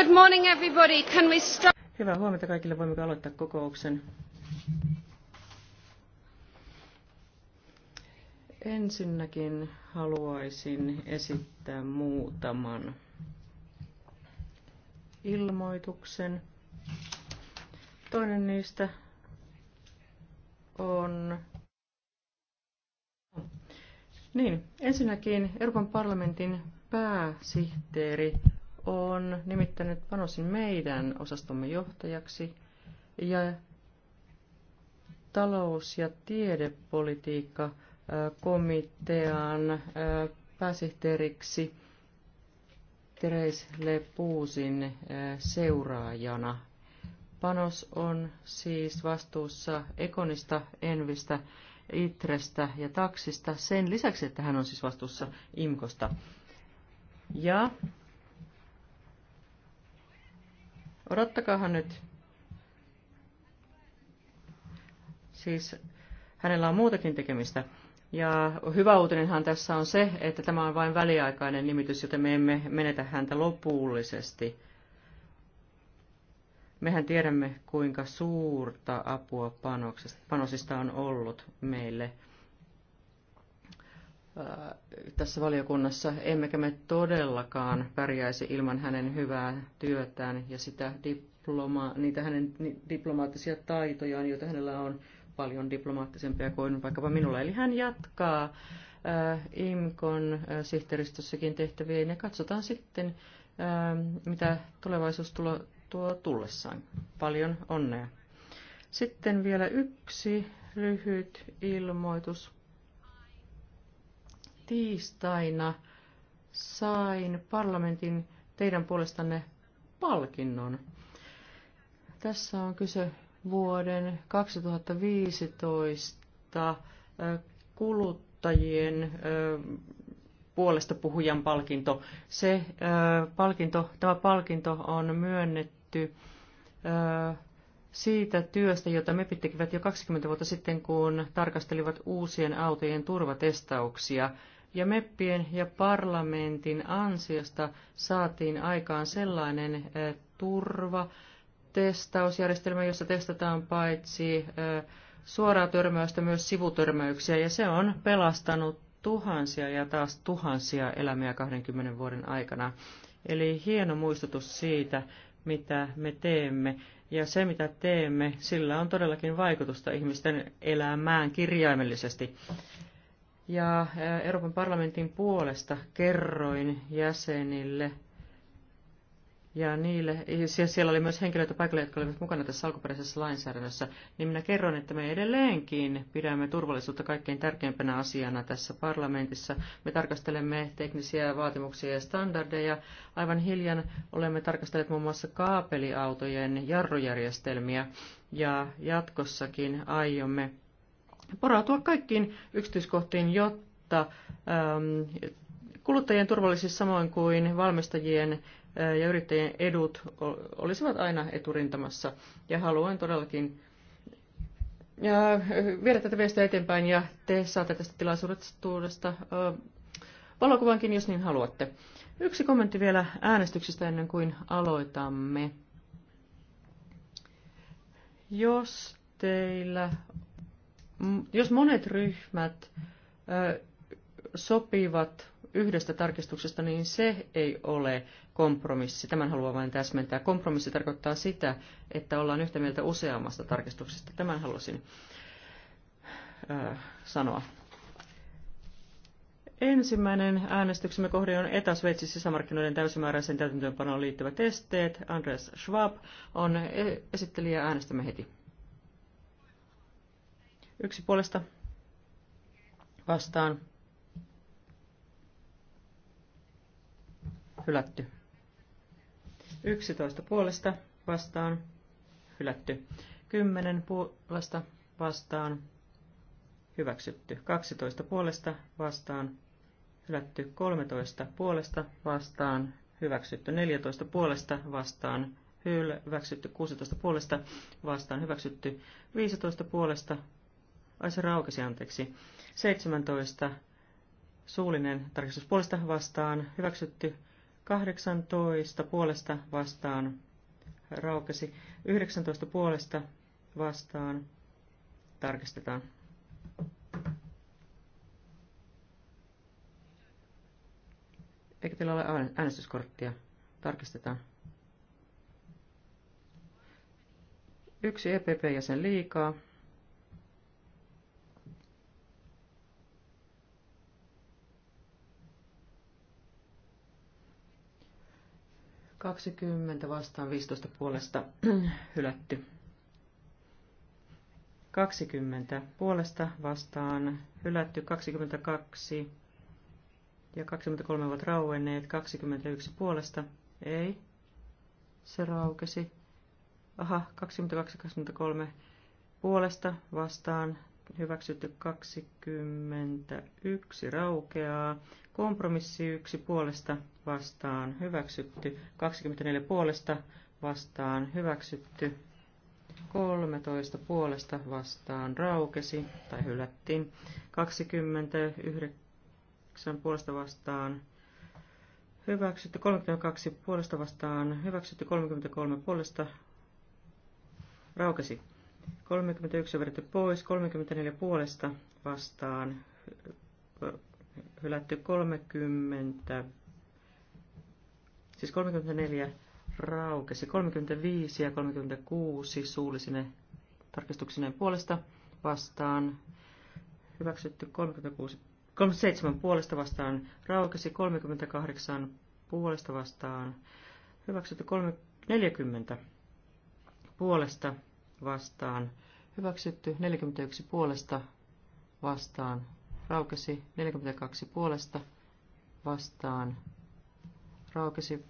Good morning everybody. Can we start? Hyvää huomenta kaikille. Voimmeko aloittaa kokouksen? Ensinnäkin haluaisin esittää muutaman ilmoituksen. Toinen niistä on... Niin, ensinnäkin Euroopan parlamentin pääsihteeri on nimittänyt Panosin meidän osastomme johtajaksi ja talous- ja tiedepolitiikka komitean pääsihteeriksi Teres Lepuusin seuraajana. Panos on siis vastuussa Ekonista, Envistä, Itrestä ja Taksista, sen lisäksi, että hän on siis vastuussa Imkosta. Ja Odottakaahan nyt. Siis hänellä on muutakin tekemistä. Ja hyvä uutinenhan tässä on se, että tämä on vain väliaikainen nimitys, joten me emme menetä häntä lopullisesti. Mehän tiedämme, kuinka suurta apua panosista on ollut meille tässä valiokunnassa, emmekä me todellakaan pärjäisi ilman hänen hyvää työtään ja sitä diploma, niitä hänen diplomaattisia taitojaan, joita hänellä on paljon diplomaattisempia kuin vaikkapa minulla. Eli hän jatkaa IMKon sihteeristössäkin tehtäviin ja katsotaan sitten, mitä tulevaisuus tulo, tuo tullessaan. Paljon onnea. Sitten vielä yksi lyhyt ilmoitus tiistaina sain parlamentin teidän puolestanne palkinnon. Tässä on kyse vuoden 2015 kuluttajien puolesta puhujan palkinto. Se palkinto, tämä palkinto on myönnetty siitä työstä, jota me tekivät jo 20 vuotta sitten, kun tarkastelivat uusien autojen turvatestauksia ja meppien ja parlamentin ansiosta saatiin aikaan sellainen eh, turva, testausjärjestelmä, jossa testataan paitsi eh, suoraa törmäystä myös sivutörmäyksiä, ja se on pelastanut tuhansia ja taas tuhansia elämiä 20 vuoden aikana. Eli hieno muistutus siitä, mitä me teemme. Ja se, mitä teemme, sillä on todellakin vaikutusta ihmisten elämään kirjaimellisesti ja Euroopan parlamentin puolesta kerroin jäsenille ja niille, ja siellä oli myös henkilöitä paikalla, jotka olivat mukana tässä alkuperäisessä lainsäädännössä, niin minä kerron, että me edelleenkin pidämme turvallisuutta kaikkein tärkeimpänä asiana tässä parlamentissa. Me tarkastelemme teknisiä vaatimuksia ja standardeja. Aivan hiljan olemme tarkastelleet muun muassa kaapeliautojen jarrujärjestelmiä, ja jatkossakin aiomme porautua kaikkiin yksityiskohtiin, jotta ähm, kuluttajien turvallisuus samoin kuin valmistajien äh, ja yrittäjien edut olisivat aina eturintamassa. Ja haluan todellakin ja äh, viedä tätä viestiä eteenpäin ja te saatte tästä tilaisuudesta äh, valokuvankin, jos niin haluatte. Yksi kommentti vielä äänestyksestä ennen kuin aloitamme. Jos teillä jos monet ryhmät sopivat yhdestä tarkistuksesta, niin se ei ole kompromissi. Tämän haluan vain täsmentää. Kompromissi tarkoittaa sitä, että ollaan yhtä mieltä useammasta tarkistuksesta. Tämän halusin sanoa. Ensimmäinen äänestyksemme kohde on Etä-Sveitsin sisämarkkinoiden täysimääräisen täytäntöönpanoon liittyvät esteet. Andres Schwab on e- esittelijä. Äänestämme heti. Yksi puolesta vastaan. Hylätty. 11 puolesta vastaan. Hylätty. 10 puolesta vastaan. Hyväksytty. 12 puolesta vastaan. Hylätty. 13 puolesta vastaan. Hyväksytty. 14 puolesta vastaan. Hyväksytty. 16 puolesta vastaan. Hyväksytty. 15 puolesta Ai se raukesi, anteeksi. 17. Suullinen tarkistus puolesta vastaan. Hyväksytty. 18. Puolesta vastaan. Raukesi. 19. Puolesta vastaan. Tarkistetaan. Eikö teillä ole äänestyskorttia? Tarkistetaan. Yksi EPP-jäsen liikaa. 20 vastaan 15 puolesta hylätty. 20 puolesta vastaan hylätty 22 ja 23 ovat rauenneet 21 puolesta. Ei. Se raukesi. Aha, 22 23 puolesta vastaan hyväksytty 21 raukeaa. Kompromissi yksi puolesta vastaan hyväksytty. 24 puolesta vastaan hyväksytty. 13 puolesta vastaan raukesi tai hylättiin. 29 puolesta vastaan hyväksytty. 32 puolesta vastaan hyväksytty. 33 puolesta raukesi. 31 vedetty pois. 34 puolesta vastaan hylätty 30, siis 34 raukesi 35 ja 36 suullisine tarkistuksineen puolesta vastaan hyväksytty 36, 37 puolesta vastaan raukesi 38 puolesta vastaan hyväksytty 3, 40 puolesta vastaan hyväksytty 41 puolesta vastaan raukesi 42 puolesta vastaan. Raukesi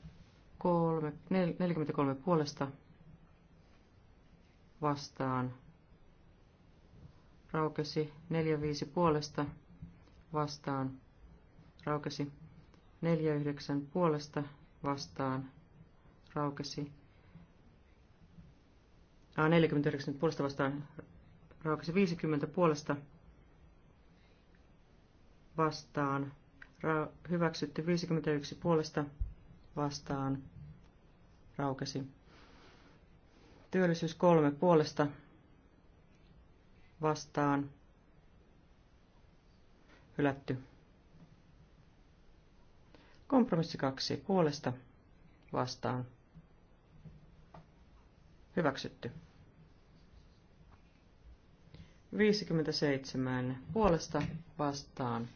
43 puolesta vastaan. Raukesi 45 puolesta vastaan. Raukesi 49 puolesta vastaan. Raukesi A49 puolesta vastaan. Raukesi 50 puolesta vastaan vastaan. Ra- hyväksytty 51 puolesta vastaan. Raukesi. Työllisyys kolme puolesta vastaan. Hylätty. Kompromissi kaksi puolesta vastaan. Hyväksytty. 57 puolesta vastaan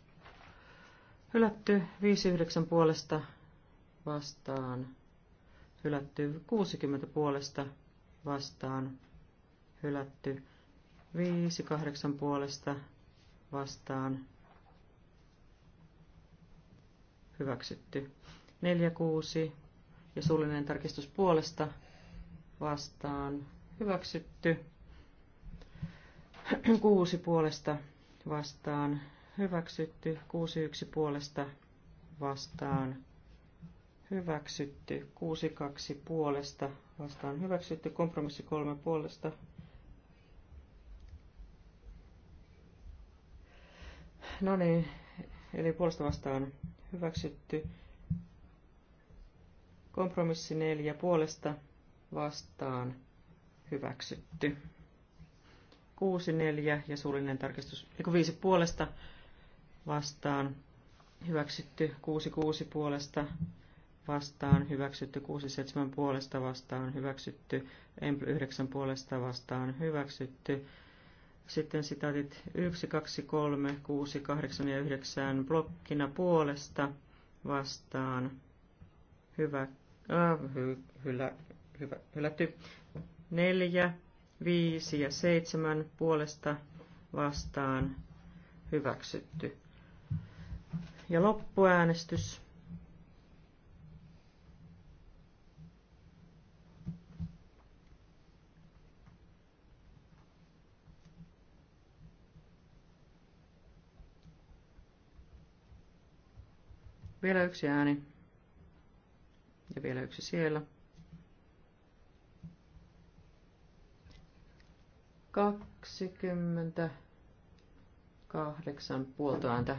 Hylätty 59 puolesta vastaan. Hylätty 60 puolesta vastaan. Hylätty 58 puolesta vastaan. Hyväksytty 46 ja suullinen tarkistus puolesta vastaan. Hyväksytty 6 puolesta vastaan hyväksytty, 6-1 puolesta vastaan hyväksytty, 6-2 puolesta vastaan hyväksytty, kompromissi 3 puolesta No niin, eli puolesta vastaan hyväksytty. Kompromissi 4 puolesta vastaan hyväksytty. 6, 4 ja suullinen tarkistus, eli 5 puolesta vastaan hyväksytty 66 puolesta vastaan hyväksytty 67 puolesta vastaan hyväksytty 9 puolesta vastaan hyväksytty. Sitten sitaatit 1, 2, 3, 6, 8 ja 9 blokkina puolesta vastaan hyvä, äh, hy, hylä, hyvä, hylätty 4, 5 ja 7 puolesta vastaan hyväksytty ja loppuäänestys. Vielä yksi ääni. Ja vielä yksi siellä. Kaksikymmentä kahdeksan puolta ääntä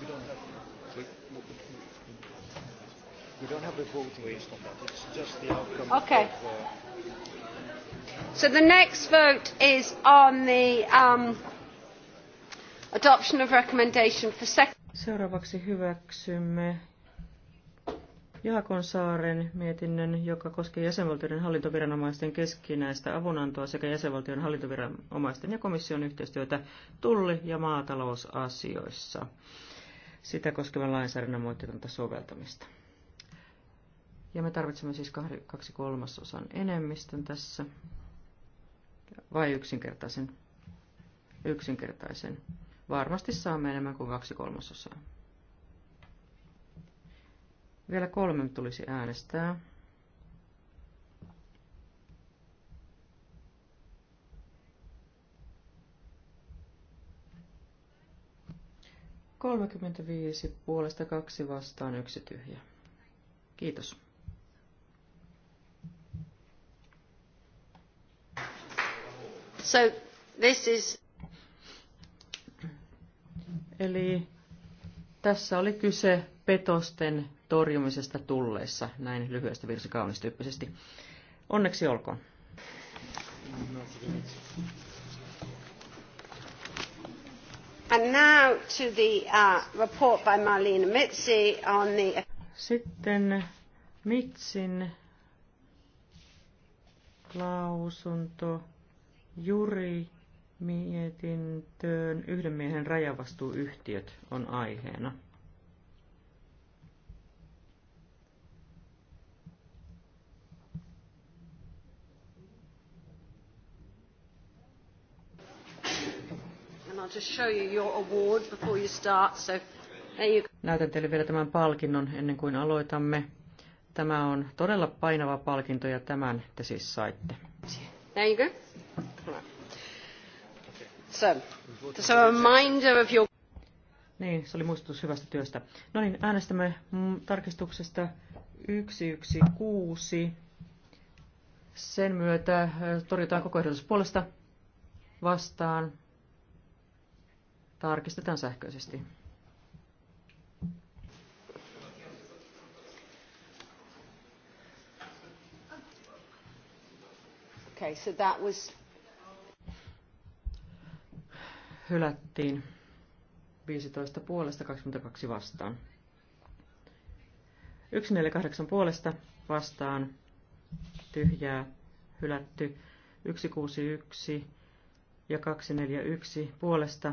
we don't have we, we don't have a vote based on that. It's just the outcome. Okay. So the next vote is on the um, adoption of recommendation for second. Seuraavaksi hyväksymme Jaakon saaren mietinnön, joka koskee jäsenvaltioiden hallintoviranomaisten keskinäistä avunantoa sekä jäsenvaltion hallintoviranomaisten ja komission yhteistyötä tulli- ja maatalousasioissa sitä koskevan lainsäädännön moitteetonta soveltamista. Ja me tarvitsemme siis kaksi kolmasosan enemmistön tässä, vai yksinkertaisen? Yksinkertaisen. Varmasti saamme enemmän kuin kaksi kolmasosaa. Vielä kolmen tulisi äänestää. 35 puolesta kaksi vastaan yksi tyhjä. Kiitos. So, this is... Eli tässä oli kyse petosten torjumisesta tulleissa, näin lyhyestä virsi kaunistyyppisesti. Onneksi olkoon. No, now to the uh, report by Marlene Mitzi on the... Sitten Mitsin lausunto Juri mietintöön yhden miehen rajavastuuyhtiöt on aiheena. Näytän teille vielä tämän palkinnon ennen kuin aloitamme. Tämä on todella painava palkinto ja tämän te siis saitte. There you go. So, so a reminder of your... Niin, se oli muistutus hyvästä työstä. No niin, äänestämme mm, tarkistuksesta 116. Sen myötä äh, torjutaan koko ehdotus puolesta vastaan Tarkistetaan sähköisesti. Okay, so that was... Hylättiin 15 puolesta 22 vastaan. 148 puolesta vastaan tyhjää hylätty 161 ja 241 puolesta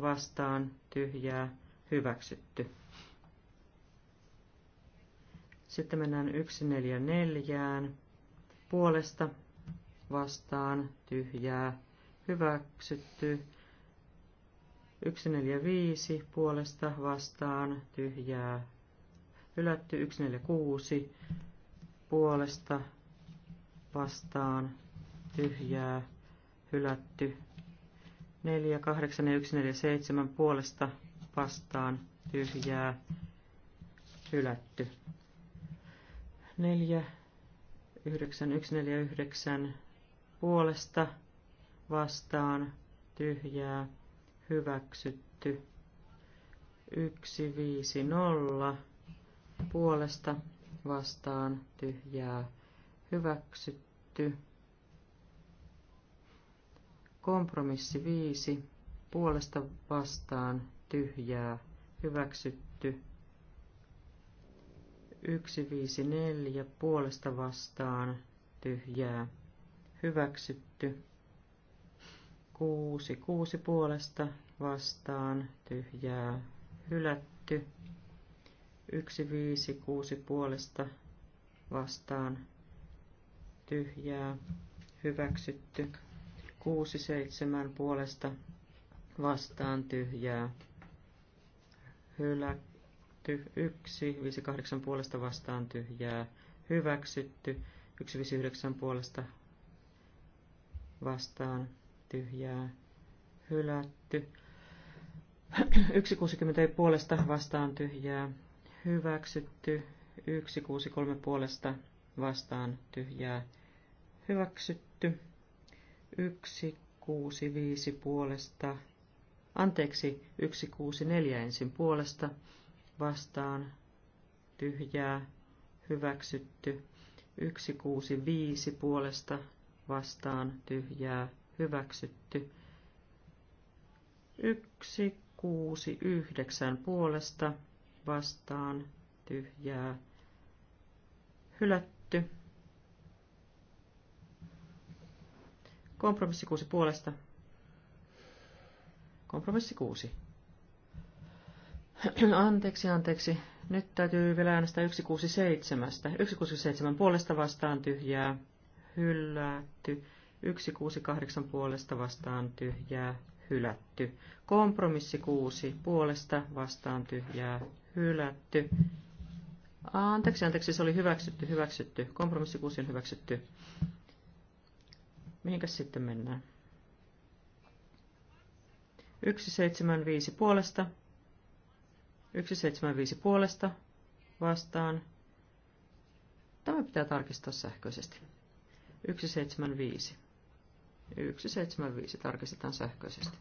vastaan tyhjää hyväksytty. Sitten mennään 144 puolesta vastaan tyhjää hyväksytty. 145 puolesta vastaan tyhjää hylätty. 146 puolesta vastaan tyhjää hylätty. 4, 8 ja 1, 4, 7 puolesta vastaan tyhjää hylätty. 4, 9, 1, 4, 9 puolesta vastaan tyhjää hyväksytty. 1, 5, 0 puolesta vastaan tyhjää hyväksytty. Kompromissi 5. Puolesta vastaan tyhjää hyväksytty. 154. Puolesta vastaan tyhjää hyväksytty. 6. 6 puolesta vastaan tyhjää hylätty. 156 puolesta vastaan tyhjää hyväksytty. 6, 7 puolesta vastaan tyhjää. Hylätty 1, viisi kahdeksan puolesta vastaan tyhjää. Hyväksytty 1, viisi yhdeksän puolesta vastaan tyhjää. Hylätty 1, 60 puolesta vastaan tyhjää. Hyväksytty 1, kuusi kolme puolesta vastaan tyhjää. Hyväksytty 165 puolesta, anteeksi, 164 ensin puolesta, vastaan, tyhjää, hyväksytty, 165 puolesta, vastaan, tyhjää, hyväksytty, 169 puolesta, vastaan, tyhjää, hylätty. Kompromissi kuusi puolesta. Kompromissi kuusi. Anteeksi, anteeksi. Nyt täytyy vielä äänestää 167. 167 puolesta vastaan tyhjää. Hylätty. 168 puolesta vastaan tyhjää. Hylätty. Kompromissi 6 puolesta vastaan tyhjää. Hylätty. Anteeksi, anteeksi, se oli hyväksytty, hyväksytty. Kompromissi 6 on hyväksytty. Mihinkäs sitten mennään? 175 puolesta. 175 puolesta vastaan. Tämä pitää tarkistaa sähköisesti. 175. 175 tarkistetaan sähköisesti.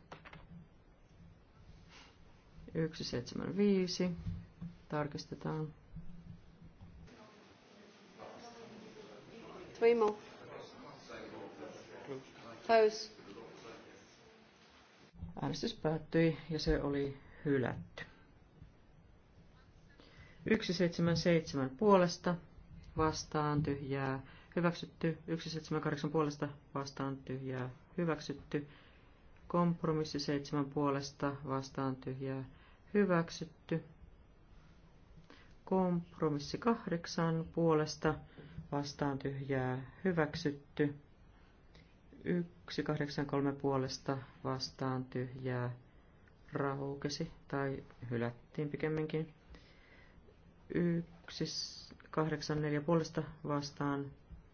175 tarkistetaan. Three more. Close. Äänestys päättyi ja se oli hylätty. 177 puolesta vastaan tyhjää hyväksytty. 178 puolesta vastaan tyhjää hyväksytty. Kompromissi 7 puolesta vastaan tyhjää hyväksytty. Kompromissi 8 puolesta vastaan tyhjää hyväksytty. 183 puolesta vastaan tyhjää raukesi tai hylättiin pikemminkin. 184 puolesta vastaan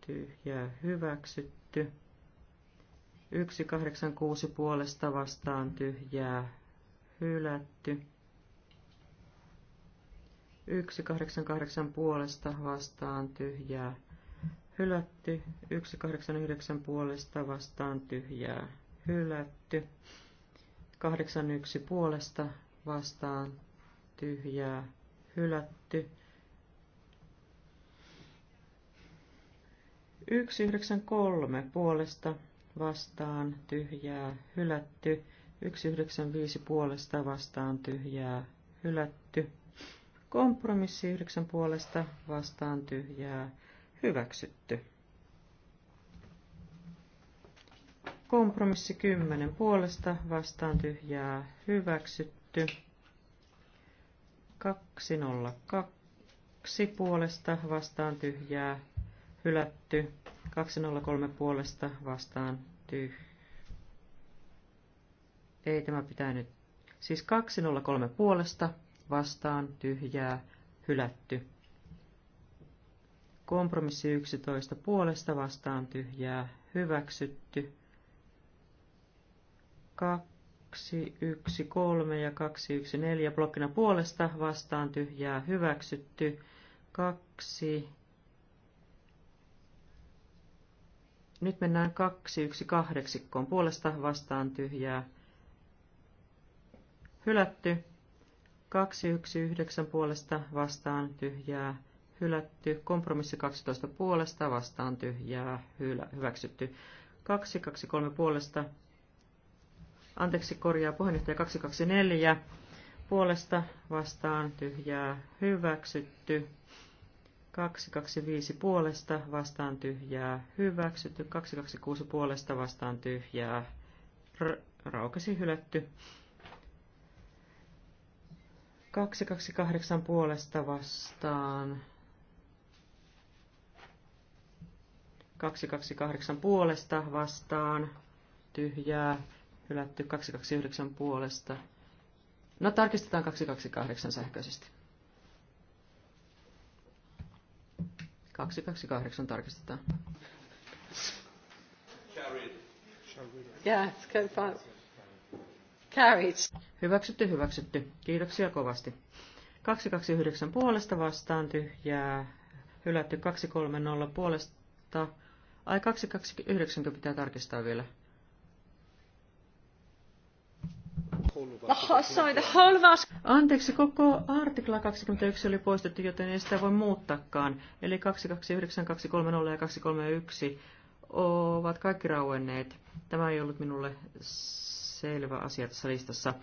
tyhjää hyväksytty. 186 puolesta vastaan tyhjää hylätty. 188 puolesta vastaan tyhjää hylätty Hylätty 189 puolesta vastaan tyhjää. Hylätty 81 puolesta vastaan tyhjää. Hylätty 193 puolesta vastaan tyhjää. Hylätty 195 puolesta vastaan tyhjää. Hylätty kompromissi 9 puolesta vastaan tyhjää Hyväksytty. Kompromissi 10 puolesta vastaan tyhjää hyväksytty. 202 puolesta vastaan tyhjää hylätty. 203 puolesta vastaan tyhjää. Ei tämä pitää nyt. Siis 203 puolesta vastaan tyhjää hylätty. Kompromissi 11 puolesta vastaan tyhjää hyväksytty. 2, 1, 3 ja 2, 1, 4 blokkina puolesta vastaan tyhjää hyväksytty. 2, Nyt mennään 218 puolesta vastaan tyhjää. Hylätty. 219 puolesta vastaan tyhjää hylätty. Kompromissi 12 puolesta vastaan tyhjää hylä, hyväksytty. 223 puolesta, anteeksi korjaa puheenjohtaja 224 puolesta vastaan tyhjää hyväksytty. 225 puolesta vastaan tyhjää hyväksytty. 226 puolesta vastaan tyhjää raukesi hylätty. 228 puolesta vastaan 228 puolesta vastaan, tyhjää, hylätty 229 puolesta. No tarkistetaan 228 sähköisesti. 228 tarkistetaan. Yeah, Carried. Hyväksytty, hyväksytty. Kiitoksia kovasti. 229 puolesta vastaan tyhjää. Hylätty 230 puolesta Ai 229 pitää tarkistaa vielä. Anteeksi, koko artikla 21 oli poistettu, joten ei sitä voi muuttakaan. Eli 229, 230 ja 231 ovat kaikki rauenneet. Tämä ei ollut minulle selvä asia tässä listassa.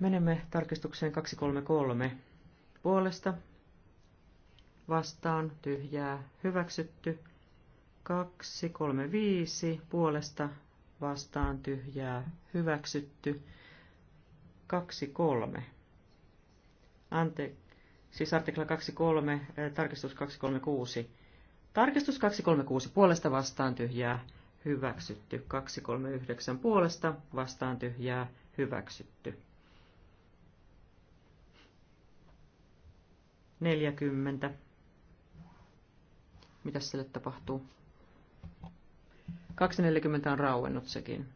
Menemme tarkistukseen 233. Puolesta, vastaan, tyhjää, hyväksytty. 2, 3, 5 puolesta vastaan tyhjää hyväksytty. 2, 3. Ante, siis artikla 2, 3, tarkistus 2, 3, 6. Tarkistus 236 puolesta vastaan tyhjää hyväksytty. 239 puolesta vastaan tyhjää hyväksytty. 40. Mitä sille tapahtuu? 240 on rauennut sekin.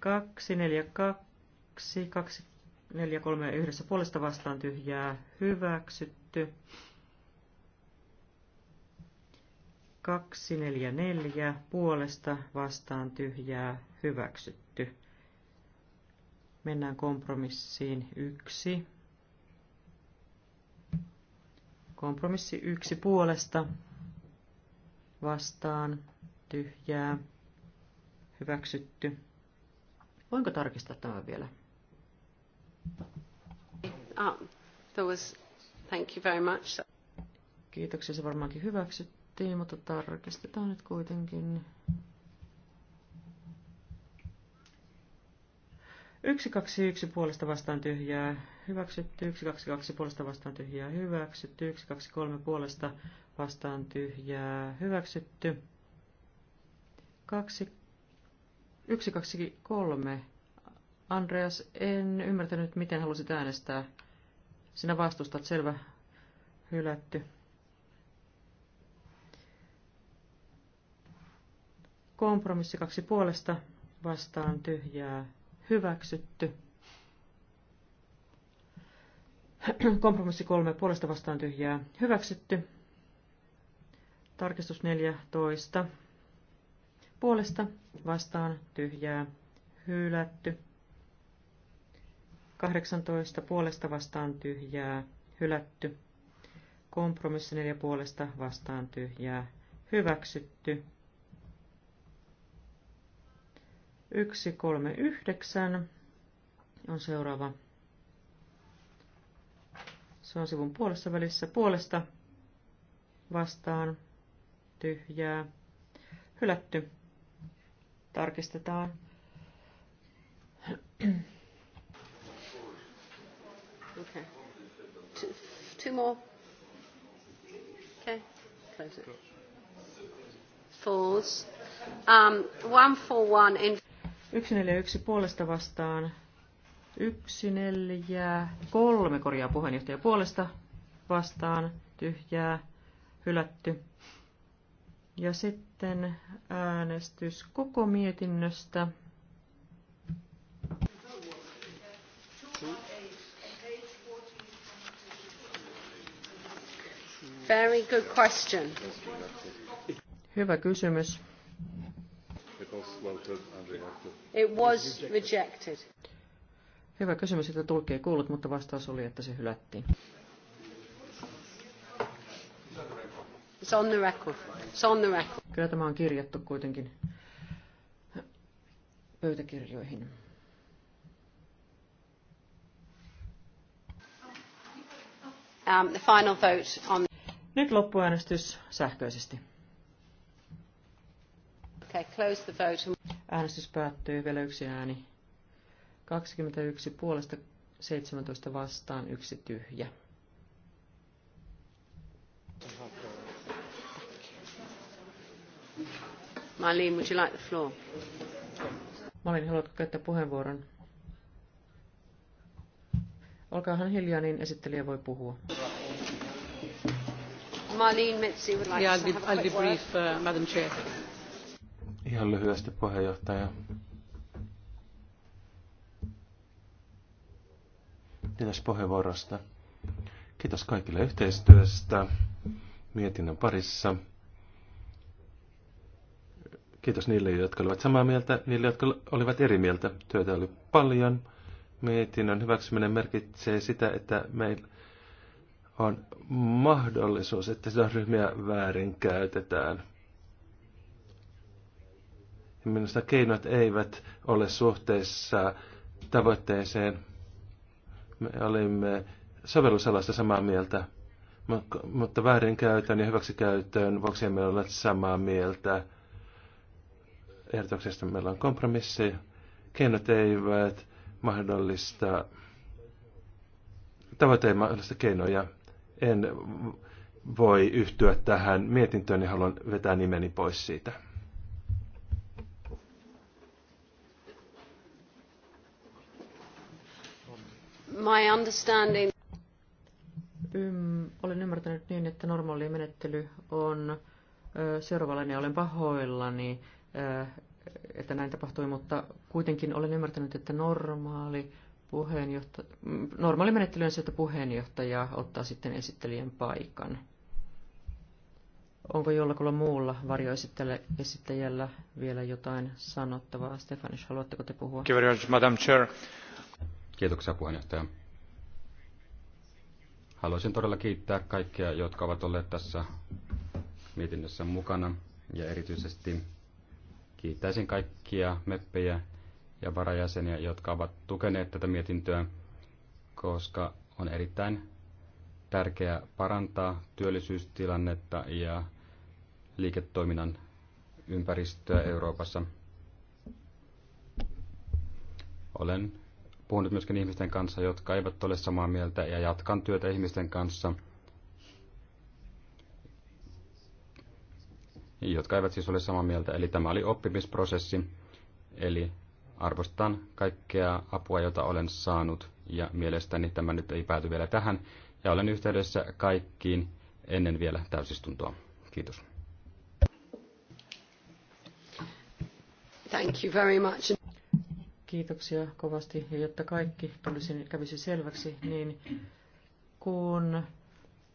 242, 243 yhdessä puolesta vastaan tyhjää hyväksytty. 244 puolesta vastaan tyhjää hyväksytty. Mennään kompromissiin 1. Kompromissi 1 puolesta vastaan, tyhjää, hyväksytty. Voinko tarkistaa tämän vielä? Ah, Kiitoksia, se varmaankin hyväksyttiin, mutta tarkistetaan nyt kuitenkin. Yksi, kaksi, yksi puolesta vastaan tyhjää, hyväksytty. Yksi, kaksi, kaksi puolesta vastaan tyhjää, hyväksytty. Yksi, kaksi, kolme puolesta vastaan tyhjää hyväksytty. 2, 1, 2, 3. Andreas, en ymmärtänyt, miten halusit äänestää. Sinä vastustat, selvä, hylätty. Kompromissi kaksi puolesta, vastaan tyhjää, hyväksytty. Kompromissi kolme puolesta vastaan tyhjää, hyväksytty. Tarkistus 14. Puolesta vastaan tyhjää hylätty. 18. Puolesta vastaan tyhjää hylätty. Kompromissi 4 puolesta vastaan tyhjää hyväksytty. 1, 3, 9 on seuraava. Se on sivun puolessa välissä. Puolesta vastaan tyhjää, hylätty. Tarkistetaan. Okay. Two, two more. Okay. Close it. Falls. Um, one for one in... yksi puolesta vastaan. kolme korjaa puheenjohtaja puolesta vastaan. Tyhjää. Hylätty. Ja sitten äänestys koko mietinnöstä. Very good question. Hyvä kysymys. It was rejected. Hyvä kysymys, että tulkki ei kuullut, mutta vastaus oli, että se hylättiin. It's on the record. on the record. Kyllä tämä on kirjattu kuitenkin pöytäkirjoihin. Um, the final vote on... Nyt loppuäänestys sähköisesti. Okay, close the vote. Äänestys päättyy vielä yksi ääni. 21 puolesta 17 vastaan, yksi tyhjä. Marlene, would you like the floor? Marlene, haluatko käyttää puheenvuoron? Olkaahan hiljaa, niin esittelijä voi puhua. Marlene Mitzi, would like yeah, to have I'll be brief, uh, Madam Chair. Ihan lyhyesti puheenjohtaja. Kiitos puheenvuorosta. Kiitos kaikille yhteistyöstä mietinnön parissa. Kiitos niille, jotka olivat samaa mieltä, niille, jotka olivat eri mieltä. Työtä oli paljon. Mietinnön hyväksyminen merkitsee sitä, että meillä on mahdollisuus, että ryhmiä väärin käytetään. minusta keinot eivät ole suhteessa tavoitteeseen. Me olimme sovellusalasta samaa mieltä, mutta väärinkäytön ja hyväksikäytön vuoksi emme ole samaa mieltä ehdotuksesta meillä on kompromissi. Keinot eivät mahdollista, tavoite ei mahdollista keinoja. En voi yhtyä tähän mietintöön, niin haluan vetää nimeni pois siitä. My understanding. Ym, olen ymmärtänyt niin, että normaali menettely on seuraavallinen niin olen pahoillani että näin tapahtui, mutta kuitenkin olen ymmärtänyt, että normaali, puheenjohta- normaali menettely on se, että puheenjohtaja ottaa sitten esittelijän paikan. Onko jollakulla muulla varjoesittäjällä vielä jotain sanottavaa? Stefanis, haluatteko te puhua? Kiitoksia puheenjohtaja. Haluaisin todella kiittää kaikkia, jotka ovat olleet tässä mietinnössä mukana ja erityisesti kiittäisin kaikkia meppejä ja varajäseniä, jotka ovat tukeneet tätä mietintöä, koska on erittäin tärkeää parantaa työllisyystilannetta ja liiketoiminnan ympäristöä Euroopassa. Olen puhunut myöskin ihmisten kanssa, jotka eivät ole samaa mieltä, ja jatkan työtä ihmisten kanssa – jotka eivät siis ole samaa mieltä. Eli tämä oli oppimisprosessi, eli arvostan kaikkea apua, jota olen saanut, ja mielestäni tämä nyt ei pääty vielä tähän, ja olen yhteydessä kaikkiin ennen vielä täysistuntoa. Kiitos. Thank you very much. Kiitoksia kovasti, ja jotta kaikki tulisi, kävisi selväksi, niin kun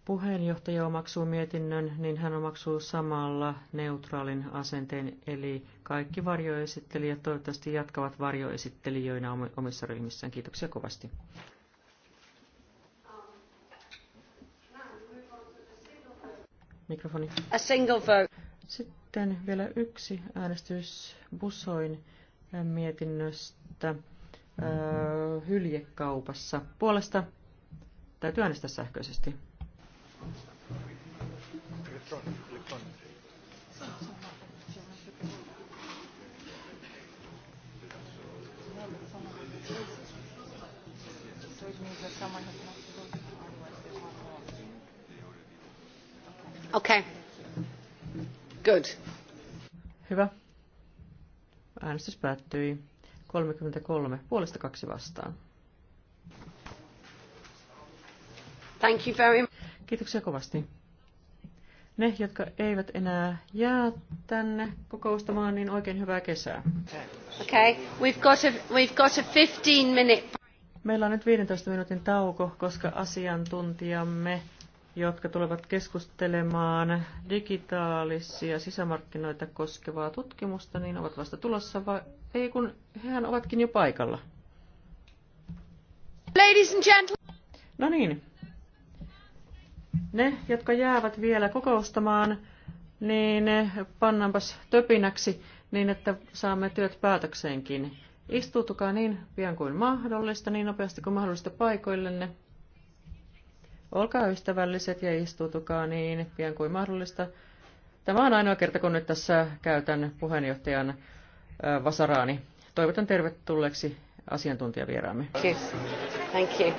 puheenjohtaja omaksuu mietinnön, niin hän omaksuu samalla neutraalin asenteen, eli kaikki varjoesittelijät toivottavasti jatkavat varjoesittelijöinä omissa ryhmissään. Kiitoksia kovasti. Mikrofoni. A single vote. Sitten vielä yksi äänestys Busoin äh, mietinnöstä mm-hmm. hyljekaupassa. Puolesta täytyy äänestää sähköisesti. Okay. Good. Hyvä. Äänestys päättyi 33 puolesta kaksi vastaan. Thank you very much. Kiitoksia kovasti. Ne, jotka eivät enää jää tänne kokoustamaan, niin oikein hyvää kesää. Okay. We've got a, we've got a 15 minute... Meillä on nyt 15 minuutin tauko, koska asiantuntijamme, jotka tulevat keskustelemaan digitaalisia sisämarkkinoita koskevaa tutkimusta, niin ovat vasta tulossa, vai ei kun hehän ovatkin jo paikalla. Ladies and gentlemen. No niin, ne, jotka jäävät vielä kokoustamaan, niin pannaanpas töpinäksi niin, että saamme työt päätökseenkin. Istuutukaa niin pian kuin mahdollista, niin nopeasti kuin mahdollista paikoillenne. Olkaa ystävälliset ja istuutukaa niin pian kuin mahdollista. Tämä on ainoa kerta, kun nyt tässä käytän puheenjohtajan vasaraani. Toivotan tervetulleeksi asiantuntijavieraamme. Kiitos. Thank you.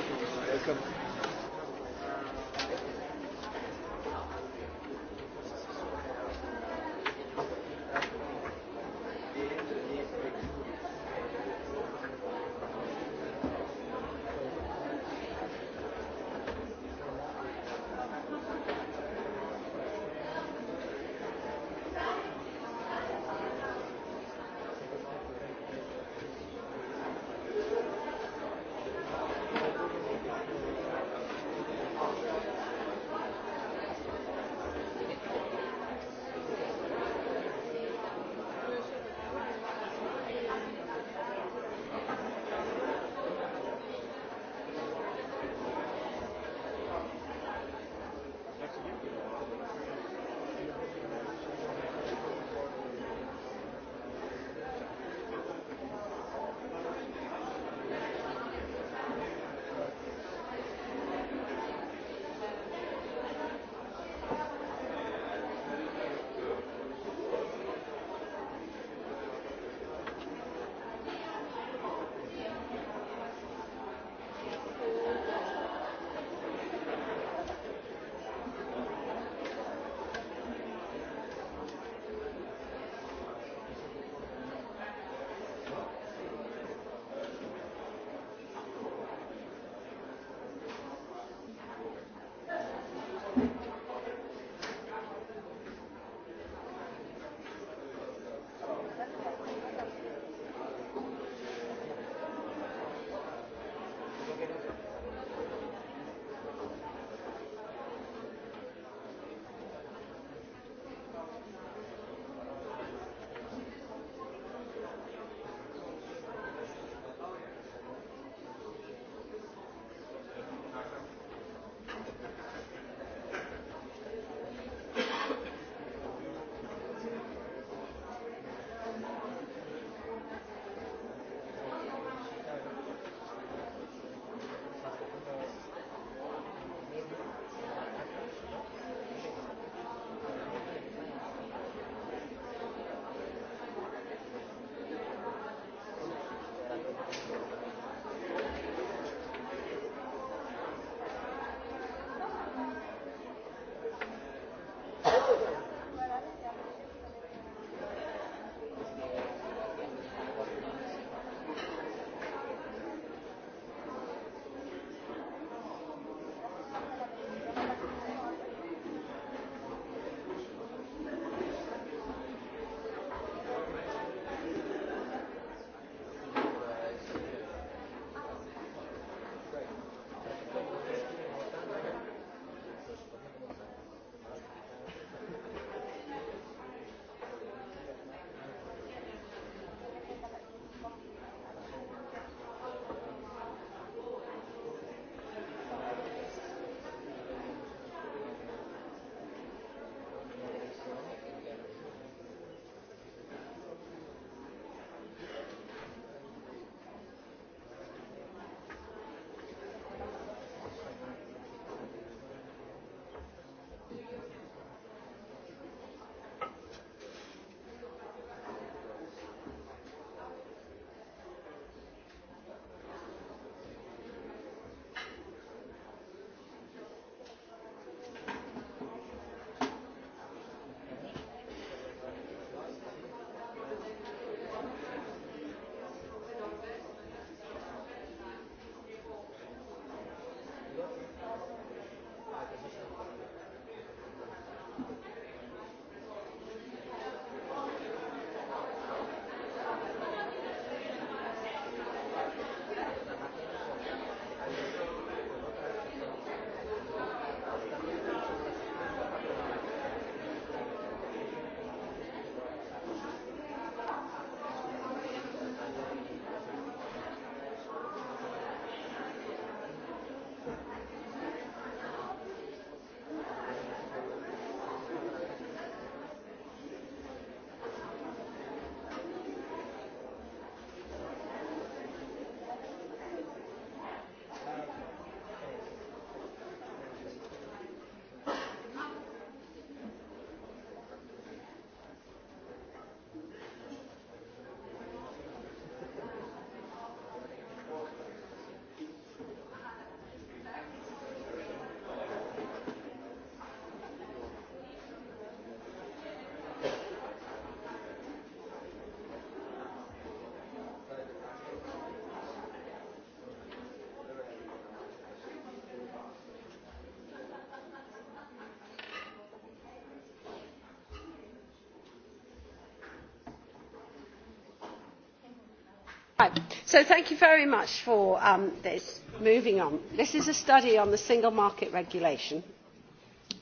thank you very much for um, this. Moving on. This is a study on the single market regulation.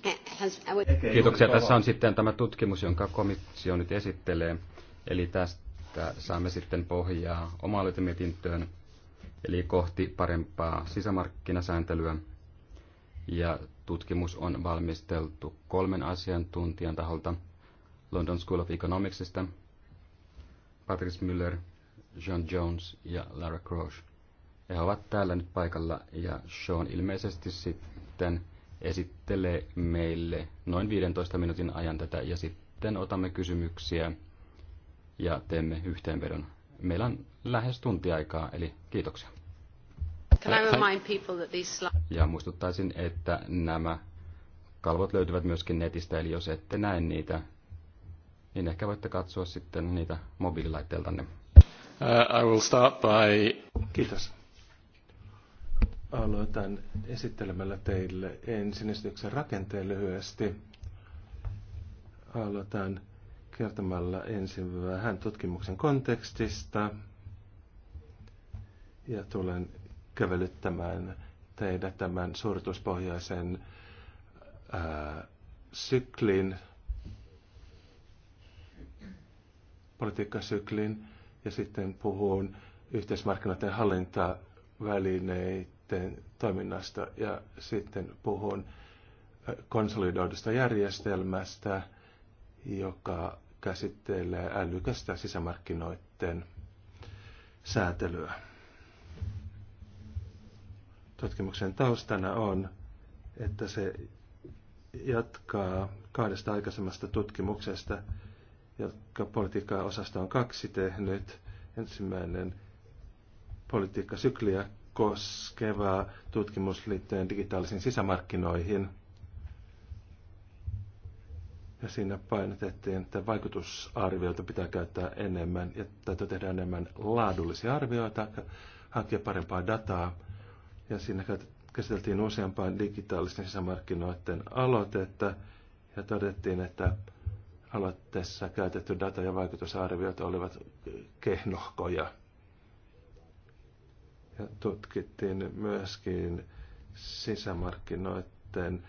Uh, Kiitoksia. Tässä on sitten tämä tutkimus, jonka komissio nyt esittelee. Eli tästä saamme sitten pohjaa oma mietintöön, eli kohti parempaa sisämarkkinasääntelyä. Ja tutkimus on valmisteltu kolmen asiantuntijan taholta London School of Economicsista, Patrice Müller – John Jones ja Lara Croce. he ovat täällä nyt paikalla ja Sean ilmeisesti sitten esittelee meille noin 15 minuutin ajan tätä ja sitten otamme kysymyksiä ja teemme yhteenvedon. Meillä on lähes tunti aikaa, eli kiitoksia. Ja muistuttaisin, että nämä kalvot löytyvät myöskin netistä, eli jos ette näe niitä, niin ehkä voitte katsoa sitten niitä mobiililaitteeltanne. Uh, I will start by... Kiitos. Aloitan esittelemällä teille ensin esityksen rakenteen lyhyesti. Aloitan kertomalla ensin vähän tutkimuksen kontekstista ja tulen kävelyttämään teidät tämän suorituspohjaisen ää, äh, syklin, politiikkasyklin ja sitten puhun yhteismarkkinoiden hallintavälineiden toiminnasta ja sitten puhun konsolidoidusta järjestelmästä, joka käsittelee älykästä sisämarkkinoiden säätelyä. Tutkimuksen taustana on, että se jatkaa kahdesta aikaisemmasta tutkimuksesta – jotka politiikkaa osasta on kaksi tehnyt. Ensimmäinen politiikkasykliä koskeva tutkimus liittyen digitaalisiin sisämarkkinoihin. Ja siinä painotettiin, että vaikutusarvioita pitää käyttää enemmän ja täytyy tehdä enemmän laadullisia arvioita, hakea parempaa dataa. Ja siinä käsiteltiin useampaa digitaalisten sisämarkkinoiden aloitetta ja todettiin, että aloitteessa käytetty data ja vaikutusarviot olivat kehnohkoja. Ja tutkittiin myöskin sisämarkkinoiden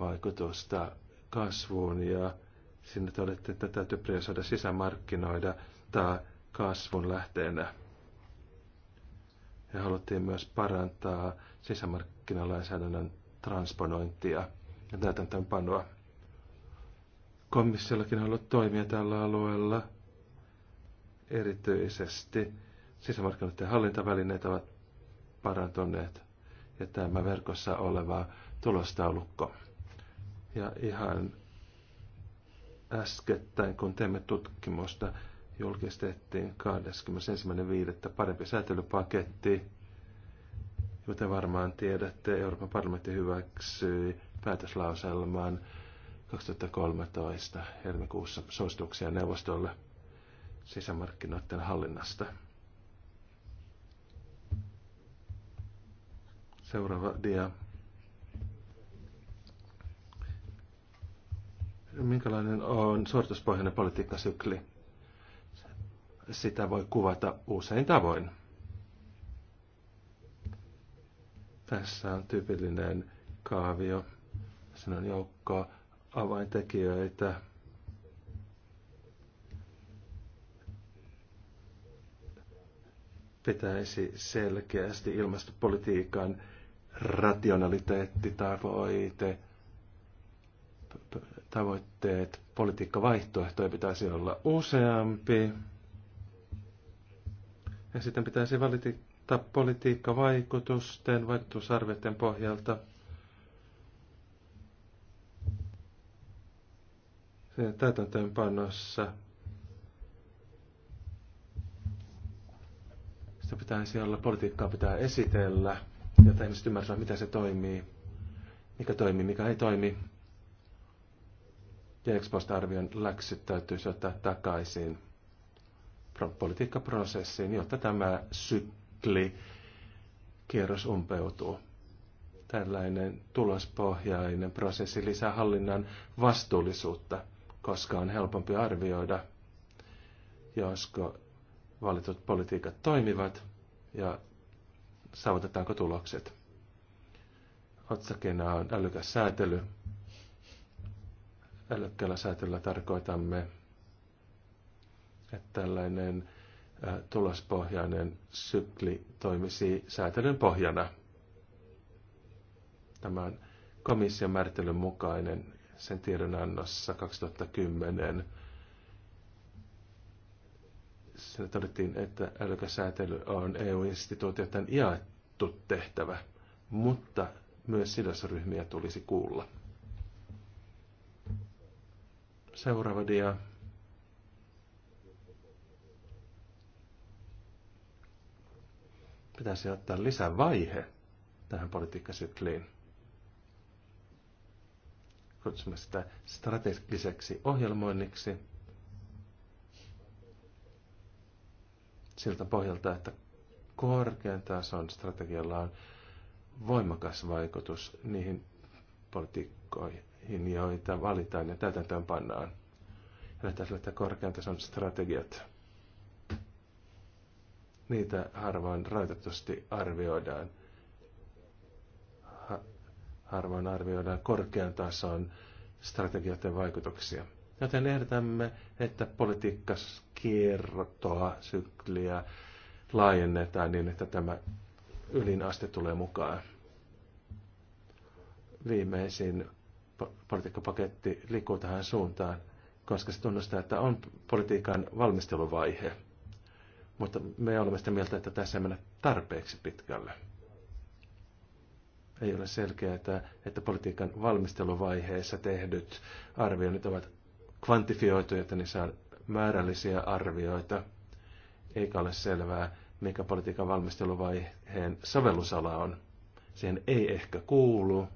vaikutusta kasvuun ja sinne todettiin, että täytyy priorisoida sisämarkkinoida tai kasvun lähteenä. Ja haluttiin myös parantaa sisämarkkinalainsäädännön transponointia ja täytäntöönpanoa komissiollakin on ollut toimia tällä alueella erityisesti. Sisämarkkinoiden hallintavälineet ovat parantuneet ja tämä verkossa oleva tulostaulukko. Ja ihan äskettäin, kun teemme tutkimusta, julkistettiin 21.5. parempi säätelypaketti, Kuten varmaan tiedätte, Euroopan parlamentti hyväksyi päätöslauselman 2013 helmikuussa suosituksia neuvostolle sisämarkkinoiden hallinnasta. Seuraava dia. Minkälainen on suorituspohjainen politiikkasykli? Sitä voi kuvata usein tavoin. Tässä on tyypillinen kaavio. Siinä on joukko avaintekijöitä. Pitäisi selkeästi ilmastopolitiikan rationaliteettitavoite, tavoitteet, politiikkavaihtoehtoja pitäisi olla useampi. Ja sitten pitäisi valita politiikkavaikutusten, vaikutusarvioiden pohjalta – täytäntöönpanossa. Sitä pitää siellä politiikkaa pitää esitellä, jotta ihmiset ymmärtävät, miten se toimii, mikä toimii, mikä ei toimi. Ja expost-arvion läksyt täytyy ottaa takaisin politiikkaprosessiin, jotta tämä sykli kierros umpeutuu. Tällainen tulospohjainen prosessi lisää hallinnan vastuullisuutta – koska on helpompi arvioida, josko valitut politiikat toimivat ja saavutetaanko tulokset. Otsakena on älykäs säätely. Älykkäällä säätelyllä tarkoitamme, että tällainen tulospohjainen sykli toimisi säätelyn pohjana. Tämä on komission määrittelyn mukainen sen tiedonannossa 2010. Siinä todettiin, että älykäsäätely on EU-instituutioiden jaettu tehtävä, mutta myös sidosryhmiä tulisi kuulla. Seuraava dia. Pitäisi ottaa lisävaihe vaihe tähän politiikkasykliin kutsumme sitä strategiseksi ohjelmoinniksi siltä pohjalta, että korkean tason strategialla on voimakas vaikutus niihin politiikkoihin, joita valitaan ja täytäntöön pannaan. Ja tässä että korkean tason strategiat. Niitä harvoin rajoitetusti arvioidaan – harvoin arvioidaan korkean tason strategioiden vaikutuksia. Joten ehdotamme, että politiikkakiertoa, sykliä laajennetaan niin, että tämä ylin aste tulee mukaan. Viimeisin politiikkapaketti liikkuu tähän suuntaan, koska se tunnustaa, että on politiikan valmisteluvaihe. Mutta me olemme sitä mieltä, että tässä ei mennä tarpeeksi pitkälle ei ole selkeää, että politiikan valmisteluvaiheessa tehdyt arvioinnit ovat kvantifioituja, että niissä on määrällisiä arvioita, eikä ole selvää, mikä politiikan valmisteluvaiheen sovellusala on. Siihen ei ehkä kuulu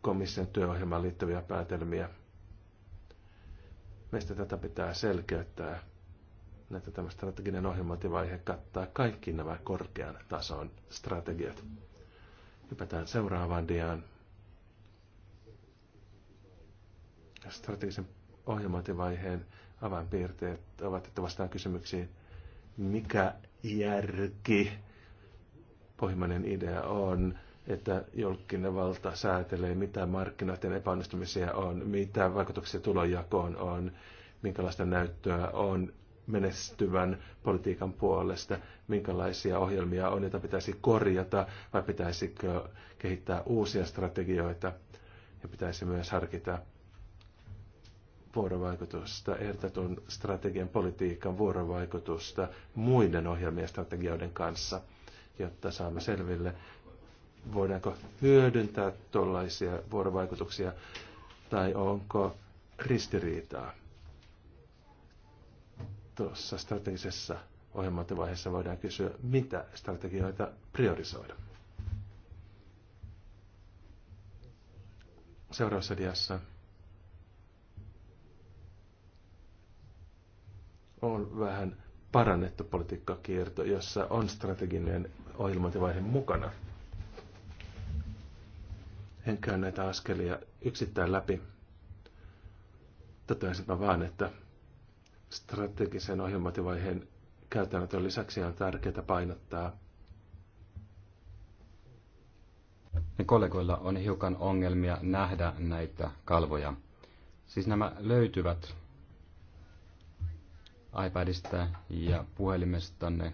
komission työohjelmaan liittyviä päätelmiä. Meistä tätä pitää selkeyttää että tämä strateginen ohjelmointivaihe kattaa kaikki nämä korkean tason strategiat. Hypätään seuraavaan diaan. Strategisen ohjelmointivaiheen avainpiirteet ovat, että vastaan kysymyksiin, mikä järki pohjimmainen idea on, että julkinen valta säätelee, mitä markkinoiden epäonnistumisia on, mitä vaikutuksia tulonjakoon on, minkälaista näyttöä on menestyvän politiikan puolesta, minkälaisia ohjelmia on, joita pitäisi korjata vai pitäisikö kehittää uusia strategioita ja pitäisi myös harkita vuorovaikutusta, ehdotetun strategian politiikan vuorovaikutusta muiden ohjelmien strategioiden kanssa, jotta saamme selville, voidaanko hyödyntää tuollaisia vuorovaikutuksia tai onko ristiriitaa tuossa strategisessa ohjelmointivaiheessa voidaan kysyä, mitä strategioita priorisoida. Seuraavassa diassa on vähän parannettu politiikkakierto, jossa on strateginen ohjelmointivaihe mukana. En käy näitä askelia yksittäin läpi. Toteaisinpä vaan, että strategisen ohjelmointivaiheen käytännön lisäksi on tärkeää painottaa. Ne kollegoilla on hiukan ongelmia nähdä näitä kalvoja. Siis nämä löytyvät iPadista ja puhelimestanne,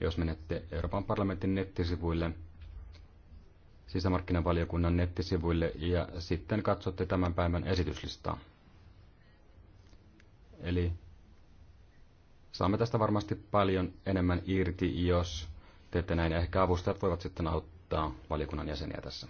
jos menette Euroopan parlamentin nettisivuille, sisämarkkinavaliokunnan nettisivuille ja sitten katsotte tämän päivän esityslistaa. Eli saamme tästä varmasti paljon enemmän irti, jos teette näin. Ehkä avustajat voivat sitten auttaa valiokunnan jäseniä tässä.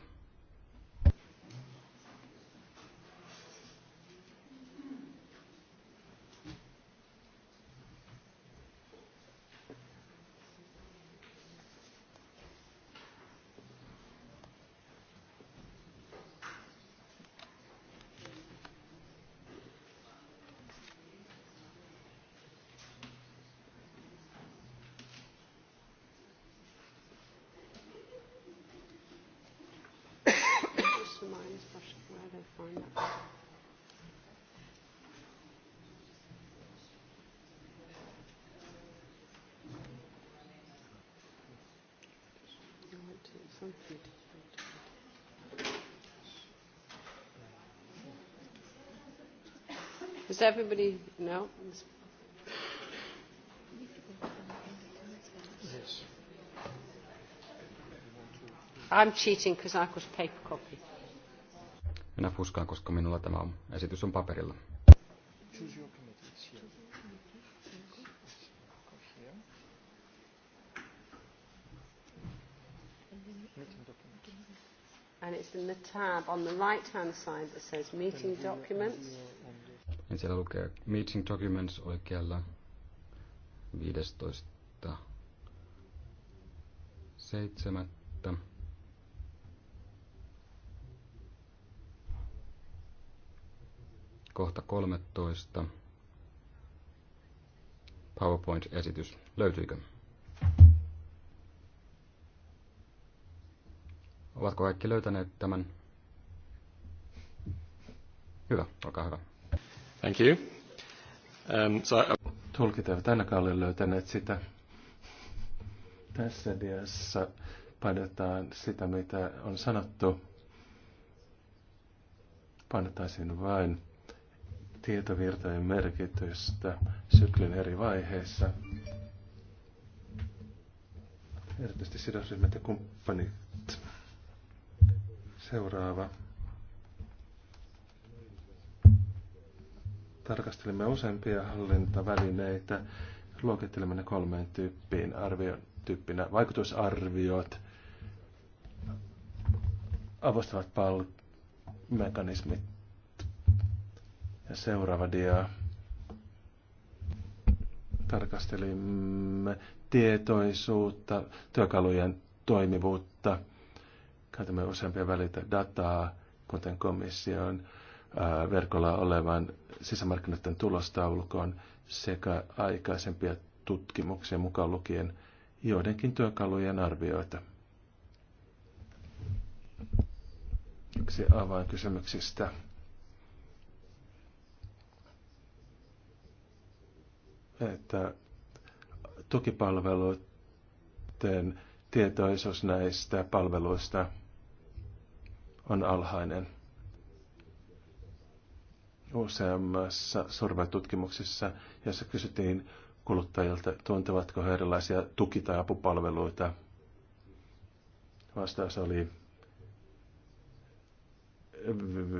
Does everybody know? I'm cheating because I've got a paper copy. Minä fuskaan, koska minulla tämä on. esitys on paperilla. And it's in the tab on the right hand side that says meeting documents niin siellä lukee Meeting Documents oikealla 7. Kohta 13. PowerPoint-esitys. Löytyykö? Ovatko kaikki löytäneet tämän? Hyvä, olkaa hyvä. Thank you. Um, so I... Tulkit eivät ainakaan ole löytäneet sitä. Tässä diassa painetaan sitä, mitä on sanottu. Painettaisiin vain tietovirtojen merkitystä syklin eri vaiheissa. Erityisesti sidosryhmät ja kumppanit. Seuraava. tarkastelimme useampia hallintavälineitä, luokittelemme ne kolmeen tyyppiin arvion tyyppinä. Vaikutusarviot, avustavat palvelumekanismit ja seuraava dia. Tarkastelimme tietoisuutta, työkalujen toimivuutta. Käytämme useampia välitä dataa, kuten komission Äh, verkolla olevan sisämarkkinoiden tulostaulukon sekä aikaisempia tutkimuksia mukaan lukien joidenkin työkalujen arvioita. Yksi avainkysymyksistä. Että tukipalveluiden tietoisuus näistä palveluista on alhainen useammassa survetutkimuksessa, jossa kysyttiin kuluttajilta, tuntevatko he erilaisia tuki- tai apupalveluita. Vastaus oli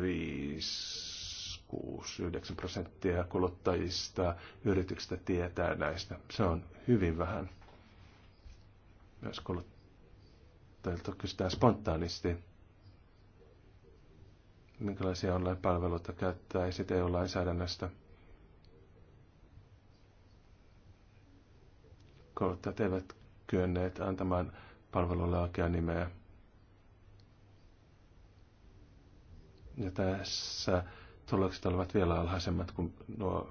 5-9 prosenttia kuluttajista yrityksistä tietää näistä. Se on hyvin vähän. myös kuluttajilta kysytään spontaanisti, minkälaisia online-palveluita käyttää STU-lainsäädännöstä. E Kouluttajat eivät kyenneet antamaan palvelulle oikea nimeä. Ja tässä tulokset olivat vielä alhaisemmat kuin nuo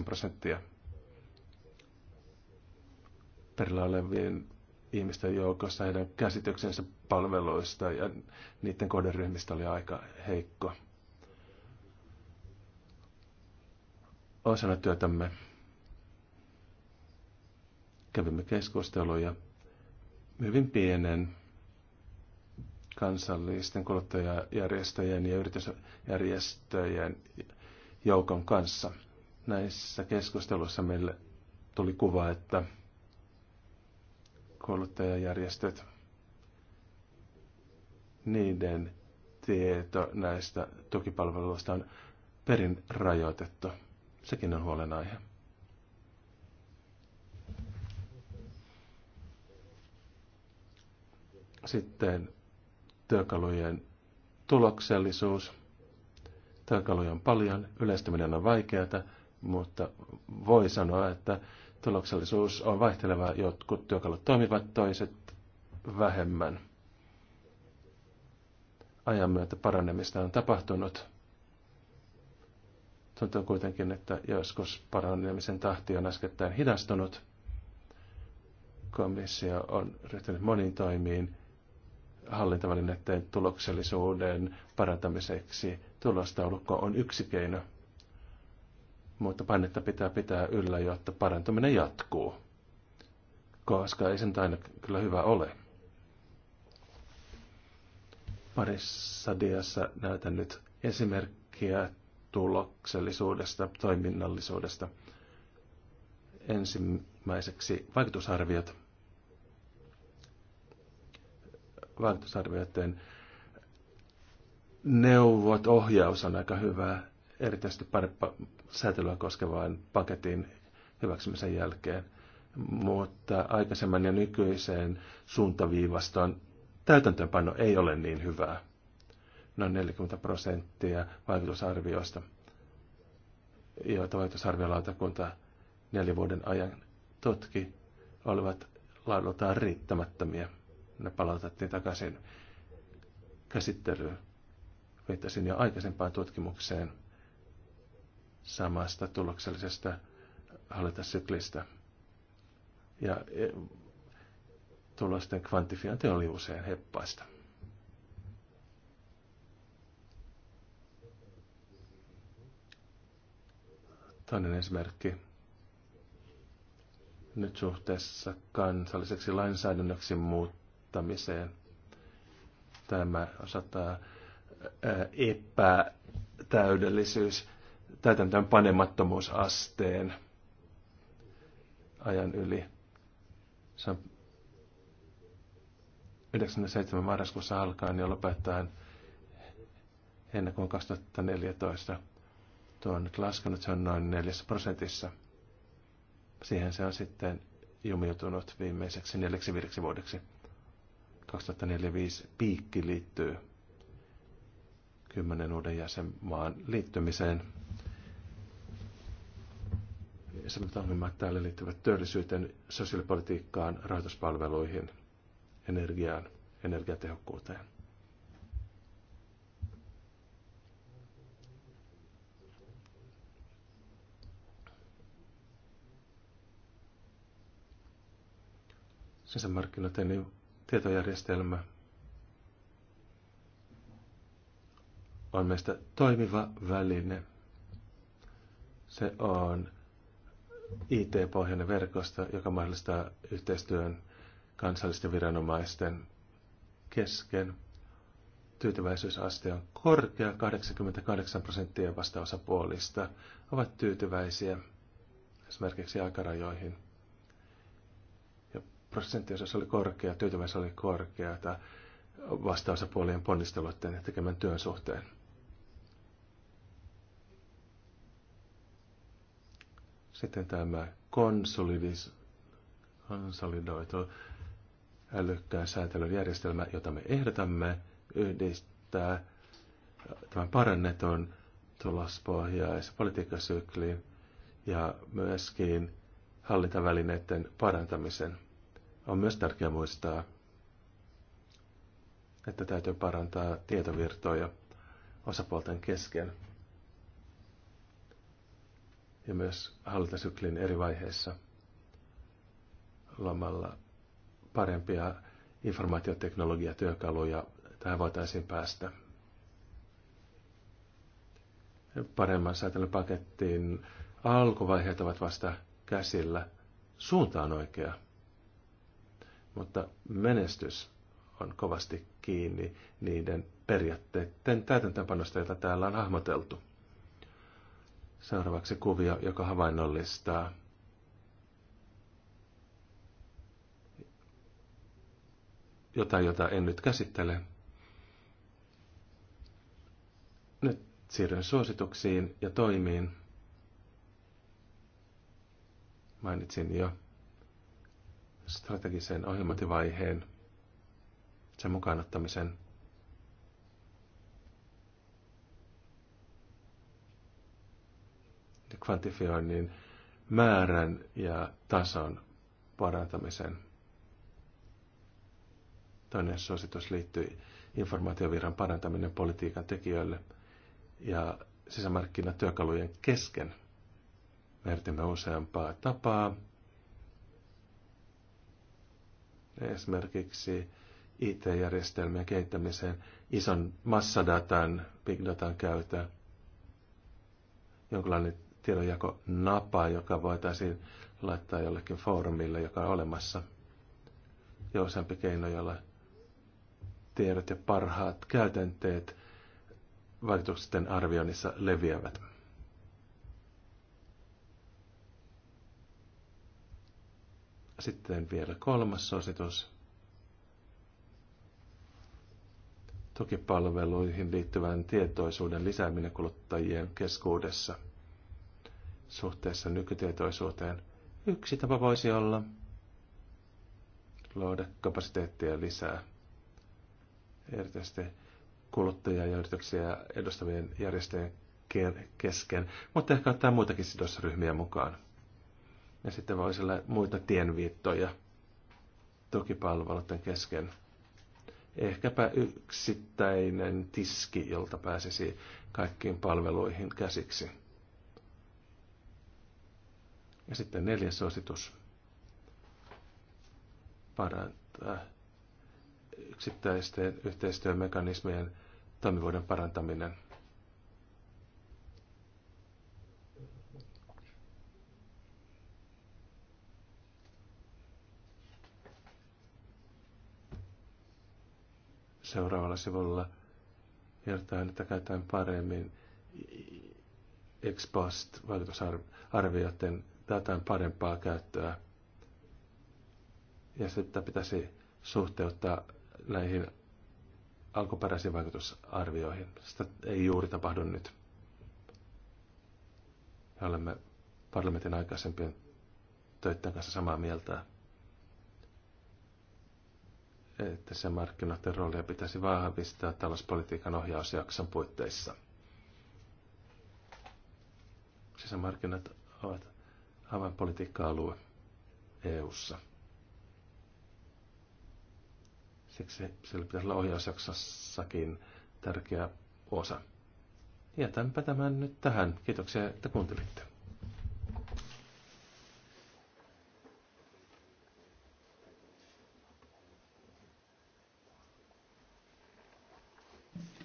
7-8 prosenttia perillä olevien ihmisten joukossa heidän käsityksensä palveluista ja niiden kohderyhmistä oli aika heikko. Osana työtämme kävimme keskusteluja hyvin pienen kansallisten kuluttajajärjestöjen ja yritysjärjestöjen joukon kanssa. Näissä keskusteluissa meille tuli kuva, että kuluttajajärjestöt niiden tieto näistä tukipalveluista on perin rajoitettu. Sekin on huolenaihe. Sitten työkalujen tuloksellisuus. Työkaluja on paljon, yleistyminen on vaikeata, mutta voi sanoa, että tuloksellisuus on vaihtelevaa. Jotkut työkalut toimivat, toiset vähemmän ajan myötä paranemista on tapahtunut. Tuntuu kuitenkin, että joskus paranemisen tahti on äskettäin hidastunut. Komissio on ryhtynyt moniin toimiin hallintavälineiden tuloksellisuuden parantamiseksi. Tulostaulukko on yksi keino, mutta painetta pitää pitää yllä, jotta parantuminen jatkuu, koska ei sen aina kyllä hyvä ole parissa diassa näytän nyt esimerkkiä tuloksellisuudesta, toiminnallisuudesta. Ensimmäiseksi vaikutusarviot. Vaikutusarvioiden neuvot, ohjaus on aika hyvää, erityisesti parempaa säätelyä koskevaan paketin hyväksymisen jälkeen. Mutta aikaisemman ja nykyiseen suuntaviivastoon täytäntöönpano ei ole niin hyvää. Noin 40 prosenttia vaikutusarvioista, joita vaikutusarviolautakunta neljän vuoden ajan tutki, olivat laadultaan riittämättömiä. Ne palautettiin takaisin käsittelyyn. Viittasin jo aikaisempaan tutkimukseen samasta tuloksellisesta hallintasyklistä. Ja e, tuollaisten kvantifiointi oli usein heppaista. Toinen esimerkki. Nyt suhteessa kansalliseksi lainsäädännöksi muuttamiseen. Tämä osataa epätäydellisyys, täytäntöön panemattomuusasteen ajan yli. Se on 97 marraskuussa alkaen ja ennen kuin 2014. Tuo on nyt laskenut, se on noin 4 prosentissa. Siihen se on sitten jumiutunut viimeiseksi neljäksi viideksi vuodeksi. 2004-2005 piikki liittyy kymmenen uuden jäsenmaan liittymiseen. Esimerkiksi ongelmat täällä liittyvät työllisyyteen, sosiaalipolitiikkaan, rahoituspalveluihin – energiaan, energiatehokkuuteen. sisämarkkinoiden tietojärjestelmä on meistä toimiva väline. Se on IT-pohjainen verkosto, joka mahdollistaa yhteistyön kansallisten viranomaisten kesken. Tyytyväisyysaste on korkea, 88 prosenttia vastaosapuolista ovat tyytyväisiä esimerkiksi aikarajoihin. Ja prosenttiosuus oli korkea, tyytyväisyys oli korkea vastaosapuolien ponnisteluiden ja tekemän työn suhteen. Sitten tämä konsolidis, konsolidoitu älykkää säätelyjärjestelmä, jota me ehdotamme, yhdistää tämän parannetun tulospohjaisen politiikkasykliin ja myöskin hallintavälineiden parantamisen. On myös tärkeää muistaa, että täytyy parantaa tietovirtoja osapuolten kesken ja myös hallintasyklin eri vaiheissa lomalla parempia informaatioteknologiatyökaluja tähän voitaisiin päästä. Paremman pakettiin. alkuvaiheet ovat vasta käsillä. Suunta on oikea. Mutta menestys on kovasti kiinni niiden periaatteiden täytäntöönpanosta, jota täällä on hahmoteltu. Seuraavaksi kuvio, joka havainnollistaa – jotain, jota en nyt käsittele. Nyt siirryn suosituksiin ja toimiin. Mainitsin jo strategisen ohjelmointivaiheen, sen mukaanottamisen. kvantifioinnin määrän ja tason parantamisen. Toinen suositus liittyy informaatiovirran parantaminen politiikan tekijöille ja sisämarkkinatyökalujen kesken. Me useampaa tapaa. Esimerkiksi IT-järjestelmien kehittämiseen, ison massadatan, big datan käytä, jonkinlainen tiedonjako napa, joka voitaisiin laittaa jollekin foorumille, joka on olemassa. Ja useampi keino, jolla tiedot ja parhaat käytänteet vaikutusten arvioinnissa leviävät. Sitten vielä kolmas suositus. Tukipalveluihin liittyvän tietoisuuden lisääminen kuluttajien keskuudessa suhteessa nykytietoisuuteen. Yksi tapa voisi olla luoda kapasiteettia lisää erityisesti kuluttajia ja yrityksiä edustavien järjestöjen kesken, mutta ehkä ottaa muitakin sidosryhmiä mukaan. Ja sitten voisi olla muita tienviittoja tukipalveluiden kesken. Ehkäpä yksittäinen tiski, jolta pääsisi kaikkiin palveluihin käsiksi. Ja sitten neljäs suositus. Parantaa yksittäisten yhteistyömekanismien toimivuuden parantaminen. Seuraavalla sivulla kertaan, että käytetään paremmin ex post vaikutusarvioiden datan parempaa käyttöä. Ja sitten pitäisi suhteuttaa näihin alkuperäisiin vaikutusarvioihin. Sitä ei juuri tapahdu nyt. Me olemme parlamentin aikaisempien töiden kanssa samaa mieltä, että se markkinoiden roolia pitäisi vahvistaa talouspolitiikan ohjausjakson puitteissa. Sisämarkkinat ovat avainpolitiikka-alue EU-ssa. Siksi sillä pitäisi olla ohjausjaksossakin tärkeä osa. Jätänpä tämän nyt tähän. Kiitoksia, että kuuntelitte.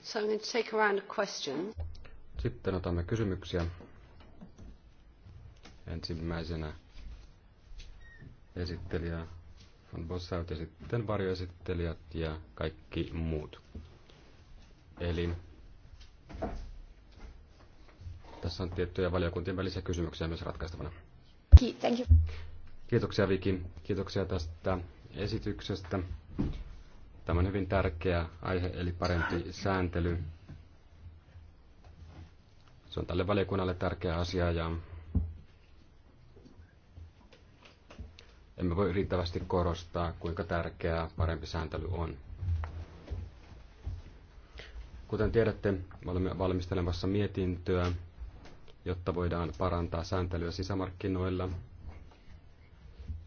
So I'm going to take a round of questions. Sitten otamme kysymyksiä. Ensimmäisenä esittelijä von Bossaut ja sitten varjoesittelijät ja kaikki muut. Eli tässä on tiettyjä valiokuntien välisiä kysymyksiä myös ratkaistavana. Thank you. Kiitoksia Viki, kiitoksia tästä esityksestä. Tämä on hyvin tärkeä aihe, eli parempi sääntely. Se on tälle valiokunnalle tärkeä asia ja emme voi riittävästi korostaa, kuinka tärkeää parempi sääntely on. Kuten tiedätte, olemme valmistelemassa mietintöä, jotta voidaan parantaa sääntelyä sisämarkkinoilla.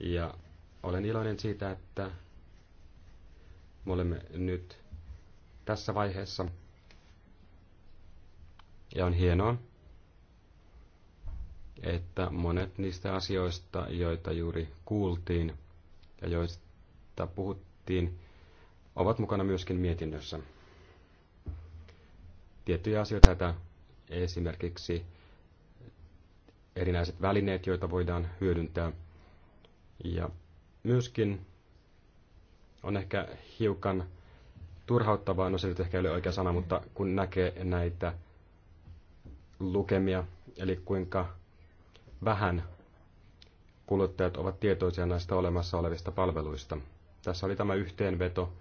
Ja olen iloinen siitä, että me olemme nyt tässä vaiheessa. Ja on hienoa, että monet niistä asioista, joita juuri kuultiin ja joista puhuttiin, ovat mukana myöskin mietinnössä. Tiettyjä asioita että esimerkiksi erinäiset välineet, joita voidaan hyödyntää. Ja myöskin on ehkä hiukan turhauttavaa, no se nyt ehkä ei ole oikea sana, mutta kun näkee näitä lukemia, eli kuinka vähän kuluttajat ovat tietoisia näistä olemassa olevista palveluista. Tässä oli tämä yhteenveto,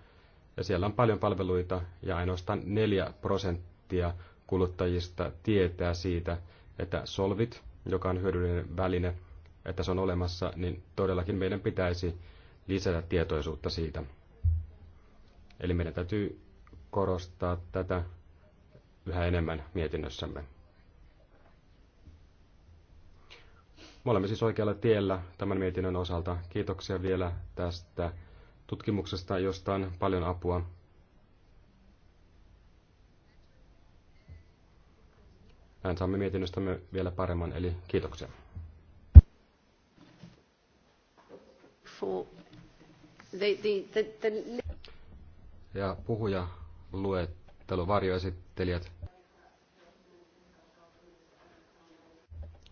ja siellä on paljon palveluita, ja ainoastaan 4 prosenttia kuluttajista tietää siitä, että solvit, joka on hyödyllinen väline, että se on olemassa, niin todellakin meidän pitäisi lisätä tietoisuutta siitä. Eli meidän täytyy korostaa tätä yhä enemmän mietinnössämme. Me olemme siis oikealla tiellä tämän mietinnön osalta. Kiitoksia vielä tästä tutkimuksesta, josta on paljon apua. Näin saamme mietinnöstämme vielä paremman, eli kiitoksia. Ja puhuja luettelu, varjoesittelijät.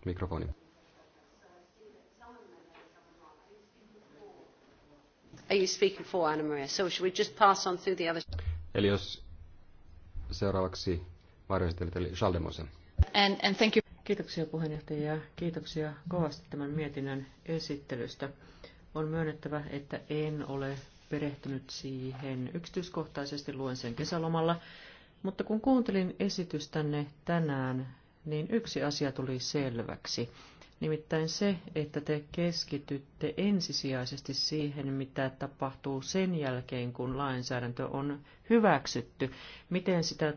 Mikrofoni. Are you speaking for Anna Maria? So should we just pass on through the other... Eli jos seuraavaksi varjoistelit, eli Schaldemosen. And, and thank you. Kiitoksia puheenjohtaja ja kiitoksia kovasti tämän mietinnön esittelystä. On myönnettävä, että en ole perehtynyt siihen yksityiskohtaisesti, luen sen kesälomalla. Mutta kun kuuntelin esitystänne tänään, niin yksi asia tuli selväksi nimittäin se, että te keskitytte ensisijaisesti siihen, mitä tapahtuu sen jälkeen, kun lainsäädäntö on hyväksytty, miten sitä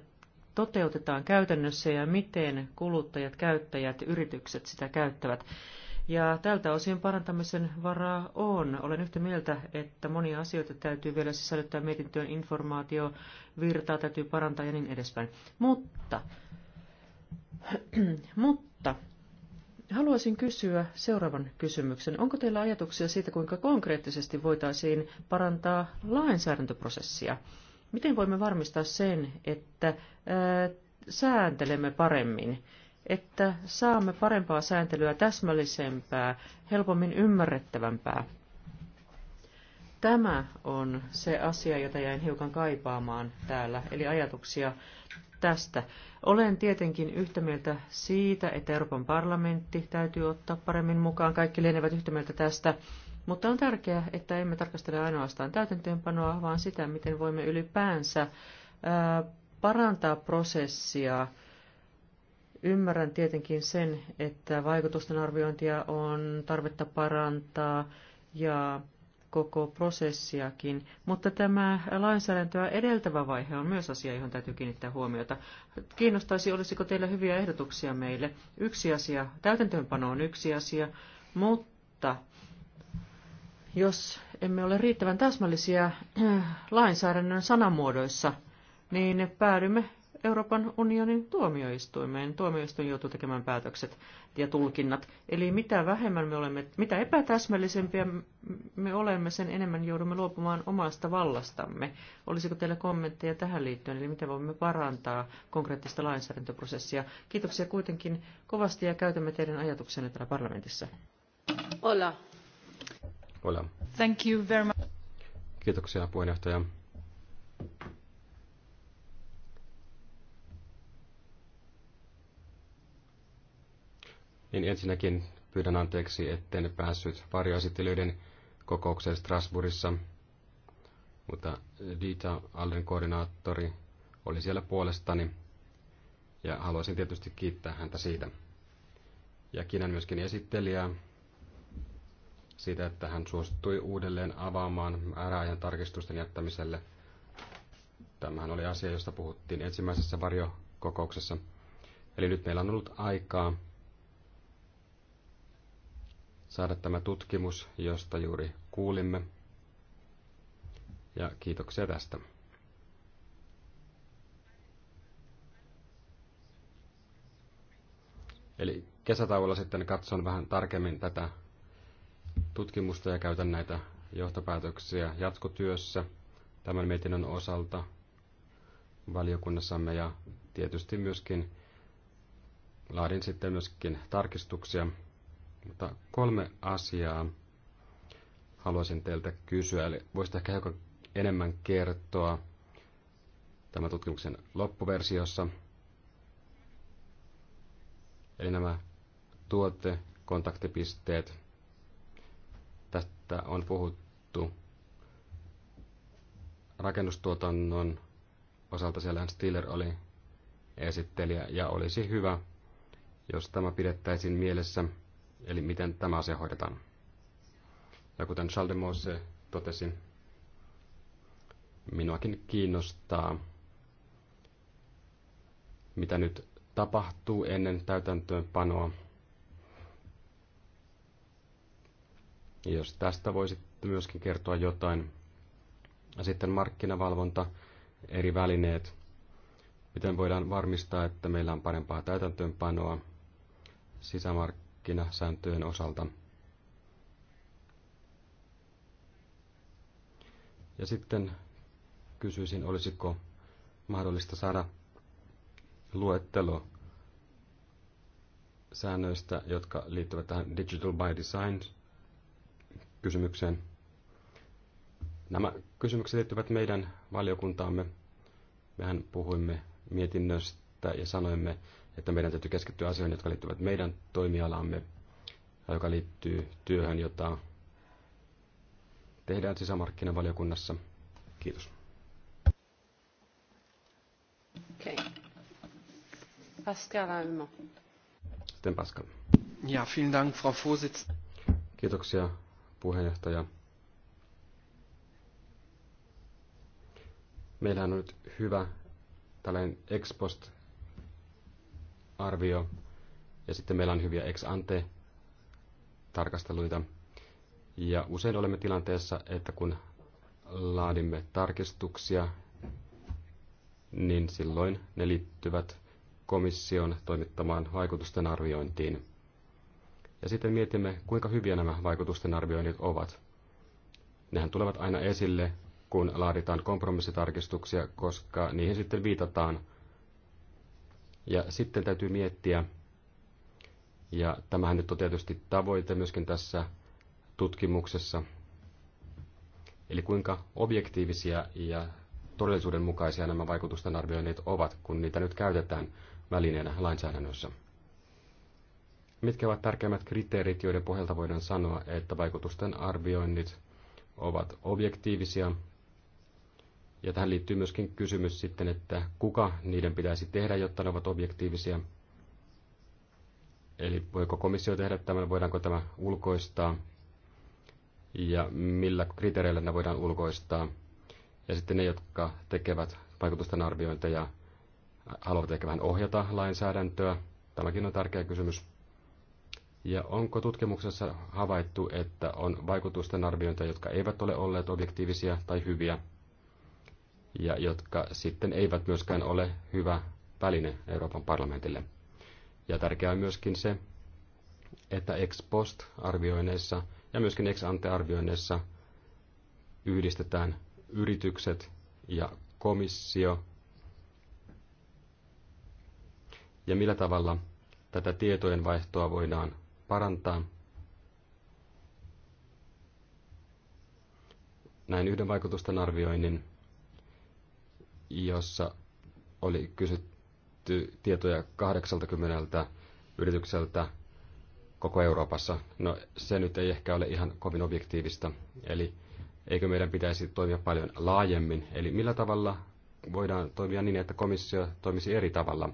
toteutetaan käytännössä ja miten kuluttajat, käyttäjät, yritykset sitä käyttävät. Ja tältä osin parantamisen varaa on. Olen yhtä mieltä, että monia asioita täytyy vielä sisällyttää mietintöön, informaatio, virtaa täytyy parantaa ja niin edespäin. Mutta, mutta Haluaisin kysyä seuraavan kysymyksen. Onko teillä ajatuksia siitä, kuinka konkreettisesti voitaisiin parantaa lainsäädäntöprosessia? Miten voimme varmistaa sen, että ää, sääntelemme paremmin, että saamme parempaa sääntelyä, täsmällisempää, helpommin ymmärrettävämpää? Tämä on se asia, jota jäin hiukan kaipaamaan täällä, eli ajatuksia tästä. Olen tietenkin yhtä mieltä siitä, että Euroopan parlamentti täytyy ottaa paremmin mukaan. Kaikki lienevät yhtä mieltä tästä. Mutta on tärkeää, että emme tarkastele ainoastaan täytäntöönpanoa, vaan sitä, miten voimme ylipäänsä parantaa prosessia. Ymmärrän tietenkin sen, että vaikutusten arviointia on tarvetta parantaa ja koko prosessiakin, mutta tämä lainsäädäntöä edeltävä vaihe on myös asia, johon täytyy kiinnittää huomiota. Kiinnostaisi, olisiko teillä hyviä ehdotuksia meille. Yksi asia, täytäntöönpano on yksi asia, mutta jos emme ole riittävän täsmällisiä lainsäädännön sanamuodoissa, niin päädymme Euroopan unionin tuomioistuimeen. Tuomioistuin joutuu tekemään päätökset ja tulkinnat. Eli mitä vähemmän me olemme, mitä epätäsmällisempiä me olemme, sen enemmän joudumme luopumaan omasta vallastamme. Olisiko teillä kommentteja tähän liittyen, eli miten voimme parantaa konkreettista lainsäädäntöprosessia? Kiitoksia kuitenkin kovasti ja käytämme teidän ajatuksenne täällä parlamentissa. Hola. Hola. Thank you very much. Kiitoksia puheenjohtaja. niin ensinnäkin pyydän anteeksi, etten päässyt varjoesittelyiden kokoukseen Strasbourgissa, mutta Dita Alden koordinaattori oli siellä puolestani ja haluaisin tietysti kiittää häntä siitä. Ja kiinnän myöskin esittelijää siitä, että hän suostui uudelleen avaamaan määräajan tarkistusten jättämiselle. Tämähän oli asia, josta puhuttiin ensimmäisessä varjokokouksessa. Eli nyt meillä on ollut aikaa saada tämä tutkimus, josta juuri kuulimme. Ja kiitoksia tästä. Eli kesätauolla sitten katson vähän tarkemmin tätä tutkimusta ja käytän näitä johtopäätöksiä jatkotyössä tämän mietinnön osalta valiokunnassamme ja tietysti myöskin laadin sitten myöskin tarkistuksia mutta kolme asiaa haluaisin teiltä kysyä. Eli voisitte ehkä hiukan enemmän kertoa tämän tutkimuksen loppuversiossa. Eli nämä tuotekontaktipisteet. Tästä on puhuttu rakennustuotannon osalta. Siellähän Stiller oli esittelijä ja olisi hyvä, jos tämä pidettäisiin mielessä – Eli miten tämä asia hoidetaan. Ja kuten Charles de totesi, minuakin kiinnostaa, mitä nyt tapahtuu ennen täytäntöönpanoa. ja Jos tästä voisi myöskin kertoa jotain. ja Sitten markkinavalvonta, eri välineet, miten voidaan varmistaa, että meillä on parempaa täytäntöönpanoa sisämark- markkinasääntöjen osalta. Ja sitten kysyisin, olisiko mahdollista saada luettelo säännöistä, jotka liittyvät tähän Digital by Design kysymykseen. Nämä kysymykset liittyvät meidän valiokuntaamme. Mehän puhuimme mietinnöstä ja sanoimme, että meidän täytyy keskittyä asioihin, jotka liittyvät meidän toimialamme, joka liittyy työhön, jota tehdään sisämarkkinavaliokunnassa. Kiitos. Okay. Pascal Almo. Sitten Pascal. Ja, vielen Dank, Frau Vorsitz. Kiitoksia, puheenjohtaja. Meillähän on nyt hyvä tällainen ex post arvio ja sitten meillä on hyviä ex ante tarkasteluita. Ja usein olemme tilanteessa, että kun laadimme tarkistuksia, niin silloin ne liittyvät komission toimittamaan vaikutusten arviointiin. Ja sitten mietimme, kuinka hyviä nämä vaikutusten arvioinnit ovat. Nehän tulevat aina esille, kun laaditaan kompromissitarkistuksia, koska niihin sitten viitataan – ja sitten täytyy miettiä, ja tämähän nyt on tietysti tavoite myöskin tässä tutkimuksessa, eli kuinka objektiivisia ja todellisuudenmukaisia nämä vaikutusten arvioinnit ovat, kun niitä nyt käytetään välineenä lainsäädännössä. Mitkä ovat tärkeimmät kriteerit, joiden pohjalta voidaan sanoa, että vaikutusten arvioinnit ovat objektiivisia ja tähän liittyy myöskin kysymys sitten, että kuka niiden pitäisi tehdä, jotta ne ovat objektiivisia. Eli voiko komissio tehdä tämän, voidaanko tämä ulkoistaa ja millä kriteereillä ne voidaan ulkoistaa. Ja sitten ne, jotka tekevät vaikutusten arviointeja, haluavat ehkä vähän ohjata lainsäädäntöä. Tämäkin on tärkeä kysymys. Ja onko tutkimuksessa havaittu, että on vaikutusten arviointeja, jotka eivät ole olleet objektiivisia tai hyviä? ja jotka sitten eivät myöskään ole hyvä väline Euroopan parlamentille. Ja tärkeää on myöskin se, että ex post arvioinneissa ja myöskin ex ante arvioinneissa yhdistetään yritykset ja komissio. Ja millä tavalla tätä tietojen vaihtoa voidaan parantaa. Näin yhden vaikutusten arvioinnin jossa oli kysytty tietoja 80 yritykseltä koko Euroopassa. No se nyt ei ehkä ole ihan kovin objektiivista, eli eikö meidän pitäisi toimia paljon laajemmin, eli millä tavalla voidaan toimia niin, että komissio toimisi eri tavalla,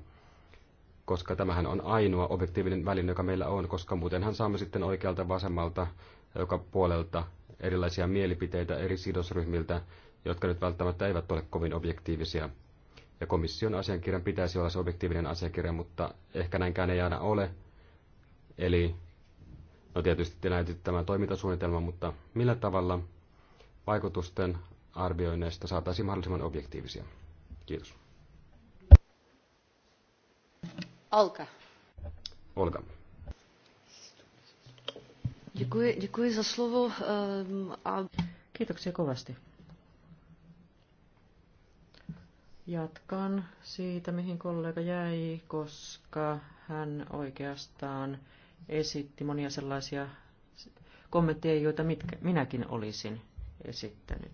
koska tämähän on ainoa objektiivinen väline, joka meillä on, koska muutenhan saamme sitten oikealta, vasemmalta, joka puolelta erilaisia mielipiteitä eri sidosryhmiltä, jotka nyt välttämättä eivät ole kovin objektiivisia. Ja komission asiakirjan pitäisi olla se objektiivinen asiakirja, mutta ehkä näinkään ei aina ole. Eli no tietysti te näytit tämän toimintasuunnitelman, mutta millä tavalla vaikutusten arvioinneista saataisiin mahdollisimman objektiivisia? Kiitos. Olka. Olka. Děkuji, děkuji za slovo. Ehm, Kiitoksia kovasti. Jatkan siitä, mihin kollega jäi, koska hän oikeastaan esitti monia sellaisia kommentteja, joita mitkä, minäkin olisin esittänyt.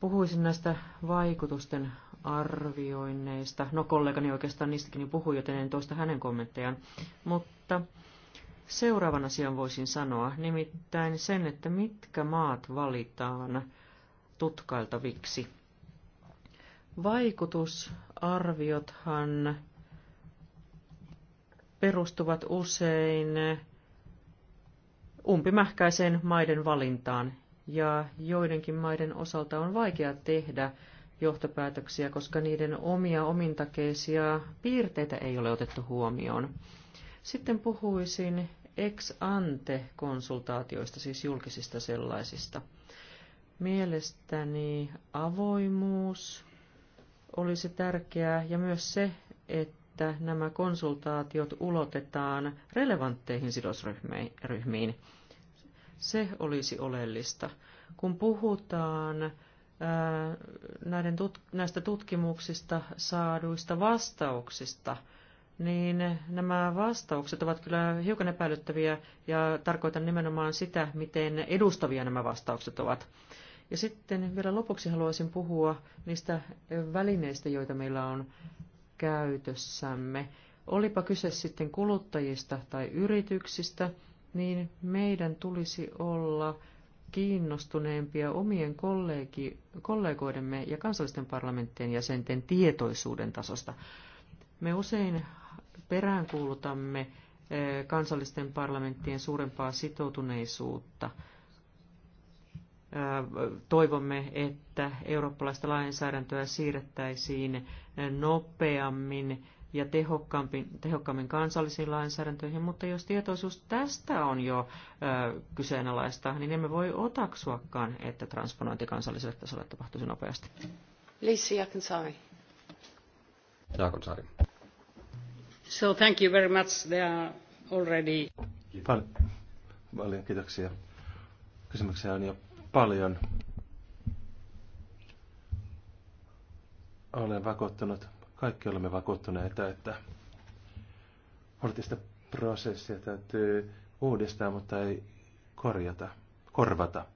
Puhuisin näistä vaikutusten arvioinneista. No kollegani oikeastaan niistäkin jo puhui, joten en toista hänen kommenttejaan. Mutta seuraavan asian voisin sanoa, nimittäin sen, että mitkä maat valitaan tutkailtaviksi Vaikutusarviothan perustuvat usein umpimähkäiseen maiden valintaan, ja joidenkin maiden osalta on vaikea tehdä johtopäätöksiä, koska niiden omia omintakeisia piirteitä ei ole otettu huomioon. Sitten puhuisin ex ante konsultaatioista, siis julkisista sellaisista. Mielestäni avoimuus olisi tärkeää ja myös se, että nämä konsultaatiot ulotetaan relevantteihin sidosryhmiin. Se olisi oleellista. Kun puhutaan äh, näiden tut- näistä tutkimuksista saaduista vastauksista, niin nämä vastaukset ovat kyllä hiukan epäilyttäviä ja tarkoitan nimenomaan sitä, miten edustavia nämä vastaukset ovat. Ja sitten vielä lopuksi haluaisin puhua niistä välineistä, joita meillä on käytössämme. Olipa kyse sitten kuluttajista tai yrityksistä, niin meidän tulisi olla kiinnostuneempia omien kollegi, kollegoidemme ja kansallisten parlamenttien jäsenten tietoisuuden tasosta. Me usein peräänkuulutamme eh, kansallisten parlamenttien suurempaa sitoutuneisuutta – toivomme, että eurooppalaista lainsäädäntöä siirrettäisiin nopeammin ja tehokkaammin, tehokkaammin kansallisiin lainsäädäntöihin, mutta jos tietoisuus tästä on jo ö, kyseenalaista, niin emme voi otaksuakaan, että transponointi kansalliselle tasolle tapahtuisi nopeasti. Lisi Jakonsaari. Jaakonsaari. So thank you very much. They are already... Paljon, paljon kiitoksia. Kysymyksiä on jo paljon. Olen vakuuttunut, kaikki olemme vakuuttuneita, että poliittista prosessia täytyy uudistaa, mutta ei korjata, korvata.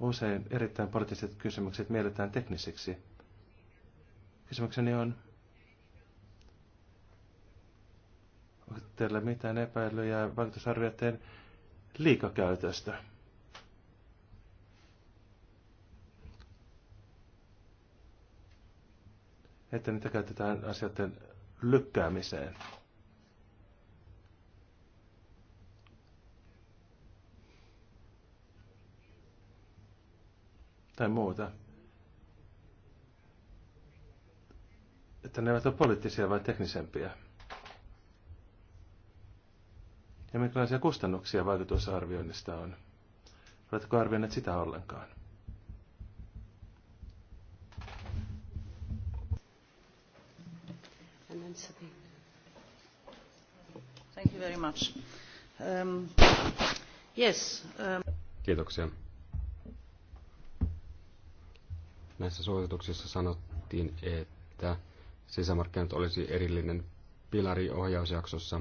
Usein erittäin poliittiset kysymykset mielletään teknisiksi. Kysymykseni on, onko teillä mitään epäilyjä vaikutusarvioiden liikakäytöstä? että niitä käytetään asioiden lykkäämiseen. Tai muuta. Että ne eivät ole poliittisia vai teknisempiä. Ja minkälaisia kustannuksia vaikutusarvioinnista on? Oletko arvioineet sitä ollenkaan? Um, um, Kiitoksia. Näissä suosituksissa sanottiin, että sisämarkkinat olisi erillinen pilari ohjausjaksossa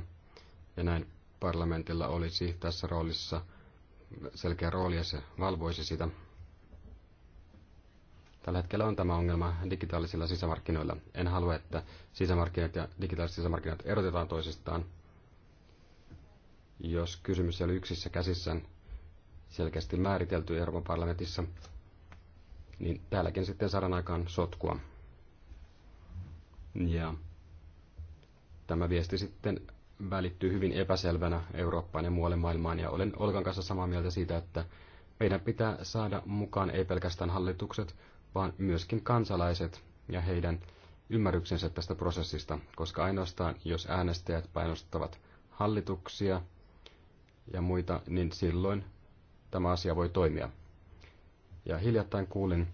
ja näin parlamentilla olisi tässä roolissa selkeä rooli ja se valvoisi sitä. Tällä hetkellä on tämä ongelma digitaalisilla sisämarkkinoilla. En halua, että sisämarkkinat ja digitaaliset sisämarkkinat erotetaan toisistaan. Jos kysymys ei ole yksissä käsissä selkeästi määritelty Euroopan parlamentissa, niin täälläkin sitten saadaan aikaan sotkua. Ja tämä viesti sitten välittyy hyvin epäselvänä Eurooppaan ja muualle maailmaan, ja olen Olkan kanssa samaa mieltä siitä, että meidän pitää saada mukaan ei pelkästään hallitukset, vaan myöskin kansalaiset ja heidän ymmärryksensä tästä prosessista, koska ainoastaan jos äänestäjät painostavat hallituksia ja muita, niin silloin tämä asia voi toimia. Ja hiljattain kuulin,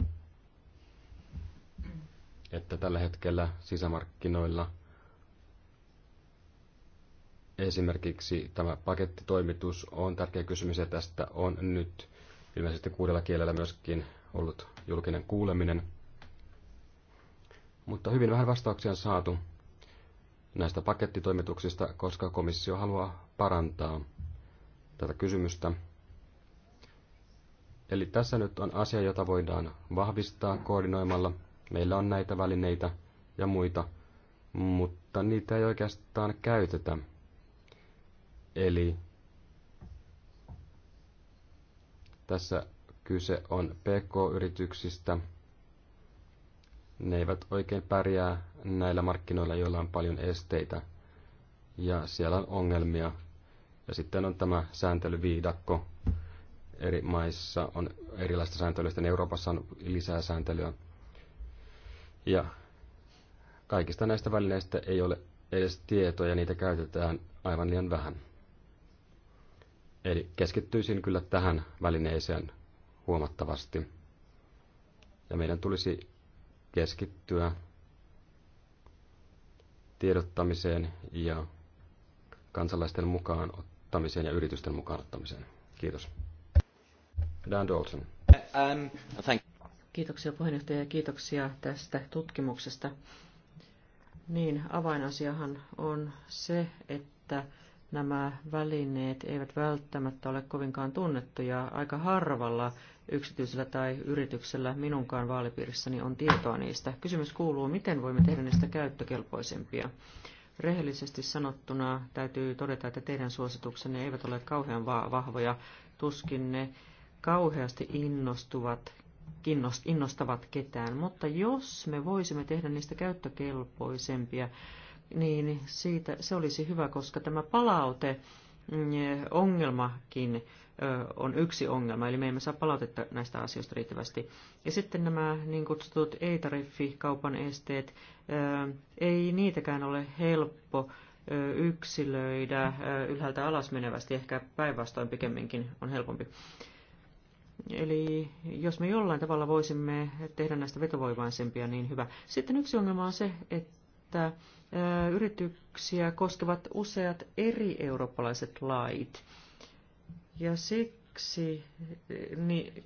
että tällä hetkellä sisämarkkinoilla esimerkiksi tämä pakettitoimitus on tärkeä kysymys ja tästä on nyt ilmeisesti kuudella kielellä myöskin ollut julkinen kuuleminen. Mutta hyvin vähän vastauksia on saatu näistä pakettitoimituksista, koska komissio haluaa parantaa tätä kysymystä. Eli tässä nyt on asia, jota voidaan vahvistaa koordinoimalla. Meillä on näitä välineitä ja muita, mutta niitä ei oikeastaan käytetä. Eli tässä Kyse on PK-yrityksistä. Ne eivät oikein pärjää näillä markkinoilla, joilla on paljon esteitä ja siellä on ongelmia. Ja sitten on tämä sääntelyviidakko. Eri maissa on erilaista sääntelyä, sitten niin Euroopassa on lisää sääntelyä. Ja kaikista näistä välineistä ei ole edes tietoja, niitä käytetään aivan liian vähän. Eli keskittyisin kyllä tähän välineeseen huomattavasti. Ja meidän tulisi keskittyä tiedottamiseen ja kansalaisten mukaan ottamiseen ja yritysten mukaan ottamiseen. Kiitos. Dan Dalton. Um, thank Kiitoksia puheenjohtaja ja kiitoksia tästä tutkimuksesta. Niin, avainasiahan on se, että nämä välineet eivät välttämättä ole kovinkaan tunnettuja. Aika harvalla yksityisellä tai yrityksellä minunkaan vaalipiirissäni on tietoa niistä. Kysymys kuuluu, miten voimme tehdä niistä käyttökelpoisempia. Rehellisesti sanottuna täytyy todeta, että teidän suosituksenne eivät ole kauhean vahvoja. Tuskin ne kauheasti innostuvat, innostavat ketään, mutta jos me voisimme tehdä niistä käyttökelpoisempia, niin siitä, se olisi hyvä, koska tämä palaute ongelmakin on yksi ongelma, eli me emme saa palautetta näistä asioista riittävästi. Ja sitten nämä niin kutsutut ei-tariffikaupan esteet, ei niitäkään ole helppo yksilöidä ylhäältä alas menevästi, ehkä päinvastoin pikemminkin on helpompi. Eli jos me jollain tavalla voisimme tehdä näistä vetovoimaisempia, niin hyvä. Sitten yksi ongelma on se, että että yrityksiä koskevat useat eri eurooppalaiset lait. Ja siksi niin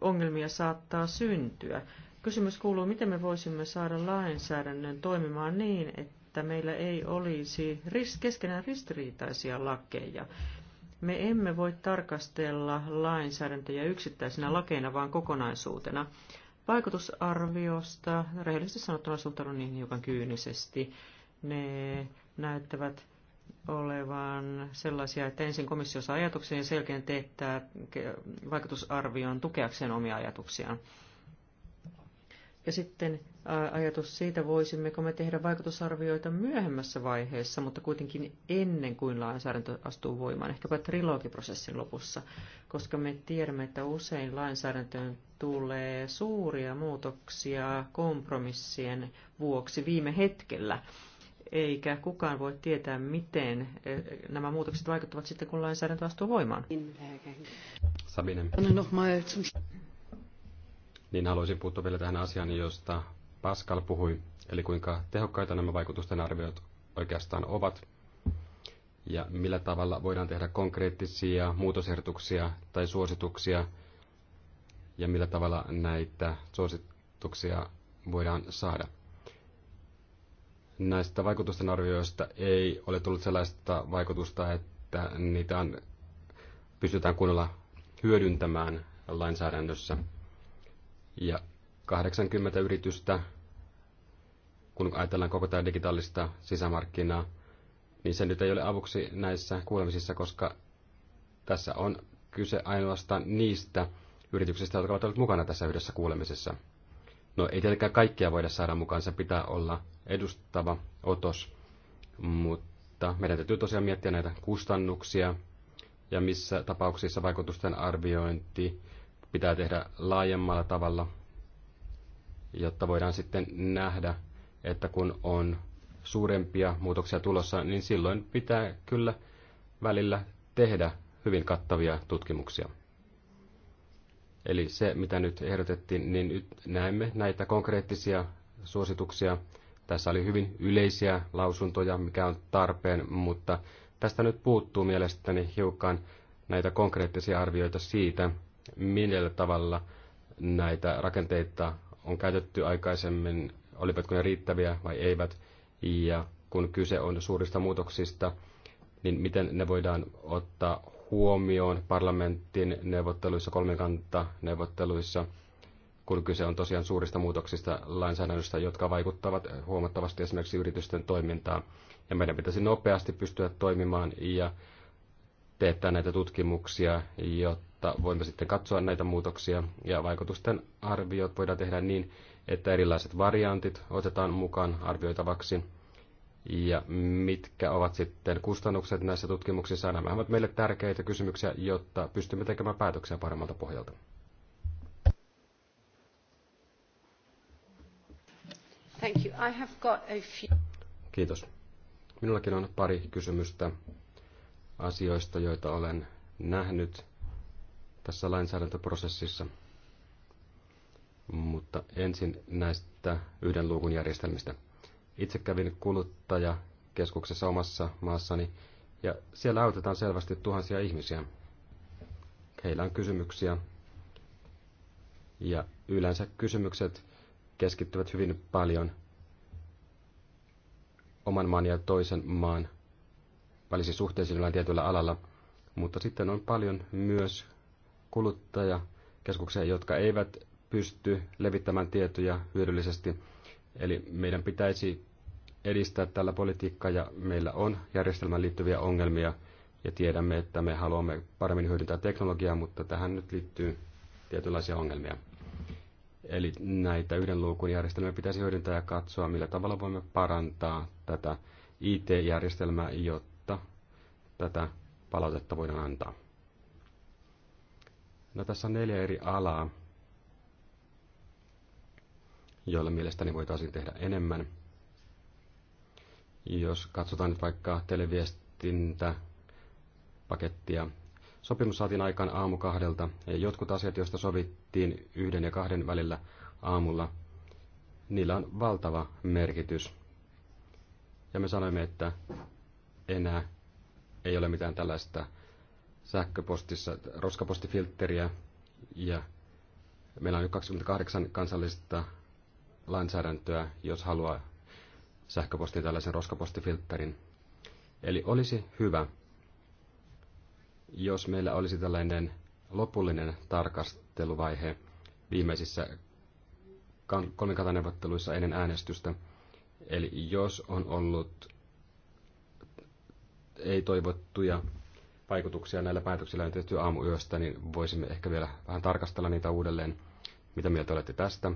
ongelmia saattaa syntyä. Kysymys kuuluu, miten me voisimme saada lainsäädännön toimimaan niin, että meillä ei olisi keskenään ristiriitaisia lakeja. Me emme voi tarkastella lainsäädäntöjä yksittäisinä lakeina, vaan kokonaisuutena vaikutusarviosta. Rehellisesti sanottuna suhtaudun niihin hiukan kyynisesti. Ne näyttävät olevan sellaisia, että ensin komissio saa ajatuksen ja selkeän teettää vaikutusarvion tukeakseen omia ajatuksiaan. Ja sitten ajatus siitä, voisimmeko me tehdä vaikutusarvioita myöhemmässä vaiheessa, mutta kuitenkin ennen kuin lainsäädäntö astuu voimaan, ehkäpä trilogiprosessin lopussa, koska me tiedämme, että usein lainsäädäntöön tulee suuria muutoksia kompromissien vuoksi viime hetkellä, eikä kukaan voi tietää, miten nämä muutokset vaikuttavat sitten, kun lainsäädäntö astuu voimaan. Sabinen. No, no, niin haluaisin puuttua vielä tähän asiaan, josta Pascal puhui, eli kuinka tehokkaita nämä vaikutusten arviot oikeastaan ovat ja millä tavalla voidaan tehdä konkreettisia muutosehdotuksia tai suosituksia ja millä tavalla näitä suosituksia voidaan saada. Näistä vaikutusten arvioista ei ole tullut sellaista vaikutusta, että niitä on, pystytään kunnolla hyödyntämään lainsäädännössä. Ja 80 yritystä, kun ajatellaan koko tämä digitaalista sisämarkkinaa, niin se nyt ei ole avuksi näissä kuulemisissa, koska tässä on kyse ainoastaan niistä yrityksistä, jotka ovat olleet mukana tässä yhdessä kuulemisessa. No ei tietenkään kaikkia voida saada mukaan, se pitää olla edustava otos, mutta meidän täytyy tosiaan miettiä näitä kustannuksia ja missä tapauksissa vaikutusten arviointi pitää tehdä laajemmalla tavalla, jotta voidaan sitten nähdä, että kun on suurempia muutoksia tulossa, niin silloin pitää kyllä välillä tehdä hyvin kattavia tutkimuksia. Eli se, mitä nyt ehdotettiin, niin nyt näemme näitä konkreettisia suosituksia. Tässä oli hyvin yleisiä lausuntoja, mikä on tarpeen, mutta tästä nyt puuttuu mielestäni hiukan näitä konkreettisia arvioita siitä, millä tavalla näitä rakenteita on käytetty aikaisemmin, olivatko ne riittäviä vai eivät, ja kun kyse on suurista muutoksista, niin miten ne voidaan ottaa huomioon parlamentin neuvotteluissa, kolmikanta neuvotteluissa, kun kyse on tosiaan suurista muutoksista lainsäädännöstä, jotka vaikuttavat huomattavasti esimerkiksi yritysten toimintaan. Ja meidän pitäisi nopeasti pystyä toimimaan ja teettää näitä tutkimuksia, jotta jotta voimme sitten katsoa näitä muutoksia. Ja vaikutusten arviot voidaan tehdä niin, että erilaiset variantit otetaan mukaan arvioitavaksi. Ja mitkä ovat sitten kustannukset näissä tutkimuksissa? Nämä ovat meille tärkeitä kysymyksiä, jotta pystymme tekemään päätöksiä paremmalta pohjalta. Thank you. I have got a few... Kiitos. Minullakin on pari kysymystä asioista, joita olen nähnyt tässä lainsäädäntöprosessissa. Mutta ensin näistä yhden luukun järjestelmistä. Itse kävin kuluttajakeskuksessa omassa maassani ja siellä autetaan selvästi tuhansia ihmisiä. Heillä on kysymyksiä ja yleensä kysymykset keskittyvät hyvin paljon oman maan ja toisen maan välisiin suhteisiin tietyllä alalla, mutta sitten on paljon myös kuluttajakeskukseen, jotka eivät pysty levittämään tietoja hyödyllisesti. Eli meidän pitäisi edistää tällä politiikkaa ja meillä on järjestelmään liittyviä ongelmia ja tiedämme, että me haluamme paremmin hyödyntää teknologiaa, mutta tähän nyt liittyy tietynlaisia ongelmia. Eli näitä yhden luukun järjestelmiä pitäisi hyödyntää ja katsoa, millä tavalla voimme parantaa tätä IT-järjestelmää, jotta tätä palautetta voidaan antaa. No tässä on neljä eri alaa, joilla mielestäni voitaisiin tehdä enemmän. Jos katsotaan nyt vaikka televiestintäpakettia, sopimus saatiin aikaan aamu kahdelta ja jotkut asiat, joista sovittiin yhden ja kahden välillä aamulla, niillä on valtava merkitys. Ja me sanoimme, että enää ei ole mitään tällaista sähköpostissa roskapostifiltteriä ja meillä on nyt 28 kansallista lainsäädäntöä, jos haluaa sähköpostiin tällaisen roskapostifiltterin. Eli olisi hyvä, jos meillä olisi tällainen lopullinen tarkasteluvaihe viimeisissä kolmikantaneuvotteluissa ennen äänestystä. Eli jos on ollut ei-toivottuja vaikutuksia näillä päätöksillä on tehty aamuyöstä, niin voisimme ehkä vielä vähän tarkastella niitä uudelleen. Mitä mieltä olette tästä?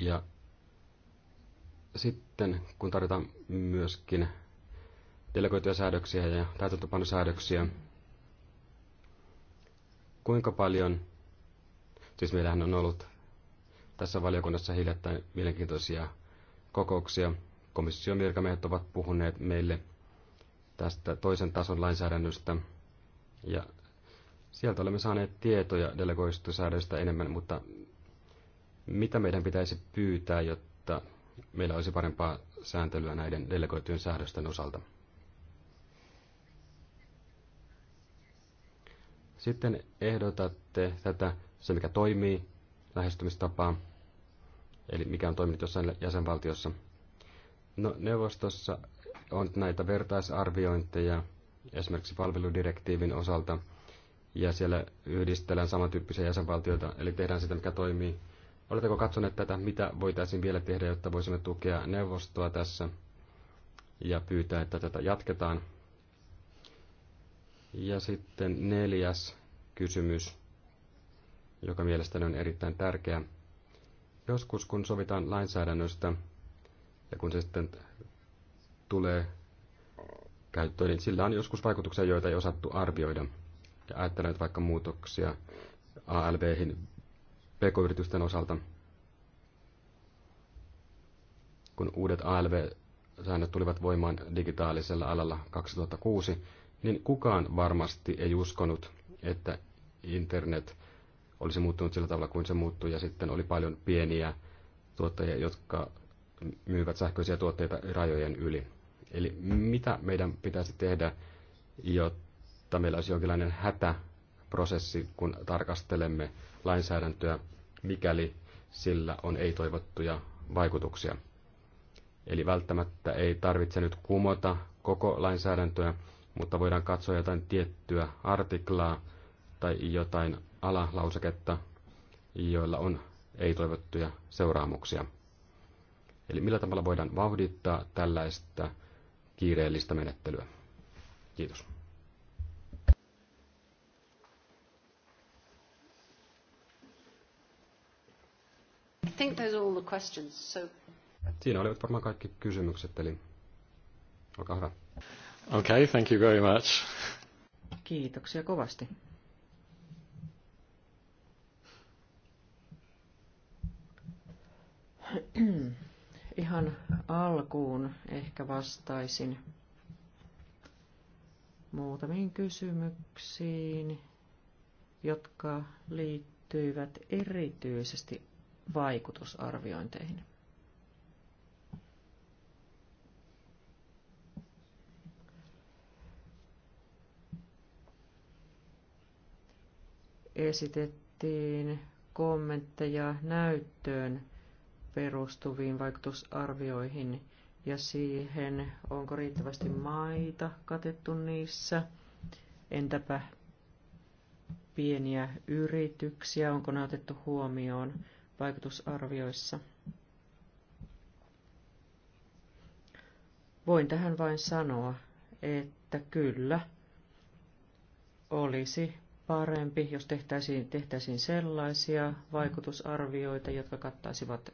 Ja sitten, kun tarvitaan myöskin delegoituja säädöksiä ja täytäntöpanosäädöksiä, kuinka paljon, siis meillähän on ollut tässä valiokunnassa hiljattain mielenkiintoisia kokouksia. Komission virkamiehet ovat puhuneet meille tästä toisen tason lainsäädännöstä. Ja sieltä olemme saaneet tietoja delegoistu säädöstä enemmän, mutta mitä meidän pitäisi pyytää, jotta meillä olisi parempaa sääntelyä näiden delegoitujen säädösten osalta? Sitten ehdotatte tätä, se mikä toimii, lähestymistapaa, eli mikä on toiminut jossain jäsenvaltiossa. No, neuvostossa on näitä vertaisarviointeja esimerkiksi palveludirektiivin osalta, ja siellä yhdistellään samantyyppisiä jäsenvaltioita, eli tehdään sitä, mikä toimii. Oletteko katsoneet tätä, mitä voitaisiin vielä tehdä, jotta voisimme tukea neuvostoa tässä ja pyytää, että tätä jatketaan? Ja sitten neljäs kysymys, joka mielestäni on erittäin tärkeä. Joskus kun sovitaan lainsäädännöstä ja kun se sitten tulee käyttöön, niin sillä on joskus vaikutuksia, joita ei osattu arvioida. Ja ajattelen että vaikka muutoksia ALV-hin pk-yritysten osalta, kun uudet ALV-säännöt tulivat voimaan digitaalisella alalla 2006, niin kukaan varmasti ei uskonut, että internet olisi muuttunut sillä tavalla kuin se muuttui, ja sitten oli paljon pieniä tuottajia, jotka myyvät sähköisiä tuotteita rajojen yli. Eli mitä meidän pitäisi tehdä, jotta meillä olisi jonkinlainen hätäprosessi, kun tarkastelemme lainsäädäntöä, mikäli sillä on ei-toivottuja vaikutuksia. Eli välttämättä ei tarvitse nyt kumota koko lainsäädäntöä, mutta voidaan katsoa jotain tiettyä artiklaa tai jotain alalauseketta, joilla on ei-toivottuja seuraamuksia. Eli millä tavalla voidaan vauhdittaa tällaista kiireellistä menettelyä. Kiitos. I think those are all the questions, so... Siinä olivat varmaan kaikki kysymykset, eli olkaa hyvä. Okay, thank you very much. Kiitoksia kovasti ihan alkuun ehkä vastaisin muutamiin kysymyksiin, jotka liittyivät erityisesti vaikutusarviointeihin. Esitettiin kommentteja näyttöön perustuviin vaikutusarvioihin ja siihen, onko riittävästi maita katettu niissä, entäpä pieniä yrityksiä, onko ne otettu huomioon vaikutusarvioissa. Voin tähän vain sanoa, että kyllä olisi parempi, jos tehtäisiin, tehtäisiin sellaisia vaikutusarvioita, jotka kattaisivat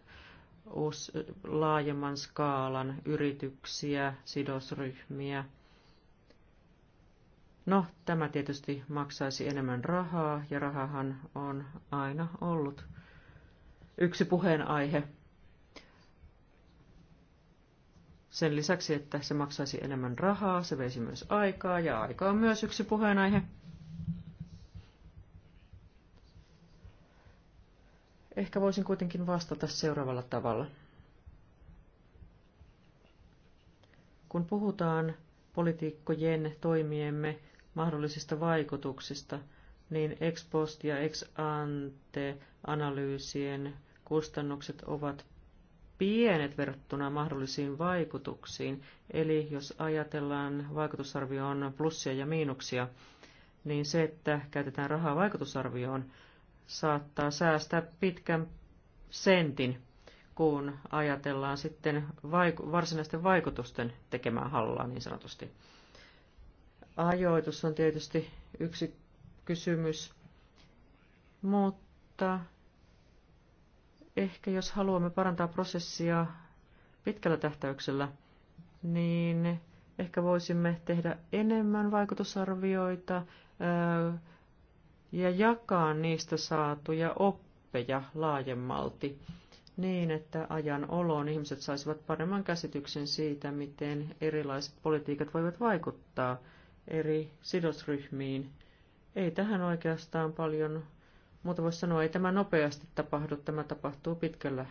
us laajemman skaalan yrityksiä, sidosryhmiä. No, tämä tietysti maksaisi enemmän rahaa, ja rahahan on aina ollut yksi puheenaihe. Sen lisäksi, että se maksaisi enemmän rahaa, se veisi myös aikaa, ja aika on myös yksi puheenaihe. Ehkä voisin kuitenkin vastata seuraavalla tavalla. Kun puhutaan politiikkojen toimiemme mahdollisista vaikutuksista, niin ex post ja ex ante analyysien kustannukset ovat pienet verrattuna mahdollisiin vaikutuksiin. Eli jos ajatellaan vaikutusarvioon plussia ja miinuksia, niin se, että käytetään rahaa vaikutusarvioon, saattaa säästää pitkän sentin, kun ajatellaan sitten vaiku- varsinaisten vaikutusten tekemään hallaa niin sanotusti. Ajoitus on tietysti yksi kysymys, mutta ehkä jos haluamme parantaa prosessia pitkällä tähtäyksellä, niin ehkä voisimme tehdä enemmän vaikutusarvioita, ja jakaa niistä saatuja oppeja laajemmalti niin, että ajan oloon ihmiset saisivat paremman käsityksen siitä, miten erilaiset politiikat voivat vaikuttaa eri sidosryhmiin. Ei tähän oikeastaan paljon mutta voisi sanoa, ei tämä nopeasti tapahdu, tämä tapahtuu pitkällä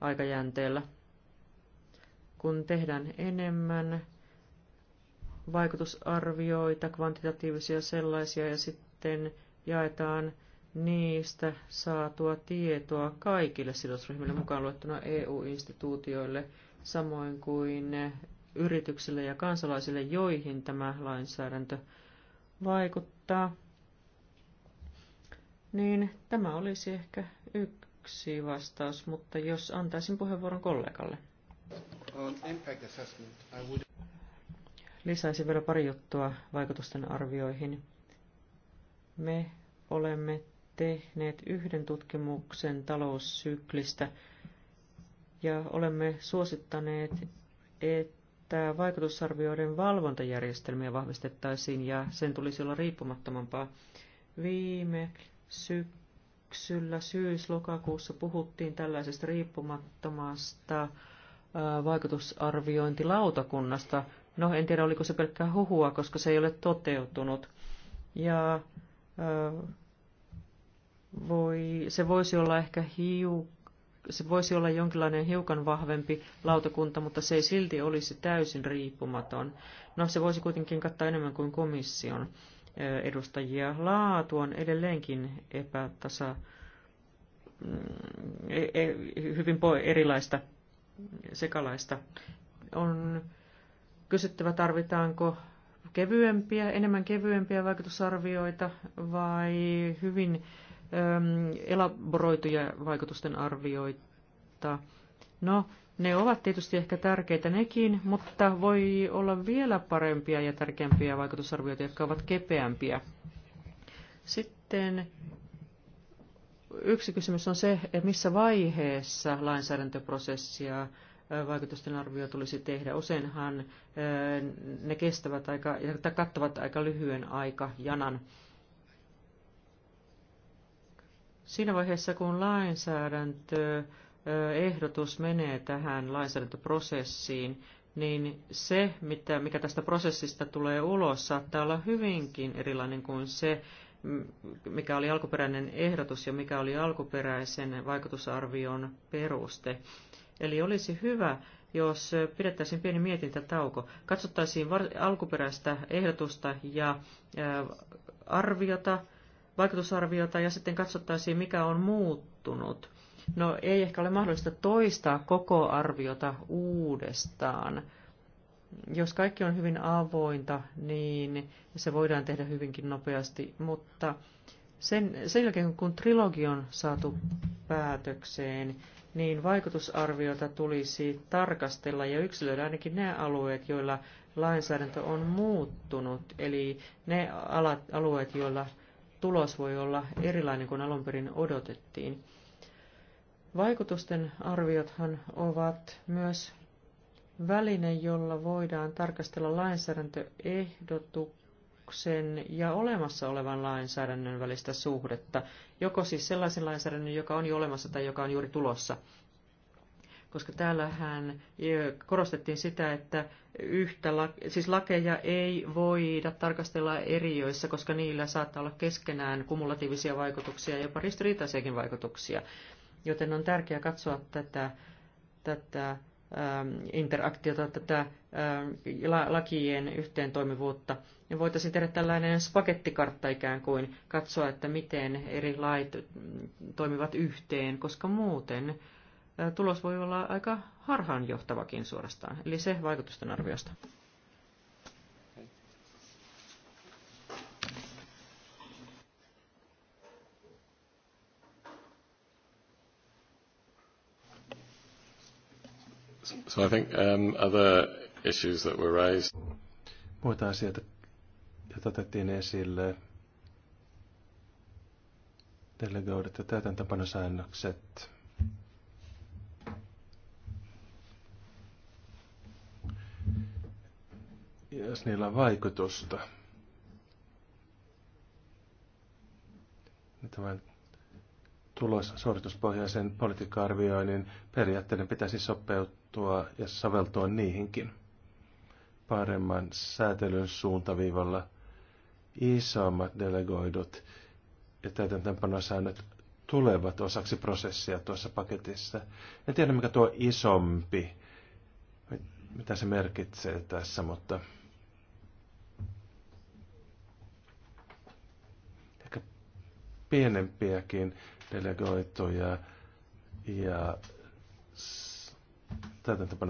aikajänteellä. Kun tehdään enemmän vaikutusarvioita, kvantitatiivisia sellaisia ja sitten jaetaan niistä saatua tietoa kaikille sidosryhmille mukaan luettuna EU-instituutioille, samoin kuin yrityksille ja kansalaisille, joihin tämä lainsäädäntö vaikuttaa. Niin tämä olisi ehkä yksi vastaus, mutta jos antaisin puheenvuoron kollegalle. Lisäisin vielä pari juttua vaikutusten arvioihin. Me olemme tehneet yhden tutkimuksen taloussyklistä ja olemme suosittaneet, että vaikutusarvioiden valvontajärjestelmiä vahvistettaisiin ja sen tulisi olla riippumattomampaa. Viime syksyllä syys-lokakuussa puhuttiin tällaisesta riippumattomasta vaikutusarviointilautakunnasta. No, en tiedä, oliko se pelkkää huhua, koska se ei ole toteutunut. Ja voi, se voisi olla ehkä hiu, se voisi olla jonkinlainen hiukan vahvempi lautakunta, mutta se ei silti olisi täysin riippumaton. No, se voisi kuitenkin kattaa enemmän kuin komission edustajia. Laatu on edelleenkin epätasa, mm, e, e, hyvin erilaista, sekalaista. On kysyttävä, tarvitaanko kevyempiä, enemmän kevyempiä vaikutusarvioita vai hyvin elaboroituja vaikutusten arvioita. No, ne ovat tietysti ehkä tärkeitä nekin, mutta voi olla vielä parempia ja tärkeämpiä vaikutusarvioita, jotka ovat kepeämpiä. Sitten yksi kysymys on se, että missä vaiheessa lainsäädäntöprosessia vaikutusten arvio tulisi tehdä. Useinhan ne kestävät aika, tai kattavat aika lyhyen aikajanan. janan Siinä vaiheessa, kun lainsäädäntö ehdotus menee tähän lainsäädäntöprosessiin, niin se, mitä, mikä tästä prosessista tulee ulos, saattaa olla hyvinkin erilainen kuin se, mikä oli alkuperäinen ehdotus ja mikä oli alkuperäisen vaikutusarvion peruste. Eli olisi hyvä, jos pidettäisiin pieni mietintätauko, katsottaisiin alkuperäistä ehdotusta ja arviota, vaikutusarviota ja sitten katsottaisiin, mikä on muuttunut. No ei ehkä ole mahdollista toistaa koko arviota uudestaan. Jos kaikki on hyvin avointa, niin se voidaan tehdä hyvinkin nopeasti, mutta sen, sen jälkeen kun trilogi on saatu päätökseen, niin vaikutusarviota tulisi tarkastella ja yksilöidä ainakin ne alueet, joilla lainsäädäntö on muuttunut, eli ne alat, alueet, joilla tulos voi olla erilainen kuin alun perin odotettiin. Vaikutusten arviothan ovat myös väline, jolla voidaan tarkastella lainsäädäntöehdotuksen ja olemassa olevan lainsäädännön välistä suhdetta, joko siis sellaisen lainsäädännön, joka on jo olemassa tai joka on juuri tulossa – koska täällähän e, korostettiin sitä, että yhtä, siis lakeja ei voida tarkastella eriöissä, koska niillä saattaa olla keskenään kumulatiivisia vaikutuksia ja jopa ristiriitaisiakin vaikutuksia. Joten on tärkeää katsoa tätä, tätä ähm, interaktiota, tätä ähm, lakien yhteentoimivuutta. Ja voitaisiin tehdä tällainen spagettikartta ikään kuin, katsoa, että miten eri lait toimivat yhteen, koska muuten tulos voi olla aika harhaanjohtavakin suorastaan. Eli se vaikutusten arviosta. So I think um, other issues that were raised. Muita asioita, joita otettiin esille. Delegoidut ja täytäntöpanosäännökset. jos niillä on vaikutusta. Tämän tulos suorituspohjaisen politiikka-arvioinnin periaatteiden pitäisi sopeutua ja soveltua niihinkin paremman säätelyn suuntaviivalla isommat delegoidut ja täytäntöönpanosäännöt tulevat osaksi prosessia tuossa paketissa. En tiedä, mikä tuo isompi, mitä se merkitsee tässä, mutta pienempiäkin delegoituja ja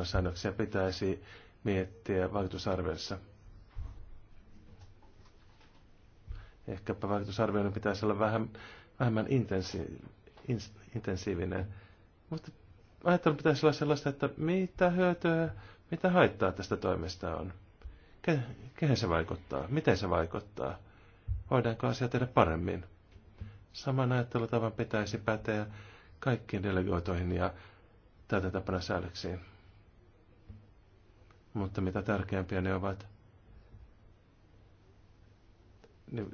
säännöksiä pitäisi miettiä vaikutusarvioissa. Ehkäpä vaikutusarvioinnin pitäisi olla vähän, vähemmän intensi, ins, intensiivinen. Mutta ajattelun pitäisi olla sellaista, että mitä hyötyä, mitä haittaa tästä toimesta on. Ke, kehen se vaikuttaa? Miten se vaikuttaa? Voidaanko asia tehdä paremmin? Saman ajattelutavan pitäisi päteä kaikkiin delegoitoihin ja tätä tapana säädöksiin. Mutta mitä tärkeämpiä ne ovat, niin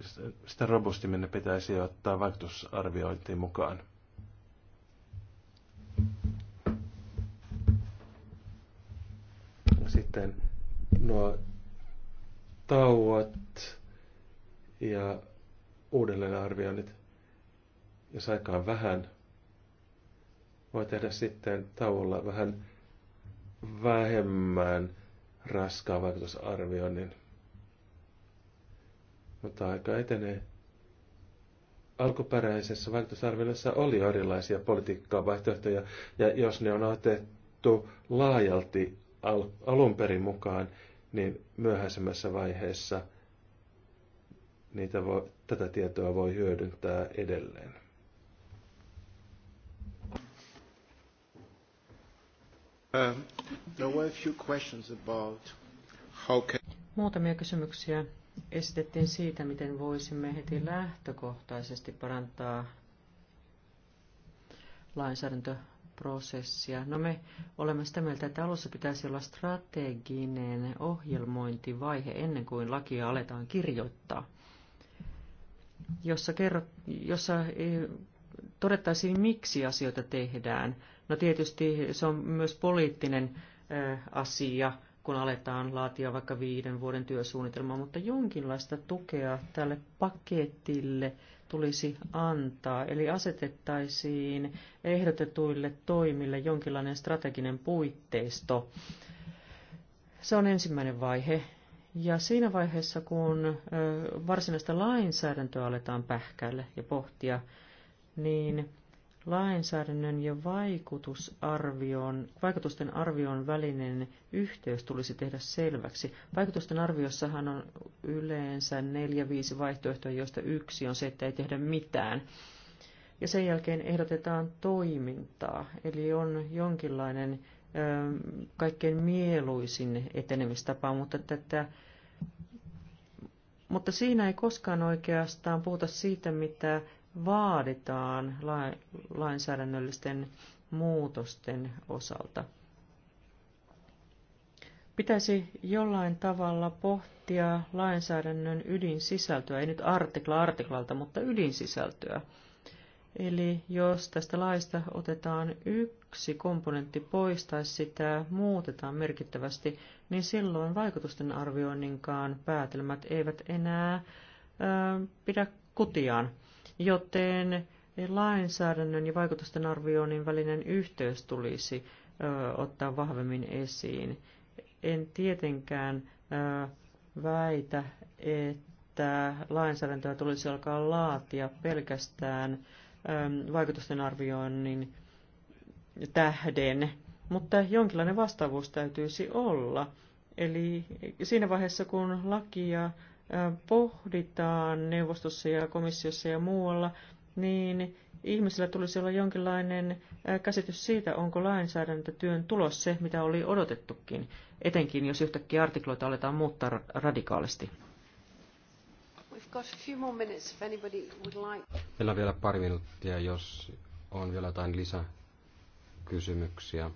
sitä robustimmin ne pitäisi ottaa vaikutusarviointiin mukaan. Sitten nuo tauot ja uudelleenarvioinnit jos aikaa on vähän, voi tehdä sitten tauolla vähän vähemmän raskaan vaikutusarvioinnin. Mutta aika etenee. Alkuperäisessä vaikutusarvioinnissa oli erilaisia politiikkaa vaihtoehtoja, ja jos ne on otettu laajalti al- alun perin mukaan, niin myöhäisemmässä vaiheessa niitä voi, tätä tietoa voi hyödyntää edelleen. Um, Muutamia kysymyksiä esitettiin siitä, miten voisimme heti lähtökohtaisesti parantaa lainsäädäntöprosessia. No me olemme sitä mieltä, että alussa pitäisi olla strateginen ohjelmointivaihe ennen kuin lakia aletaan kirjoittaa, jossa, kerrot, jossa eh, todettaisiin, miksi asioita tehdään – No tietysti se on myös poliittinen asia, kun aletaan laatia vaikka viiden vuoden työsuunnitelmaa, mutta jonkinlaista tukea tälle paketille tulisi antaa, eli asetettaisiin ehdotetuille toimille jonkinlainen strateginen puitteisto. Se on ensimmäinen vaihe. Ja siinä vaiheessa, kun varsinaista lainsäädäntöä aletaan pähkäillä ja pohtia, niin lainsäädännön ja vaikutusarvion, vaikutusten arvion välinen yhteys tulisi tehdä selväksi. Vaikutusten arviossahan on yleensä neljä, viisi vaihtoehtoa, joista yksi on se, että ei tehdä mitään. Ja sen jälkeen ehdotetaan toimintaa, eli on jonkinlainen ö, kaikkein mieluisin etenemistapa, mutta tätä mutta siinä ei koskaan oikeastaan puhuta siitä, mitä vaaditaan lainsäädännöllisten muutosten osalta. Pitäisi jollain tavalla pohtia lainsäädännön ydinsisältöä, ei nyt artikla artiklalta, mutta ydinsisältöä. Eli jos tästä laista otetaan yksi komponentti pois tai sitä muutetaan merkittävästi, niin silloin vaikutusten arvioinninkaan päätelmät eivät enää ö, pidä kutiaan joten lainsäädännön ja vaikutusten arvioinnin välinen yhteys tulisi ö, ottaa vahvemmin esiin. En tietenkään ö, väitä, että lainsäädäntöä tulisi alkaa laatia pelkästään ö, vaikutusten arvioinnin tähden, mutta jonkinlainen vastaavuus täytyisi olla. Eli siinä vaiheessa, kun lakia pohditaan neuvostossa ja komissiossa ja muualla, niin ihmisillä tulisi olla jonkinlainen käsitys siitä, onko lainsäädäntötyön tulos se, mitä oli odotettukin, etenkin jos yhtäkkiä artikloita aletaan muuttaa radikaalisti. Meillä on vielä pari minuuttia, jos on vielä jotain lisäkysymyksiä.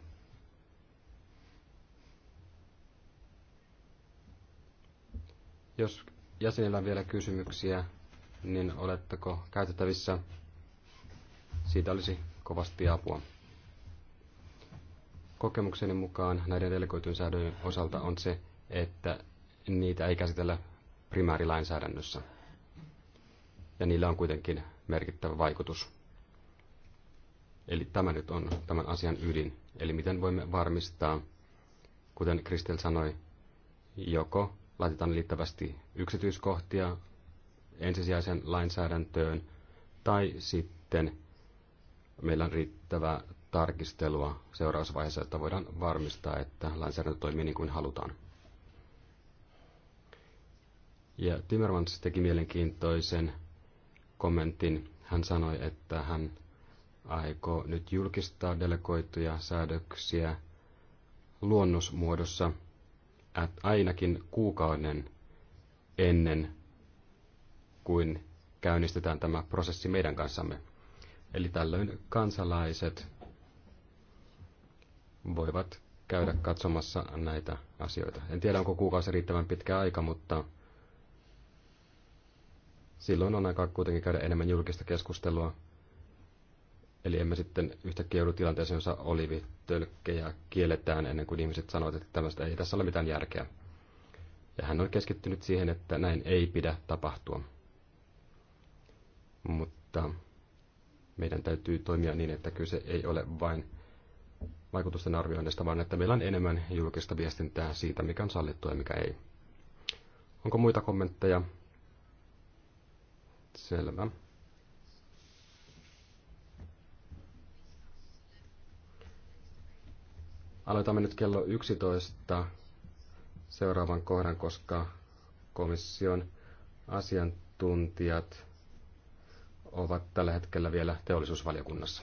Jos jäsenillä on vielä kysymyksiä, niin oletteko käytettävissä? Siitä olisi kovasti apua. Kokemukseni mukaan näiden delegoitujen säädöjen osalta on se, että niitä ei käsitellä primäärilainsäädännössä. Ja niillä on kuitenkin merkittävä vaikutus. Eli tämä nyt on tämän asian ydin. Eli miten voimme varmistaa, kuten Kristel sanoi, joko laitetaan liittävästi yksityiskohtia ensisijaisen lainsäädäntöön, tai sitten meillä on riittävää tarkistelua seurausvaiheessa, että voidaan varmistaa, että lainsäädäntö toimii niin kuin halutaan. Ja Timmermans teki mielenkiintoisen kommentin. Hän sanoi, että hän aikoo nyt julkistaa delegoituja säädöksiä luonnosmuodossa – ainakin kuukauden ennen kuin käynnistetään tämä prosessi meidän kanssamme. Eli tällöin kansalaiset voivat käydä katsomassa näitä asioita. En tiedä, onko kuukausi riittävän pitkä aika, mutta silloin on aika kuitenkin käydä enemmän julkista keskustelua Eli emme sitten yhtäkkiä joudu tilanteeseen, jossa olivitölkkejä kielletään ennen kuin ihmiset sanovat, että tällaista ei tässä ole mitään järkeä. Ja hän on keskittynyt siihen, että näin ei pidä tapahtua. Mutta meidän täytyy toimia niin, että kyse ei ole vain vaikutusten arvioinnista, vaan että meillä on enemmän julkista viestintää siitä, mikä on sallittua ja mikä ei. Onko muita kommentteja? Selvä. Aloitamme nyt kello 11 seuraavan kohdan, koska komission asiantuntijat ovat tällä hetkellä vielä teollisuusvaliokunnassa.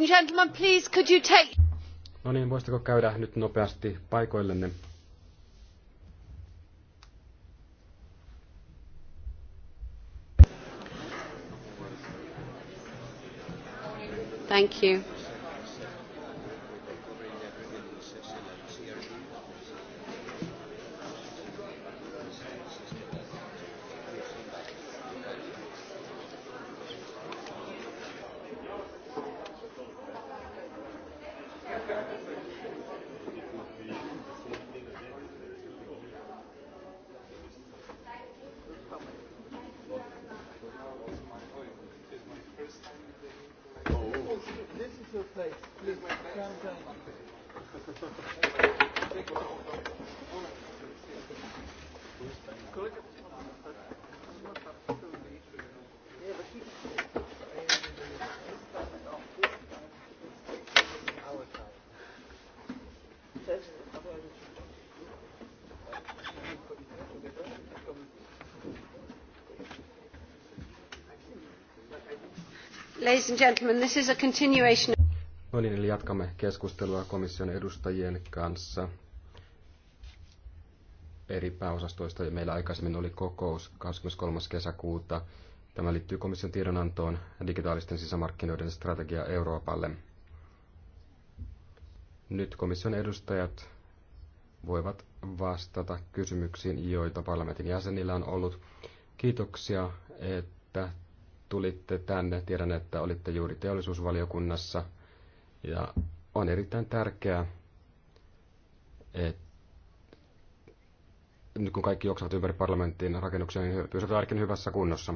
Ladies and gentlemen, please could you take... No niin, voisitteko käydä nyt nopeasti paikoillenne? Thank you. Ladies and gentlemen, this is a continuation. No niin, eli jatkamme keskustelua komission edustajien kanssa eri pääosastoista. Ja meillä aikaisemmin oli kokous 23. kesäkuuta. Tämä liittyy komission tiedonantoon digitaalisten sisämarkkinoiden strategia Euroopalle. Nyt komission edustajat voivat vastata kysymyksiin, joita parlamentin jäsenillä on ollut. Kiitoksia, että tulitte tänne. Tiedän, että olitte juuri teollisuusvaliokunnassa. Ja on erittäin tärkeää, että nyt kun kaikki juoksevat ympäri parlamenttiin rakennuksia, niin pysyvät ainakin hyvässä kunnossa.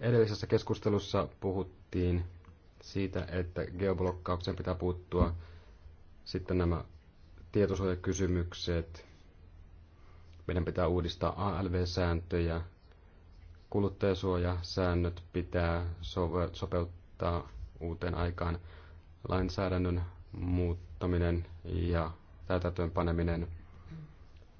Edellisessä keskustelussa puhuttiin siitä, että geoblokkauksen pitää puuttua. Sitten nämä tietosuojakysymykset. Meidän pitää uudistaa ALV-sääntöjä, kuluttajasuojasäännöt pitää sopeuttaa uuteen aikaan. Lainsäädännön muuttaminen ja täytäntöön paneminen,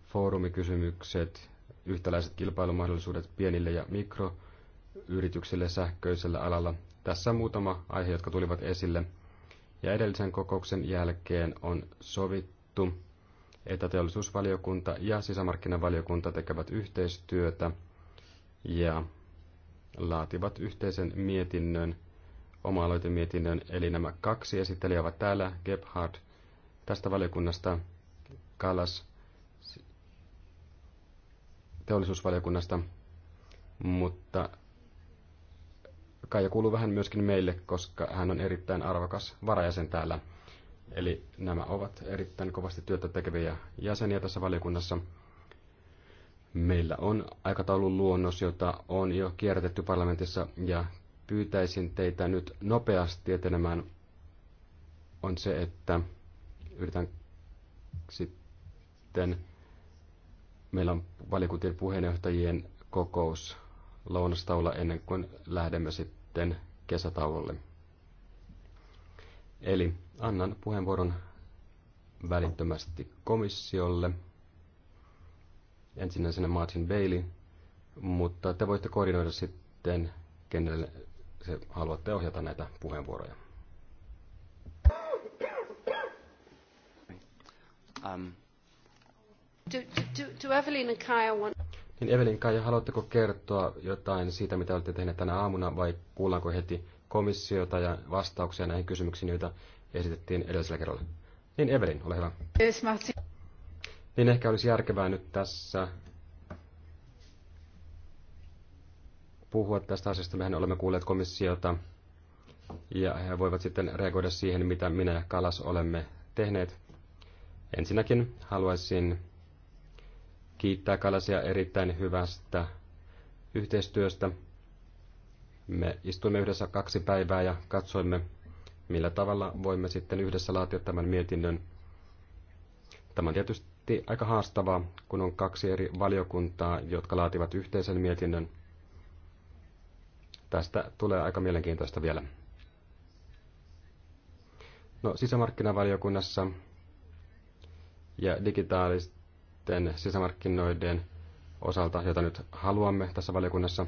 foorumikysymykset, yhtäläiset kilpailumahdollisuudet pienille ja mikroyrityksille sähköisellä alalla. Tässä muutama aihe, jotka tulivat esille. Ja edellisen kokouksen jälkeen on sovittu, että teollisuusvaliokunta ja sisämarkkinavaliokunta tekevät yhteistyötä – ja laativat yhteisen mietinnön, oma mietinnön. Eli nämä kaksi esittelijää ovat täällä, Gebhard tästä valiokunnasta, Kalas teollisuusvaliokunnasta, mutta Kaija kuuluu vähän myöskin meille, koska hän on erittäin arvokas varajäsen täällä. Eli nämä ovat erittäin kovasti työtä tekeviä jäseniä tässä valiokunnassa. Meillä on aikataulun luonnos, jota on jo kierrätetty parlamentissa ja pyytäisin teitä nyt nopeasti etenemään on se, että yritän sitten, meillä on valiokuntien puheenjohtajien kokous lounastaulla ennen kuin lähdemme sitten kesätauolle. Eli annan puheenvuoron välittömästi komissiolle ensinnäisenä Martin Bailey, mutta te voitte koordinoida sitten, kenelle se haluatte ohjata näitä puheenvuoroja. Um. To, to, to Evelyn and Kaya want... Niin Evelin Kaja haluatteko kertoa jotain siitä, mitä olette tehneet tänä aamuna, vai kuullaanko heti komissiota ja vastauksia näihin kysymyksiin, joita esitettiin edellisellä kerralla? Niin Evelin, ole hyvä. Yes, Martin niin ehkä olisi järkevää nyt tässä puhua tästä asiasta. Mehän olemme kuulleet komissiota ja he voivat sitten reagoida siihen, mitä minä ja Kalas olemme tehneet. Ensinnäkin haluaisin kiittää Kalasia erittäin hyvästä yhteistyöstä. Me istuimme yhdessä kaksi päivää ja katsoimme, millä tavalla voimme sitten yhdessä laatia tämän mietinnön. Tämä on tietysti tietysti aika haastavaa, kun on kaksi eri valiokuntaa, jotka laativat yhteisen mietinnön. Tästä tulee aika mielenkiintoista vielä. No, sisämarkkinavaliokunnassa ja digitaalisten sisämarkkinoiden osalta, jota nyt haluamme tässä valiokunnassa,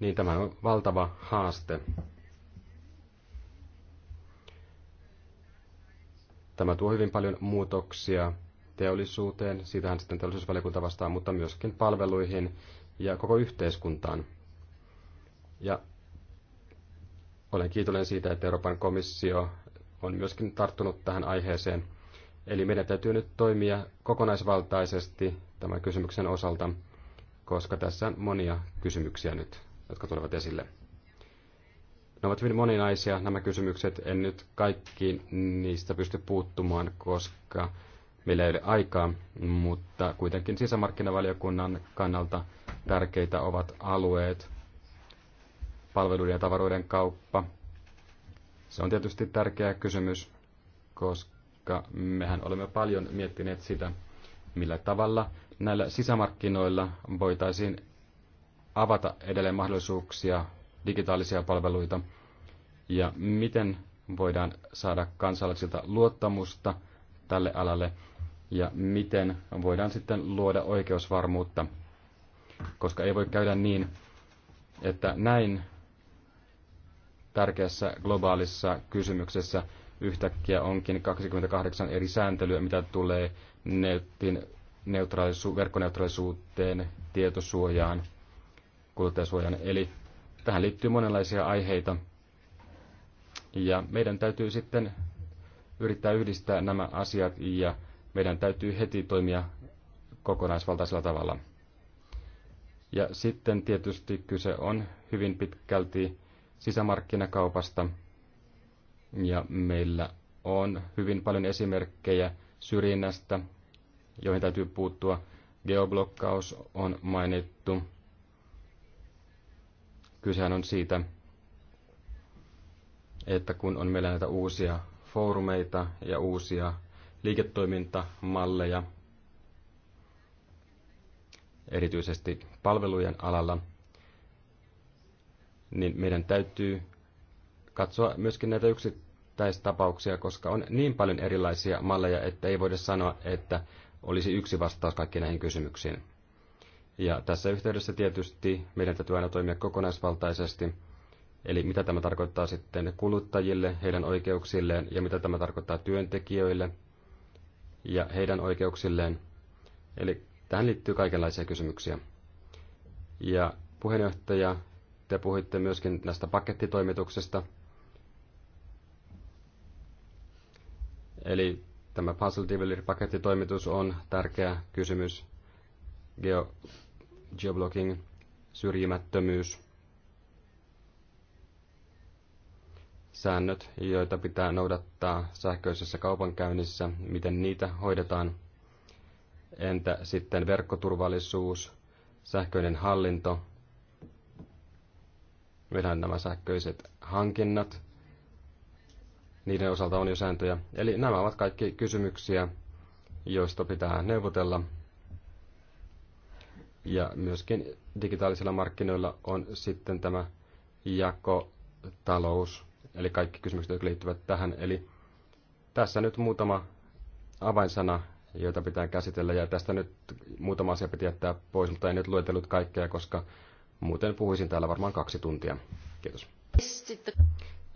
niin tämä on valtava haaste. Tämä tuo hyvin paljon muutoksia teollisuuteen, siitähän sitten teollisuusvaliokunta vastaa, mutta myöskin palveluihin ja koko yhteiskuntaan. Ja olen kiitollinen siitä, että Euroopan komissio on myöskin tarttunut tähän aiheeseen. Eli meidän täytyy nyt toimia kokonaisvaltaisesti tämän kysymyksen osalta, koska tässä on monia kysymyksiä nyt, jotka tulevat esille. Ne ovat hyvin moninaisia nämä kysymykset. En nyt kaikkiin niistä pysty puuttumaan, koska Meillä ei ole aikaa, mutta kuitenkin sisämarkkinavaliokunnan kannalta tärkeitä ovat alueet, palveluiden ja tavaroiden kauppa. Se on tietysti tärkeä kysymys, koska mehän olemme paljon miettineet sitä, millä tavalla näillä sisämarkkinoilla voitaisiin avata edelleen mahdollisuuksia digitaalisia palveluita ja miten voidaan saada kansalaisilta luottamusta tälle alalle ja miten voidaan sitten luoda oikeusvarmuutta, koska ei voi käydä niin, että näin tärkeässä globaalissa kysymyksessä yhtäkkiä onkin 28 eri sääntelyä, mitä tulee netin neutraalisu- verkkoneutraalisuuteen, tietosuojaan, kuluttajasuojaan. Eli tähän liittyy monenlaisia aiheita. Ja meidän täytyy sitten yrittää yhdistää nämä asiat ja meidän täytyy heti toimia kokonaisvaltaisella tavalla. Ja sitten tietysti kyse on hyvin pitkälti sisämarkkinakaupasta. Ja meillä on hyvin paljon esimerkkejä syrjinnästä, joihin täytyy puuttua. Geoblokkaus on mainittu. Kysehän on siitä, että kun on meillä näitä uusia foorumeita ja uusia liiketoimintamalleja, erityisesti palvelujen alalla, niin meidän täytyy katsoa myöskin näitä yksittäistapauksia, koska on niin paljon erilaisia malleja, että ei voida sanoa, että olisi yksi vastaus kaikkiin näihin kysymyksiin. Ja tässä yhteydessä tietysti meidän täytyy aina toimia kokonaisvaltaisesti, eli mitä tämä tarkoittaa sitten kuluttajille, heidän oikeuksilleen ja mitä tämä tarkoittaa työntekijöille – ja heidän oikeuksilleen. Eli tähän liittyy kaikenlaisia kysymyksiä. Ja puheenjohtaja, te puhuitte myöskin näistä pakettitoimituksista. Eli tämä Puzzle Developer-pakettitoimitus on tärkeä kysymys. Geo, geoblocking, syrjimättömyys. säännöt, joita pitää noudattaa sähköisessä kaupankäynnissä, miten niitä hoidetaan. Entä sitten verkkoturvallisuus, sähköinen hallinto, meillä nämä sähköiset hankinnat, niiden osalta on jo sääntöjä. Eli nämä ovat kaikki kysymyksiä, joista pitää neuvotella. Ja myöskin digitaalisilla markkinoilla on sitten tämä jakotalous eli kaikki kysymykset, jotka liittyvät tähän. Eli tässä nyt muutama avainsana, joita pitää käsitellä, ja tästä nyt muutama asia piti jättää pois, mutta en nyt luetellut kaikkea, koska muuten puhuisin täällä varmaan kaksi tuntia. Kiitos.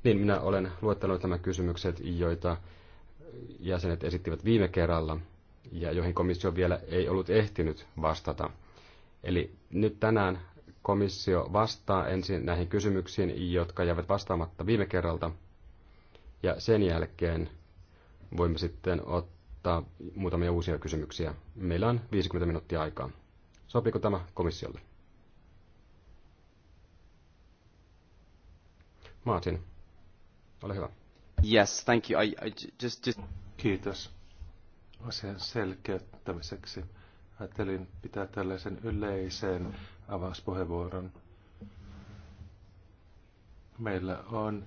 Niin, minä olen luettanut nämä kysymykset, joita jäsenet esittivät viime kerralla, ja joihin komissio vielä ei ollut ehtinyt vastata. Eli nyt tänään komissio vastaa ensin näihin kysymyksiin, jotka jäävät vastaamatta viime kerralta. Ja sen jälkeen voimme sitten ottaa muutamia uusia kysymyksiä. Meillä on 50 minuuttia aikaa. Sopiiko tämä komissiolle? Martin, ole hyvä. Yes, thank you. I, I just, just... Kiitos. Asian selkeyttämiseksi ajattelin pitää tällaisen yleisen avauspuheenvuoron. Meillä on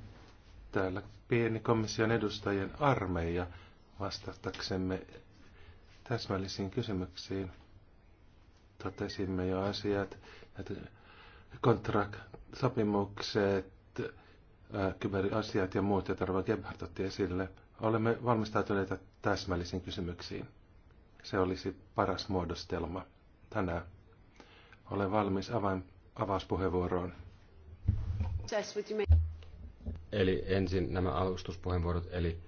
täällä pieni komission edustajien armeija vastattaksemme täsmällisiin kysymyksiin. Totesimme jo asiat, että kontraktsopimukset, kyberasiat ja muut, joita Rova Gebhardt otti esille. Olemme valmistautuneita täsmällisiin kysymyksiin. Se olisi paras muodostelma tänään. Olen valmis avain, avauspuheenvuoroon. Eli ensin nämä alustuspuheenvuorot, eli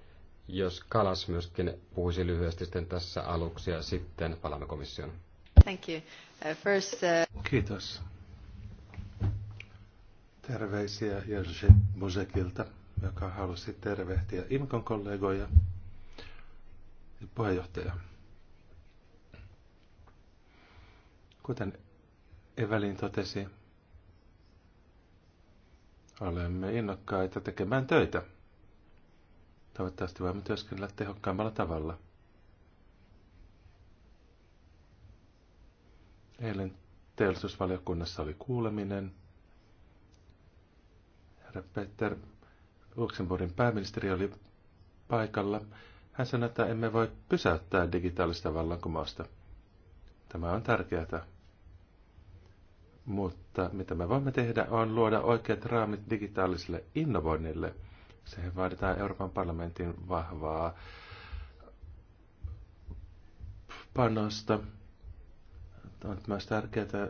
jos Kalas myöskin puhuisi lyhyesti sitten tässä aluksi ja sitten palaamme komission. Thank you. Uh, first, uh... Kiitos. Terveisiä Jerzy Buzekilta, joka halusi tervehtiä Imkon kollegoja ja puheenjohtaja. Kuten Evelin totesi, olemme innokkaita tekemään töitä. Toivottavasti voimme työskennellä tehokkaammalla tavalla. Eilen teollisuusvaliokunnassa oli kuuleminen. Herra Peter Luxemburgin pääministeri oli paikalla. Hän sanoi, että emme voi pysäyttää digitaalista vallankumousta. Tämä on tärkeää. Mutta mitä me voimme tehdä on luoda oikeat raamit digitaaliselle innovoinnille. Sehän vaaditaan Euroopan parlamentin vahvaa panosta. On myös tärkeää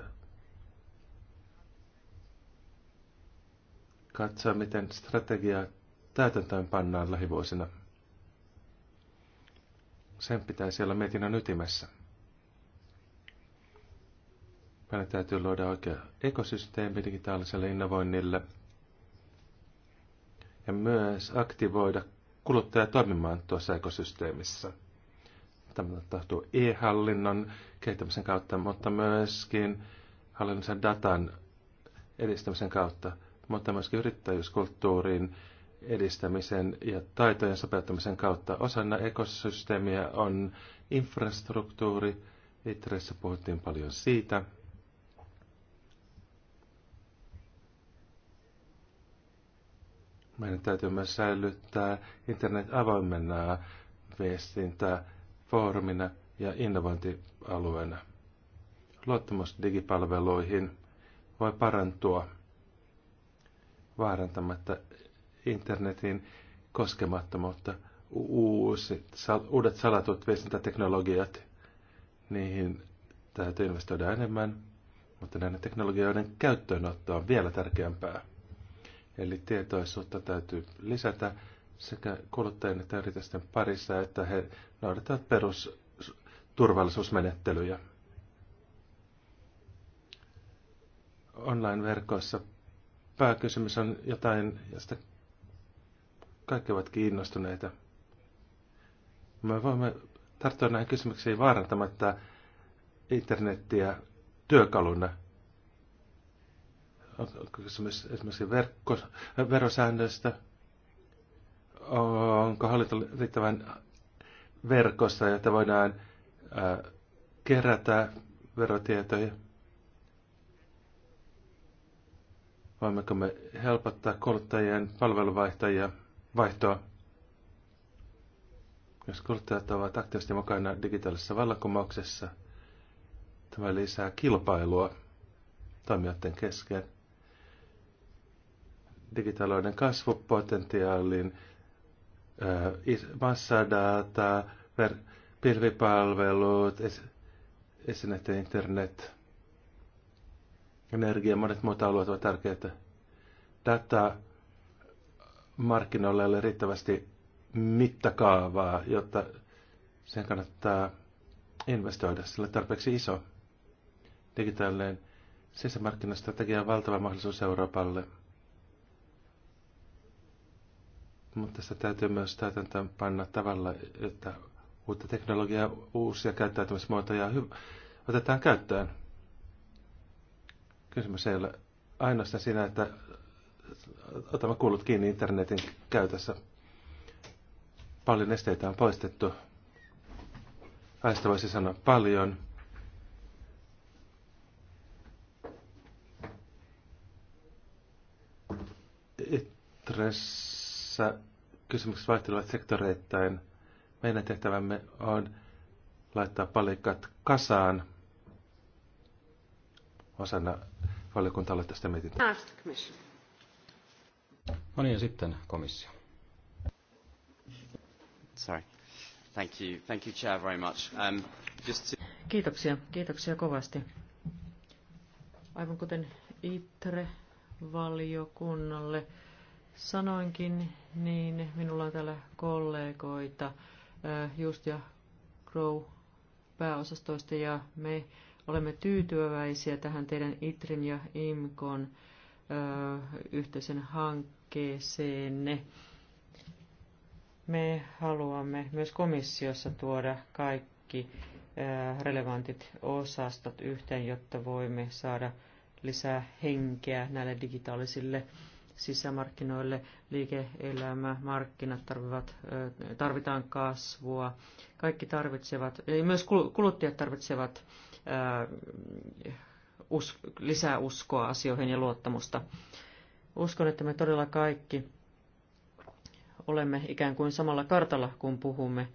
katsoa, miten strategia täytäntöön pannaan lähivuosina. Sen pitäisi olla mietinnön ytimessä. Meidän täytyy luoda oikea ekosysteemi digitaaliselle innovoinnille ja myös aktivoida kuluttaja toimimaan tuossa ekosysteemissä. Tämä tapahtuu e-hallinnon kehittämisen kautta, mutta myöskin hallinnollisen datan edistämisen kautta, mutta myöskin yrittäjyyskulttuurin edistämisen ja taitojen sopeuttamisen kautta. Osana ekosysteemiä on infrastruktuuri. Itressä puhuttiin paljon siitä. Meidän täytyy myös säilyttää internet avoimena viestintää foorumina ja innovointialueena. Luottamus digipalveluihin voi parantua vaarantamatta internetin koskemattomuutta. Uusit, sal, uudet salatut viestintäteknologiat, niihin täytyy investoida enemmän, mutta näiden teknologioiden käyttöönotto on vielä tärkeämpää. Eli tietoisuutta täytyy lisätä sekä kuluttajien että yritysten parissa, että he noudattavat perusturvallisuusmenettelyjä. Online-verkoissa pääkysymys on jotain, josta kaikki ovat kiinnostuneita. Me voimme tarttua näihin kysymyksiin vaarantamatta internettiä työkaluna – Oletko kysymys esimerkiksi verkko, verosäännöistä? Onko hallinto riittävän verkossa, että voidaan ää, kerätä verotietoja? Voimmeko me helpottaa kuluttajien palveluvaihtajia vaihtoa? Jos kuluttajat ovat aktiivisesti mukana digitaalisessa vallankumouksessa, tämä lisää kilpailua toimijoiden kesken digitaalinen kasvupotentiaalin, massadata, pilvipalvelut, esineet internet, energia ja monet muut alueet ovat tärkeitä. Data markkinoille ei ole riittävästi mittakaavaa, jotta sen kannattaa investoida sille tarpeeksi iso. Digitaalinen sisämarkkinastrategia on valtava mahdollisuus Euroopalle. mutta sitä täytyy myös täytäntöön panna tavalla, että uutta teknologiaa, uusia käyttäytymismuotoja otetaan käyttöön. Kysymys ei ole ainoastaan siinä, että otamme kuulut kiinni internetin käytössä. Paljon esteitä on poistettu. Aista voisi sanoa paljon. Itres tässä kysymyksessä vaihtelevat sektoreittain. Meidän tehtävämme on laittaa palikat kasaan osana valiokunta aloittaa mietintöä. No niin, ja sitten komissio. Sorry. Thank you. Thank you, Chair, very much. Um, just to... Kiitoksia. Kiitoksia kovasti. Aivan kuten ITRE-valiokunnalle sanoinkin, niin minulla on täällä kollegoita Just ja Grow pääosastoista ja me olemme tyytyväisiä tähän teidän ITRIN ja IMKON yhteisen hankkeeseenne. Me haluamme myös komissiossa tuoda kaikki relevantit osastot yhteen, jotta voimme saada lisää henkeä näille digitaalisille sisämarkkinoille, liike-elämä, markkinat tarvivat, tarvitaan kasvua, kaikki tarvitsevat, ja myös kuluttajat tarvitsevat lisää uskoa asioihin ja luottamusta. Uskon, että me todella kaikki olemme ikään kuin samalla kartalla, kun puhumme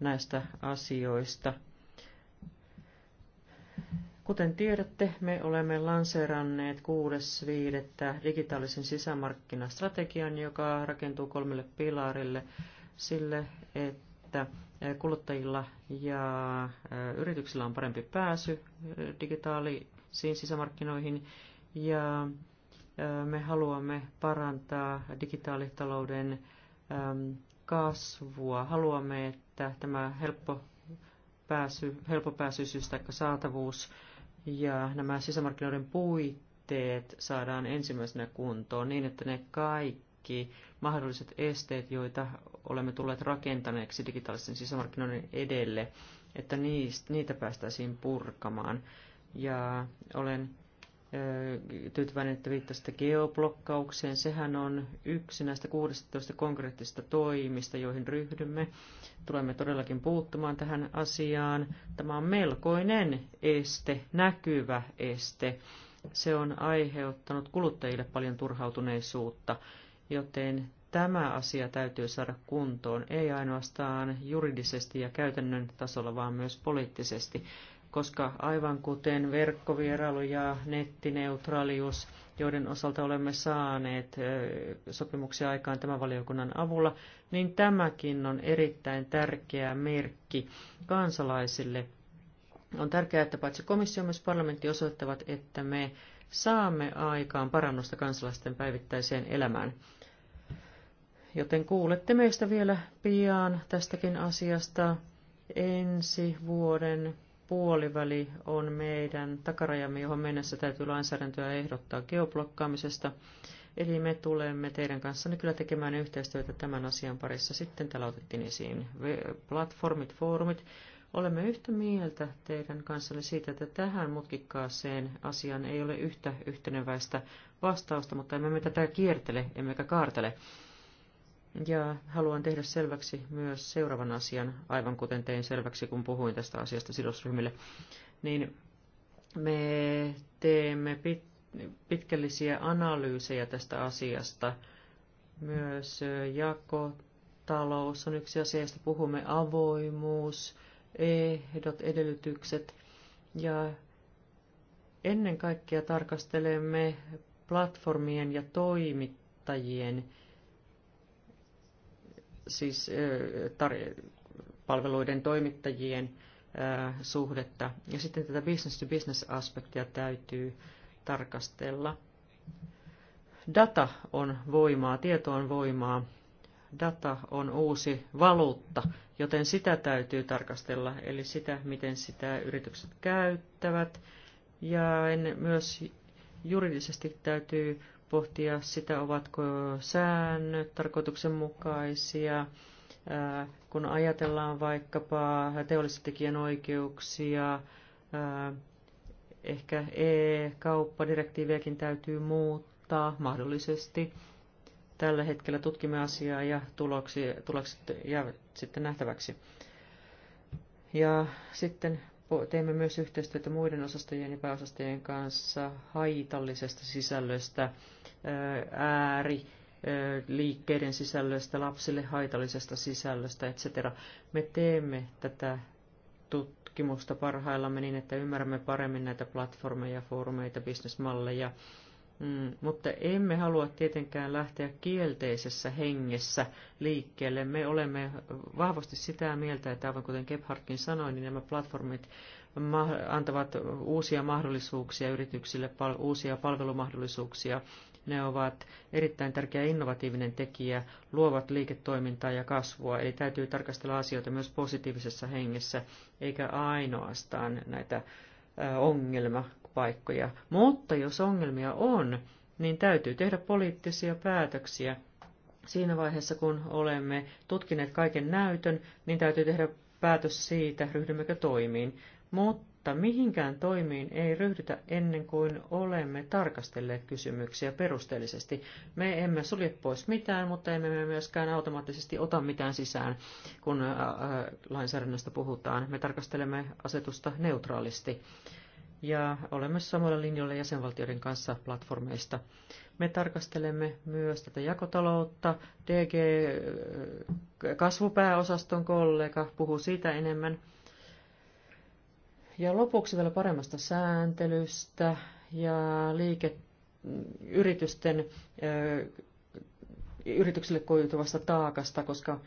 näistä asioista. Kuten tiedätte, me olemme lanseeranneet 6.5. digitaalisen sisämarkkinastrategian, joka rakentuu kolmelle pilarille sille, että kuluttajilla ja yrityksillä on parempi pääsy digitaalisiin sisämarkkinoihin ja me haluamme parantaa digitaalitalouden kasvua. Haluamme, että tämä helppo pääsy, helpopääsyisyys tai saatavuus ja nämä sisämarkkinoiden puitteet saadaan ensimmäisenä kuntoon niin, että ne kaikki mahdolliset esteet, joita olemme tulleet rakentaneeksi digitaalisen sisämarkkinoiden edelle, että niistä, niitä päästäisiin purkamaan. Ja olen tyytyväinen, että viittasitte geoblokkaukseen. Sehän on yksi näistä 16 konkreettista toimista, joihin ryhdymme. Tulemme todellakin puuttumaan tähän asiaan. Tämä on melkoinen este, näkyvä este. Se on aiheuttanut kuluttajille paljon turhautuneisuutta, joten tämä asia täytyy saada kuntoon, ei ainoastaan juridisesti ja käytännön tasolla, vaan myös poliittisesti koska aivan kuten verkkovierailu ja nettineutraalius, joiden osalta olemme saaneet sopimuksia aikaan tämän valiokunnan avulla, niin tämäkin on erittäin tärkeä merkki kansalaisille. On tärkeää, että paitsi komissio myös parlamentti osoittavat, että me saamme aikaan parannusta kansalaisten päivittäiseen elämään. Joten kuulette meistä vielä pian tästäkin asiasta ensi vuoden puoliväli on meidän takarajamme, johon mennessä täytyy lainsäädäntöä ehdottaa geoblokkaamisesta. Eli me tulemme teidän kanssanne kyllä tekemään yhteistyötä tämän asian parissa. Sitten täällä otettiin esiin platformit, foorumit. Olemme yhtä mieltä teidän kanssanne siitä, että tähän mutkikkaaseen asiaan ei ole yhtä yhteneväistä vastausta, mutta emme me tätä kiertele, emmekä kaartele. Ja haluan tehdä selväksi myös seuraavan asian, aivan kuten tein selväksi, kun puhuin tästä asiasta sidosryhmille. Niin me teemme pitkällisiä analyysejä tästä asiasta. Myös jakotalous on yksi asia, josta puhumme avoimuus, ehdot, edellytykset. Ja ennen kaikkea tarkastelemme platformien ja toimittajien siis tar- palveluiden toimittajien suhdetta. Ja sitten tätä business-to-business-aspektia täytyy tarkastella. Data on voimaa, tieto on voimaa. Data on uusi valuutta, joten sitä täytyy tarkastella, eli sitä, miten sitä yritykset käyttävät. Ja myös juridisesti täytyy pohtia sitä, ovatko säännöt tarkoituksenmukaisia, kun ajatellaan vaikkapa teollistekijän oikeuksia, ehkä e-kauppadirektiiviäkin täytyy muuttaa mahdollisesti. Tällä hetkellä tutkimme asiaa ja tuloksi, tulokset jäävät sitten nähtäväksi. Ja sitten teemme myös yhteistyötä muiden osastojen ja pääosastojen kanssa haitallisesta sisällöstä, ääri, liikkeiden sisällöstä, lapsille haitallisesta sisällöstä, etc. Me teemme tätä tutkimusta parhaillamme niin, että ymmärrämme paremmin näitä platformeja, foorumeita, bisnesmalleja, Mm, mutta emme halua tietenkään lähteä kielteisessä hengessä liikkeelle. Me olemme vahvasti sitä mieltä, että aivan kuten Gebhardkin sanoi, niin nämä platformit antavat uusia mahdollisuuksia yrityksille, pal- uusia palvelumahdollisuuksia. Ne ovat erittäin tärkeä innovatiivinen tekijä, luovat liiketoimintaa ja kasvua, eli täytyy tarkastella asioita myös positiivisessa hengessä, eikä ainoastaan näitä ongelma työpaikkoja, mutta jos ongelmia on, niin täytyy tehdä poliittisia päätöksiä. Siinä vaiheessa, kun olemme tutkineet kaiken näytön, niin täytyy tehdä päätös siitä, ryhdymmekö toimiin. Mutta mihinkään toimiin ei ryhdytä ennen kuin olemme tarkastelleet kysymyksiä perusteellisesti. Me emme sulje pois mitään, mutta emme me myöskään automaattisesti ota mitään sisään, kun lainsäädännöstä puhutaan. Me tarkastelemme asetusta neutraalisti ja olemme samalla linjalla jäsenvaltioiden kanssa platformeista. Me tarkastelemme myös tätä jakotaloutta. DG eh, kasvupääosaston kollega puhuu siitä enemmän. Ja lopuksi vielä paremmasta sääntelystä ja liike, yritysten, eh, yrityksille koituvasta taakasta, koska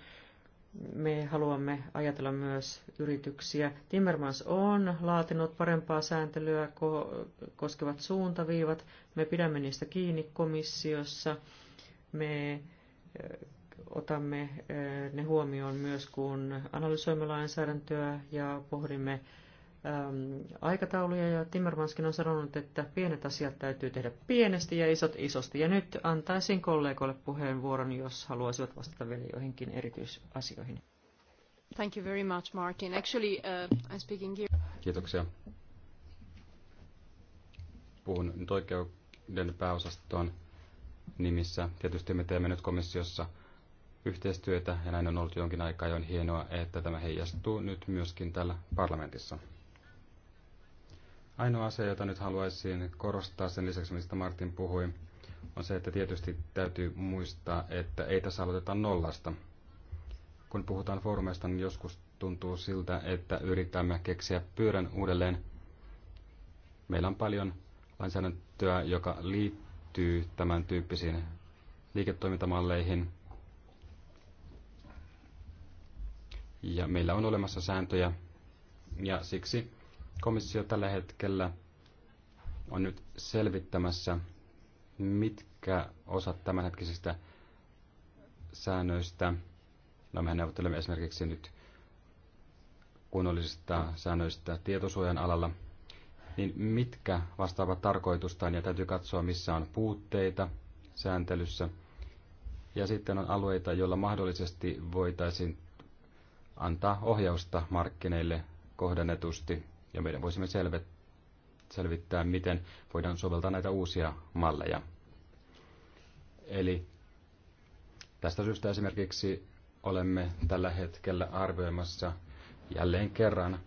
me haluamme ajatella myös yrityksiä. Timmermans on laatinut parempaa sääntelyä koskevat suuntaviivat. Me pidämme niistä kiinni komissiossa. Me otamme ne huomioon myös, kun analysoimme lainsäädäntöä ja pohdimme Ähm, aikatauluja ja Timmermanskin on sanonut, että pienet asiat täytyy tehdä pienesti ja isot isosti. Ja nyt antaisin kollegoille puheenvuoron, jos haluaisivat vastata vielä joihinkin erityisasioihin. Thank you very much, Martin. Actually, uh, I'm speaking here. Kiitoksia. Puhun nyt oikeuden pääosastoon nimissä. Tietysti me teemme nyt komissiossa yhteistyötä ja näin on ollut jonkin aikaa ja on hienoa, että tämä heijastuu nyt myöskin täällä parlamentissa. Ainoa asia, jota nyt haluaisin korostaa sen lisäksi, mistä Martin puhui, on se, että tietysti täytyy muistaa, että ei tässä aloiteta nollasta. Kun puhutaan foorumeista, niin joskus tuntuu siltä, että yritämme keksiä pyörän uudelleen. Meillä on paljon lainsäädäntöä, joka liittyy tämän tyyppisiin liiketoimintamalleihin. Ja meillä on olemassa sääntöjä, ja siksi Komissio tällä hetkellä on nyt selvittämässä, mitkä osat tämänhetkisistä säännöistä, no mehän neuvottelemme esimerkiksi nyt kunnollisista säännöistä tietosuojan alalla, niin mitkä vastaavat tarkoitustaan ja täytyy katsoa, missä on puutteita sääntelyssä. Ja sitten on alueita, joilla mahdollisesti voitaisiin antaa ohjausta markkineille kohdennetusti ja meidän voisimme selvittää, miten voidaan soveltaa näitä uusia malleja. Eli tästä syystä esimerkiksi olemme tällä hetkellä arvioimassa jälleen kerran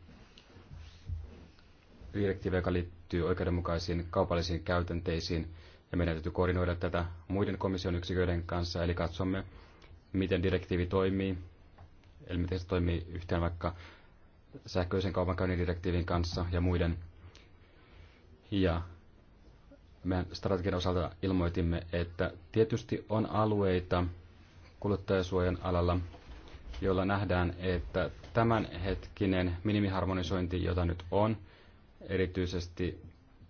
direktiivi, joka liittyy oikeudenmukaisiin kaupallisiin käytänteisiin, ja meidän täytyy koordinoida tätä muiden komission yksiköiden kanssa, eli katsomme, miten direktiivi toimii, eli miten se toimii yhteen vaikka sähköisen kaupankäynnin direktiivin kanssa ja muiden. Ja meidän strategian osalta ilmoitimme, että tietysti on alueita kuluttajasuojan alalla, joilla nähdään, että tämänhetkinen minimiharmonisointi, jota nyt on, erityisesti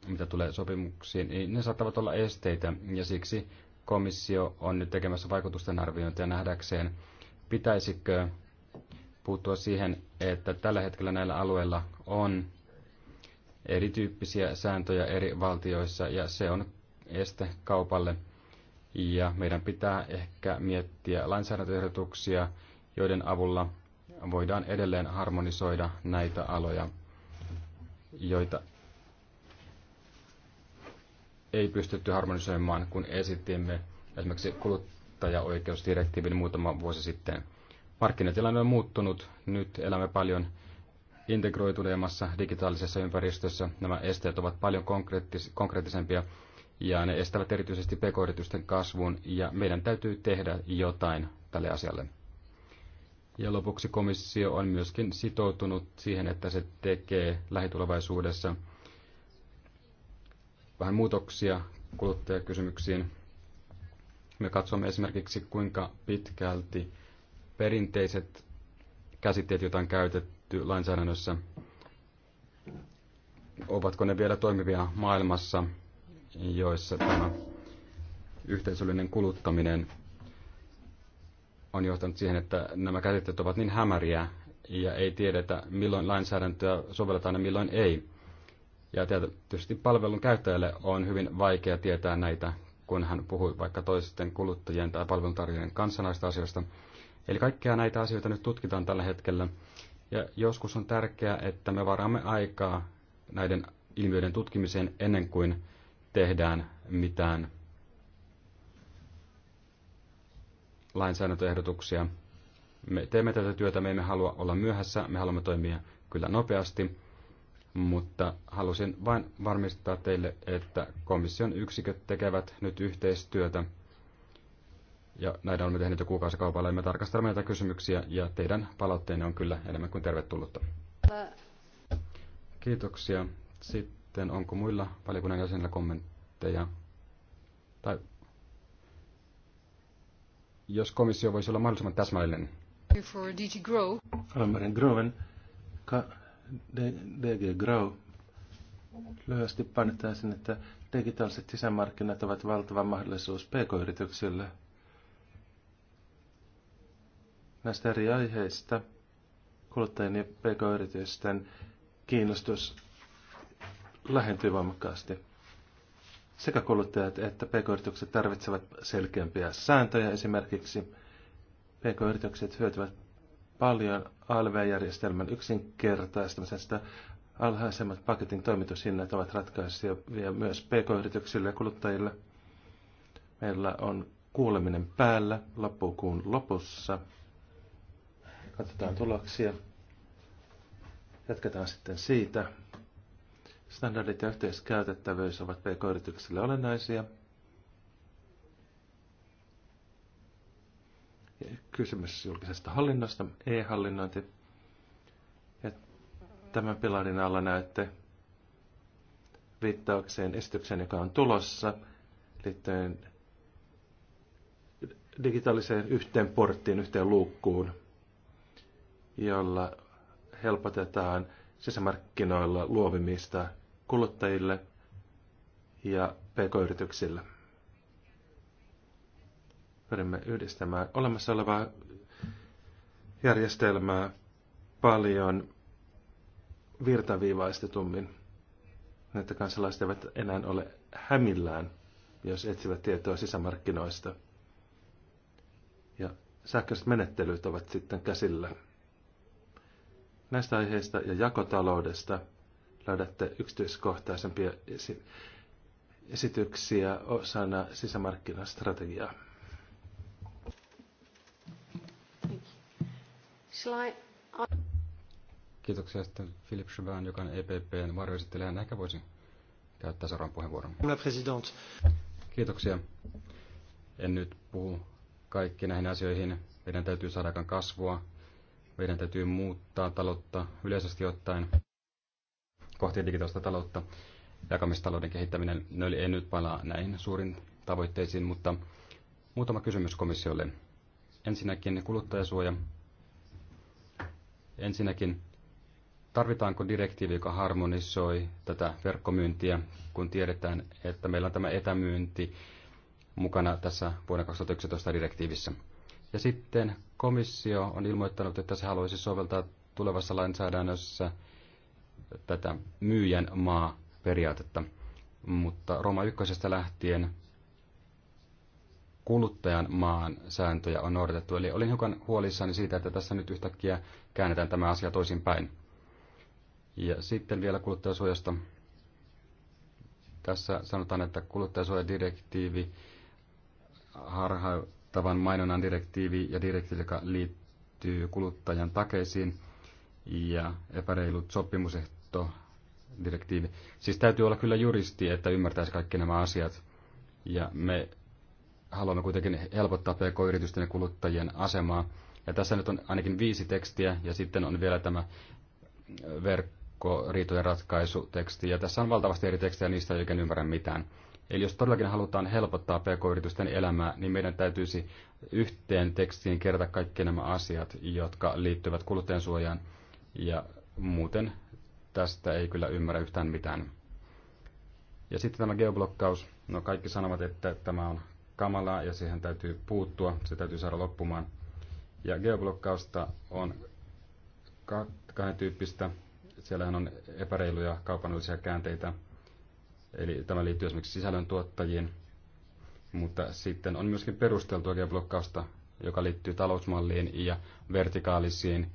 mitä tulee sopimuksiin, niin ne saattavat olla esteitä, ja siksi komissio on nyt tekemässä vaikutusten arviointia nähdäkseen, pitäisikö puuttua siihen, että tällä hetkellä näillä alueilla on erityyppisiä sääntöjä eri valtioissa ja se on este kaupalle. Ja meidän pitää ehkä miettiä lainsäädäntöehdotuksia, joiden avulla voidaan edelleen harmonisoida näitä aloja, joita ei pystytty harmonisoimaan, kun esitimme esimerkiksi kuluttajaoikeusdirektiivin muutama vuosi sitten – Markkinatilanne on muuttunut. Nyt elämme paljon integroituneemmassa digitaalisessa ympäristössä. Nämä esteet ovat paljon konkreettis- konkreettisempia ja ne estävät erityisesti pk-yritysten kasvun ja meidän täytyy tehdä jotain tälle asialle. Ja lopuksi komissio on myöskin sitoutunut siihen, että se tekee lähitulevaisuudessa vähän muutoksia kuluttajakysymyksiin. Me katsomme esimerkiksi, kuinka pitkälti perinteiset käsitteet, joita on käytetty lainsäädännössä, ovatko ne vielä toimivia maailmassa, joissa tämä yhteisöllinen kuluttaminen on johtanut siihen, että nämä käsitteet ovat niin hämäriä ja ei tiedetä, milloin lainsäädäntöä sovelletaan ja milloin ei. Ja tietysti palvelun käyttäjälle on hyvin vaikea tietää näitä, kun hän puhuu vaikka toisten kuluttajien tai palveluntarjoajien kanssa näistä asioista. Eli kaikkia näitä asioita nyt tutkitaan tällä hetkellä. Ja joskus on tärkeää, että me varaamme aikaa näiden ilmiöiden tutkimiseen ennen kuin tehdään mitään lainsäädäntöehdotuksia. Me teemme tätä työtä, me emme halua olla myöhässä, me haluamme toimia kyllä nopeasti, mutta halusin vain varmistaa teille, että komission yksiköt tekevät nyt yhteistyötä ja näitä olemme tehneet jo kuukausikaupalla, ja me tarkastelemme näitä kysymyksiä, ja teidän palautteenne on kyllä enemmän kuin tervetullutta. Kiitoksia. Sitten onko muilla valiokunnan jäsenillä kommentteja? Tai jos komissio voisi olla mahdollisimman täsmällinen. For DG Grow. Almaren Groven, DG Grow. Lyhyesti painetaan sen, että digitaaliset sisämarkkinat ovat valtava mahdollisuus pk-yrityksille – näistä eri aiheista kuluttajien ja pk-yritysten kiinnostus lähentyy voimakkaasti. Sekä kuluttajat että pk-yritykset tarvitsevat selkeämpiä sääntöjä. Esimerkiksi pk-yritykset hyötyvät paljon ALV-järjestelmän yksinkertaistamisesta. Alhaisemmat paketin toimitushinnat ovat ratkaisevia myös pk-yrityksille ja kuluttajille. Meillä on kuuleminen päällä loppukuun lopussa. Katsotaan tuloksia. Jatketaan sitten siitä. Standardit ja yhteiskäytettävyys ovat pk-yrityksille olennaisia. Kysymys julkisesta hallinnosta, e-hallinnointi. Ja tämän pilarin alla näette viittaukseen esitykseen, joka on tulossa liittyen digitaaliseen yhteen porttiin, yhteen luukkuun jolla helpotetaan sisämarkkinoilla luovimista kuluttajille ja pk-yrityksille. Pyrimme yhdistämään olemassa olevaa järjestelmää paljon virtaviivaistetummin, niin että kansalaiset eivät enää ole hämillään, jos etsivät tietoa sisämarkkinoista. Ja sähköiset menettelyt ovat sitten käsillä. Näistä aiheista ja jakotaloudesta löydätte yksityiskohtaisempia esi- esityksiä osana sisämarkkinastrategiaa. Kiitoksia sitten Philip Chauvin, joka on EPPn varjoesittelijä. ehkä voisi käyttää seuraavan puheenvuoron. Kiitoksia. En nyt puhu kaikki näihin asioihin. Meidän täytyy saada kasvua, meidän täytyy muuttaa taloutta yleisesti ottaen kohti digitaalista taloutta. Jakamistalouden kehittäminen, ne no oli, en nyt palaa näihin suurin tavoitteisiin, mutta muutama kysymys komissiolle. Ensinnäkin kuluttajasuoja. Ensinnäkin tarvitaanko direktiivi, joka harmonisoi tätä verkkomyyntiä, kun tiedetään, että meillä on tämä etämyynti mukana tässä vuoden 2011 direktiivissä. Ja sitten Komissio on ilmoittanut, että se haluaisi soveltaa tulevassa lainsäädännössä tätä myyjän maa periaatetta. Mutta Roma ykkösestä lähtien kuluttajan maan sääntöjä on noudatettu. Eli olin hiukan huolissani siitä, että tässä nyt yhtäkkiä käännetään tämä asia toisinpäin. Ja sitten vielä kuluttajasuojasta. Tässä sanotaan, että kuluttajasuojadirektiivi harha, tavan mainonnan direktiivi ja direktiivi, joka liittyy kuluttajan takeisiin ja epäreilut sopimusehto direktiivi. Siis täytyy olla kyllä juristi, että ymmärtäisi kaikki nämä asiat. Ja me haluamme kuitenkin helpottaa pk-yritysten ja kuluttajien asemaa. Ja tässä nyt on ainakin viisi tekstiä ja sitten on vielä tämä verkkoriitojen ratkaisuteksti. Ja tässä on valtavasti eri tekstejä, niistä ei oikein ymmärrä mitään. Eli jos todellakin halutaan helpottaa pk-yritysten elämää, niin meidän täytyisi yhteen tekstiin kerätä kaikki nämä asiat, jotka liittyvät kuluttajansuojaan, ja muuten tästä ei kyllä ymmärrä yhtään mitään. Ja sitten tämä geoblokkaus. No kaikki sanovat, että tämä on kamalaa ja siihen täytyy puuttua, se täytyy saada loppumaan. Ja geoblokkausta on kahden tyyppistä. Siellähän on epäreiluja kaupallisia käänteitä – Eli tämä liittyy esimerkiksi sisällöntuottajiin, tuottajiin, mutta sitten on myöskin perusteltua geoblokkausta, joka liittyy talousmalliin ja vertikaalisiin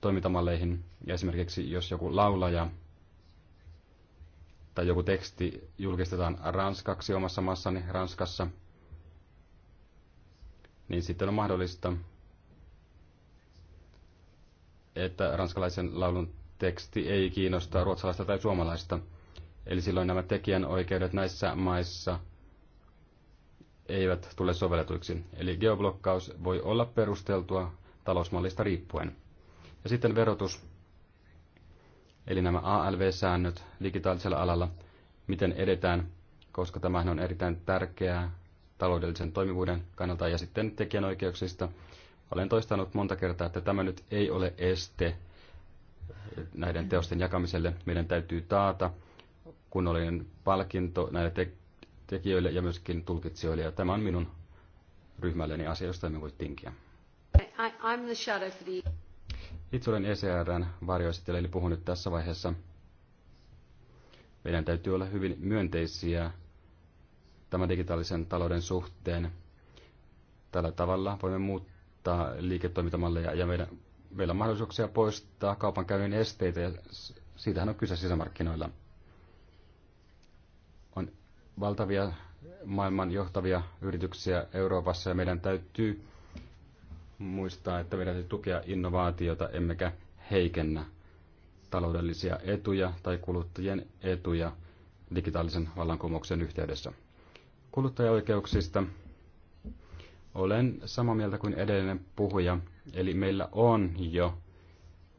toimintamalleihin. Ja esimerkiksi jos joku laulaja tai joku teksti julkistetaan ranskaksi omassa maassani Ranskassa, niin sitten on mahdollista, että ranskalaisen laulun teksti ei kiinnosta ruotsalaista tai suomalaista – Eli silloin nämä tekijänoikeudet näissä maissa eivät tule sovelletuiksi. Eli geoblokkaus voi olla perusteltua talousmallista riippuen. Ja sitten verotus, eli nämä ALV-säännöt digitaalisella alalla, miten edetään, koska tämä on erittäin tärkeää taloudellisen toimivuuden kannalta ja sitten tekijänoikeuksista. Olen toistanut monta kertaa, että tämä nyt ei ole este näiden teosten jakamiselle. Meidän täytyy taata, kunnollinen palkinto näille te- tekijöille ja myöskin tulkitsijoille. Ja tämä on minun ryhmälleni asia, josta emme voi tinkiä. I, Itse olen ECRn varjoesittelijä, eli puhun nyt tässä vaiheessa. Meidän täytyy olla hyvin myönteisiä tämän digitaalisen talouden suhteen. Tällä tavalla voimme muuttaa liiketoimintamalleja ja meidän, meillä on mahdollisuuksia poistaa kaupankäynnin esteitä ja siitähän on kyse sisämarkkinoilla – valtavia maailman johtavia yrityksiä Euroopassa ja meidän täytyy muistaa, että meidän täytyy tukea innovaatiota emmekä heikennä taloudellisia etuja tai kuluttajien etuja digitaalisen vallankumouksen yhteydessä. Kuluttajaoikeuksista olen samaa mieltä kuin edellinen puhuja, eli meillä on jo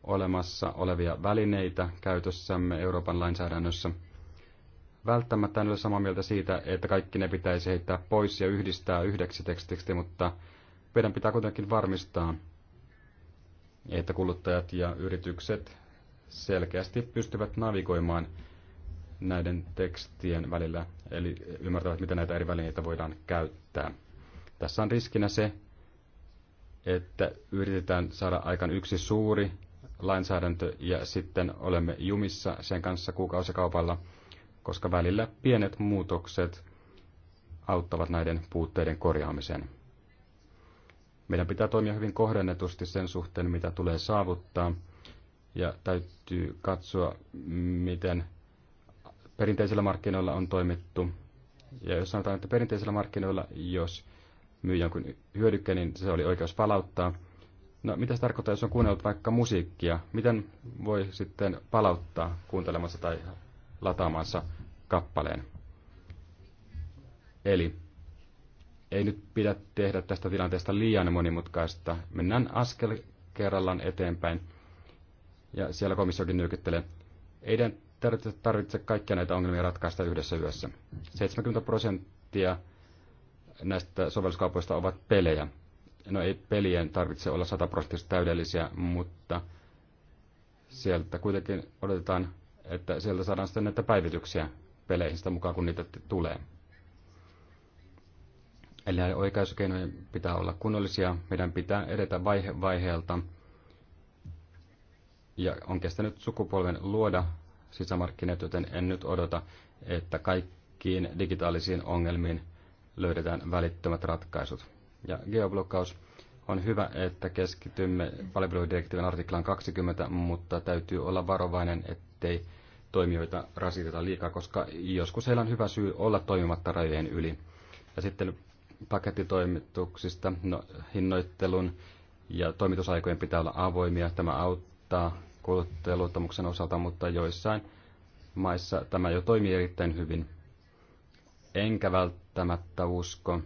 olemassa olevia välineitä käytössämme Euroopan lainsäädännössä – Välttämättä en ole samaa mieltä siitä, että kaikki ne pitäisi heittää pois ja yhdistää yhdeksi tekstiksi, mutta meidän pitää kuitenkin varmistaa, että kuluttajat ja yritykset selkeästi pystyvät navigoimaan näiden tekstien välillä, eli ymmärtävät, miten näitä eri välineitä voidaan käyttää. Tässä on riskinä se, että yritetään saada aikaan yksi suuri lainsäädäntö ja sitten olemme jumissa sen kanssa kuukausikaupalla – koska välillä pienet muutokset auttavat näiden puutteiden korjaamiseen. Meidän pitää toimia hyvin kohdennetusti sen suhteen, mitä tulee saavuttaa, ja täytyy katsoa, miten perinteisillä markkinoilla on toimittu. Ja jos sanotaan, että perinteisillä markkinoilla, jos myy jonkun hyödykkeen, niin se oli oikeus palauttaa. No, mitä se tarkoittaa, jos on kuunnellut vaikka musiikkia? Miten voi sitten palauttaa kuuntelemassa tai lataamassa? kappaleen. Eli ei nyt pidä tehdä tästä tilanteesta liian monimutkaista. Mennään askel kerrallaan eteenpäin. Ja siellä komissiokin nyökyttelee. Ei tarvitse, tarvitse kaikkia näitä ongelmia ratkaista yhdessä yössä. 70 prosenttia näistä sovelluskaupoista ovat pelejä. No ei pelien tarvitse olla 100 prosenttia täydellisiä, mutta sieltä kuitenkin odotetaan, että sieltä saadaan sitten näitä päivityksiä peleihin sitä mukaan, kun niitä tulee. Eli näiden oikaisukeinojen pitää olla kunnollisia. Meidän pitää edetä vaihe vaiheelta. Ja on kestänyt sukupolven luoda sisämarkkinat, joten en nyt odota, että kaikkiin digitaalisiin ongelmiin löydetään välittömät ratkaisut. Ja geoblokkaus on hyvä, että keskitymme palveludirektiivin artiklaan 20, mutta täytyy olla varovainen, ettei toimijoita rasiteta liikaa, koska joskus heillä on hyvä syy olla toimimatta rajojen yli. Ja sitten pakettitoimituksista, no, hinnoittelun ja toimitusaikojen pitää olla avoimia. Tämä auttaa kuluttajaluottamuksen osalta, mutta joissain maissa tämä jo toimii erittäin hyvin. Enkä välttämättä usko,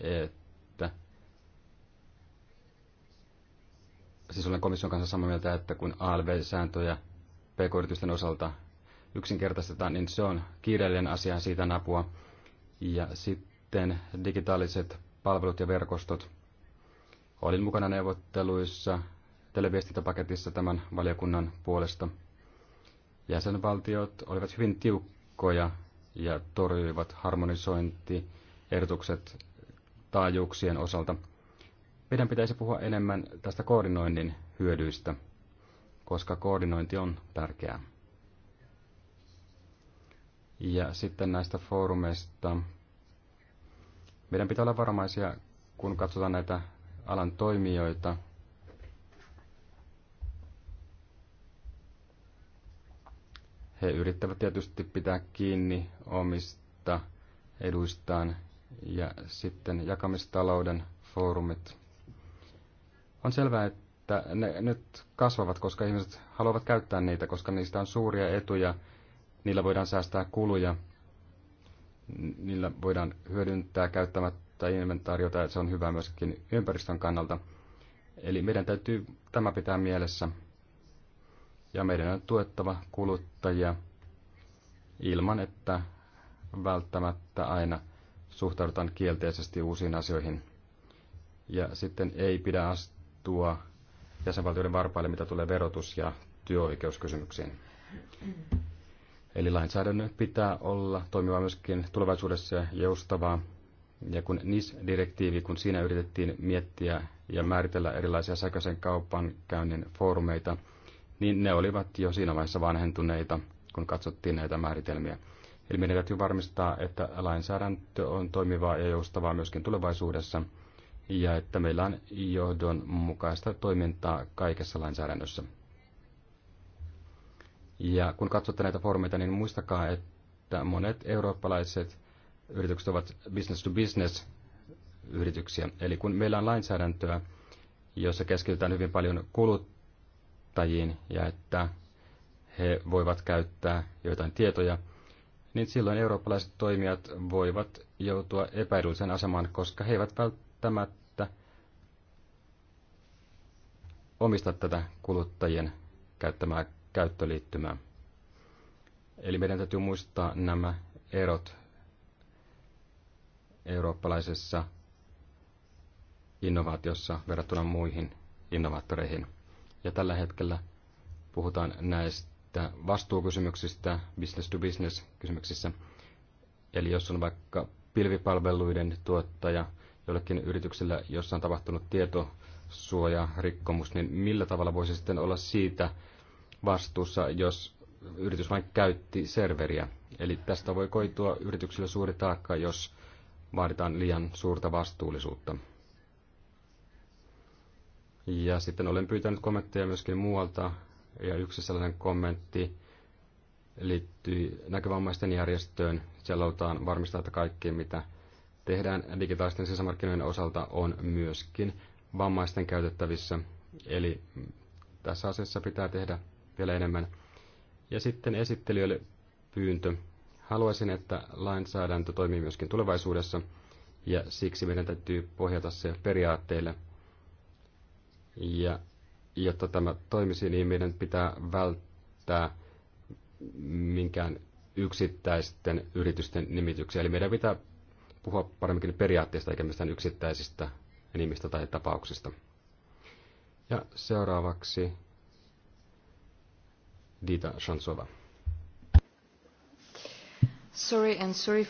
että... Siis olen komission kanssa samaa mieltä, että kun ALV-sääntöjä pk-yritysten osalta yksinkertaistetaan, niin se on kiireellinen asia, siitä napua, Ja sitten digitaaliset palvelut ja verkostot. Olin mukana neuvotteluissa televiestintäpaketissa tämän valiokunnan puolesta. Jäsenvaltiot olivat hyvin tiukkoja ja torjuivat harmonisointiehdotukset taajuuksien osalta. Meidän pitäisi puhua enemmän tästä koordinoinnin hyödyistä, koska koordinointi on tärkeää. Ja sitten näistä foorumeista. Meidän pitää olla varmaisia, kun katsotaan näitä alan toimijoita. He yrittävät tietysti pitää kiinni omista eduistaan ja sitten jakamistalouden foorumit. On selvää, että ne nyt kasvavat, koska ihmiset haluavat käyttää niitä, koska niistä on suuria etuja Niillä voidaan säästää kuluja, niillä voidaan hyödyntää käyttämättä inventaariota, ja se on hyvä myöskin ympäristön kannalta. Eli meidän täytyy tämä pitää mielessä, ja meidän on tuettava kuluttajia ilman, että välttämättä aina suhtaudutaan kielteisesti uusiin asioihin. Ja sitten ei pidä astua jäsenvaltioiden varpaille, mitä tulee verotus- ja työoikeuskysymyksiin. Eli lainsäädännön pitää olla toimiva myöskin tulevaisuudessa ja joustavaa. Ja kun NIS-direktiivi, kun siinä yritettiin miettiä ja määritellä erilaisia sähköisen käynnin foorumeita, niin ne olivat jo siinä vaiheessa vanhentuneita, kun katsottiin näitä määritelmiä. Eli meidän täytyy varmistaa, että lainsäädäntö on toimivaa ja joustavaa myöskin tulevaisuudessa, ja että meillä on johdonmukaista toimintaa kaikessa lainsäädännössä. Ja kun katsotte näitä foorumeita, niin muistakaa, että monet eurooppalaiset yritykset ovat business-to-business yrityksiä. Eli kun meillä on lainsäädäntöä, jossa keskitytään hyvin paljon kuluttajiin ja että he voivat käyttää joitain tietoja, niin silloin eurooppalaiset toimijat voivat joutua epäedulliseen asemaan, koska he eivät välttämättä omista tätä kuluttajien käyttämää käyttöliittymää. Eli meidän täytyy muistaa nämä erot eurooppalaisessa innovaatiossa verrattuna muihin innovaattoreihin. Ja tällä hetkellä puhutaan näistä vastuukysymyksistä, business to business kysymyksissä. Eli jos on vaikka pilvipalveluiden tuottaja jollekin yrityksellä, jossa on tapahtunut tietosuojarikkomus, niin millä tavalla voisi sitten olla siitä vastuussa, jos yritys vain käytti serveriä. Eli tästä voi koitua yrityksille suuri taakka, jos vaaditaan liian suurta vastuullisuutta. Ja sitten olen pyytänyt kommentteja myöskin muualta, ja yksi sellainen kommentti liittyy näkövammaisten järjestöön. Siellä halutaan varmistaa, että kaikki mitä tehdään digitaalisten sisämarkkinoiden osalta on myöskin vammaisten käytettävissä. Eli tässä asiassa pitää tehdä vielä enemmän. Ja sitten esittelijöille pyyntö. Haluaisin, että lainsäädäntö toimii myöskin tulevaisuudessa, ja siksi meidän täytyy pohjata se periaatteille. Ja jotta tämä toimisi, niin meidän pitää välttää minkään yksittäisten yritysten nimityksiä. Eli meidän pitää puhua paremminkin periaatteista eikä mistään yksittäisistä nimistä tai tapauksista. Ja seuraavaksi Dita Shantsova. Sorry and sorry.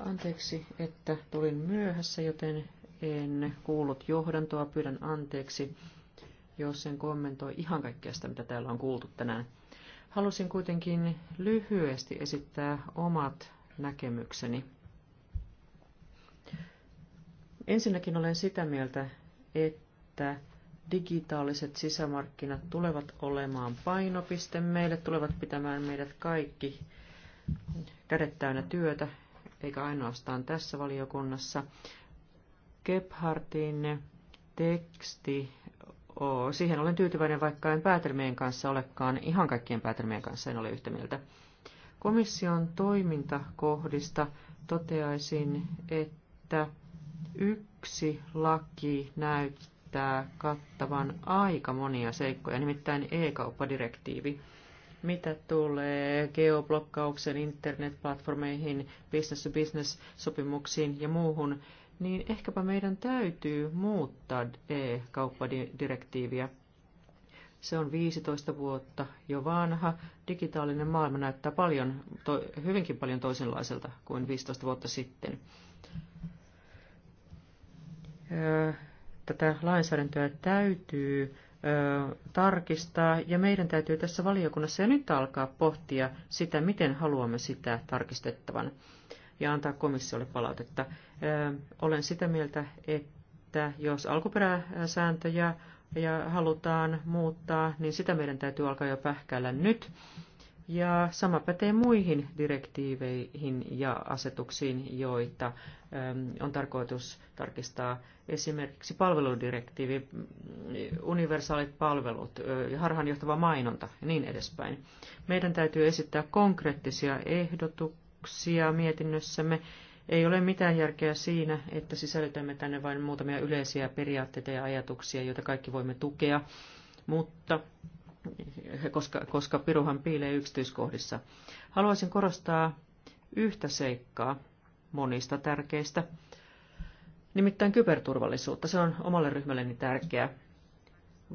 Anteeksi, että tulin myöhässä, joten en kuullut johdantoa. Pyydän anteeksi, jos en kommentoi ihan kaikkea sitä, mitä täällä on kuultu tänään. Halusin kuitenkin lyhyesti esittää omat näkemykseni. Ensinnäkin olen sitä mieltä, että digitaaliset sisämarkkinat tulevat olemaan painopiste. Meille tulevat pitämään meidät kaikki kädet täynnä työtä, eikä ainoastaan tässä valiokunnassa. Gebhardin teksti, oh, siihen olen tyytyväinen, vaikka en päätelmien kanssa olekaan, ihan kaikkien päätelmien kanssa en ole yhtä mieltä. Komission toimintakohdista toteaisin, että yksi laki näyttää, näyttää kattavan aika monia seikkoja, nimittäin e-kauppadirektiivi. Mitä tulee geoblokkauksen, internetplatformeihin, business-to-business-sopimuksiin ja muuhun, niin ehkäpä meidän täytyy muuttaa e-kauppadirektiiviä. Se on 15 vuotta jo vanha. Digitaalinen maailma näyttää paljon, to, hyvinkin paljon toisenlaiselta kuin 15 vuotta sitten tätä lainsäädäntöä täytyy ö, tarkistaa ja meidän täytyy tässä valiokunnassa ja nyt alkaa pohtia sitä, miten haluamme sitä tarkistettavan ja antaa komissiolle palautetta. Ö, olen sitä mieltä, että jos alkuperäsääntöjä ja halutaan muuttaa, niin sitä meidän täytyy alkaa jo pähkäillä nyt ja sama pätee muihin direktiiveihin ja asetuksiin, joita ähm, on tarkoitus tarkistaa. Esimerkiksi palveludirektiivi, mm, universaalit palvelut, harhaanjohtava mainonta ja niin edespäin. Meidän täytyy esittää konkreettisia ehdotuksia mietinnössämme. Ei ole mitään järkeä siinä, että sisällytämme tänne vain muutamia yleisiä periaatteita ja ajatuksia, joita kaikki voimme tukea, mutta koska, koska piruhan piilee yksityiskohdissa. Haluaisin korostaa yhtä seikkaa monista tärkeistä, nimittäin kyberturvallisuutta. Se on omalle ryhmälleni tärkeää.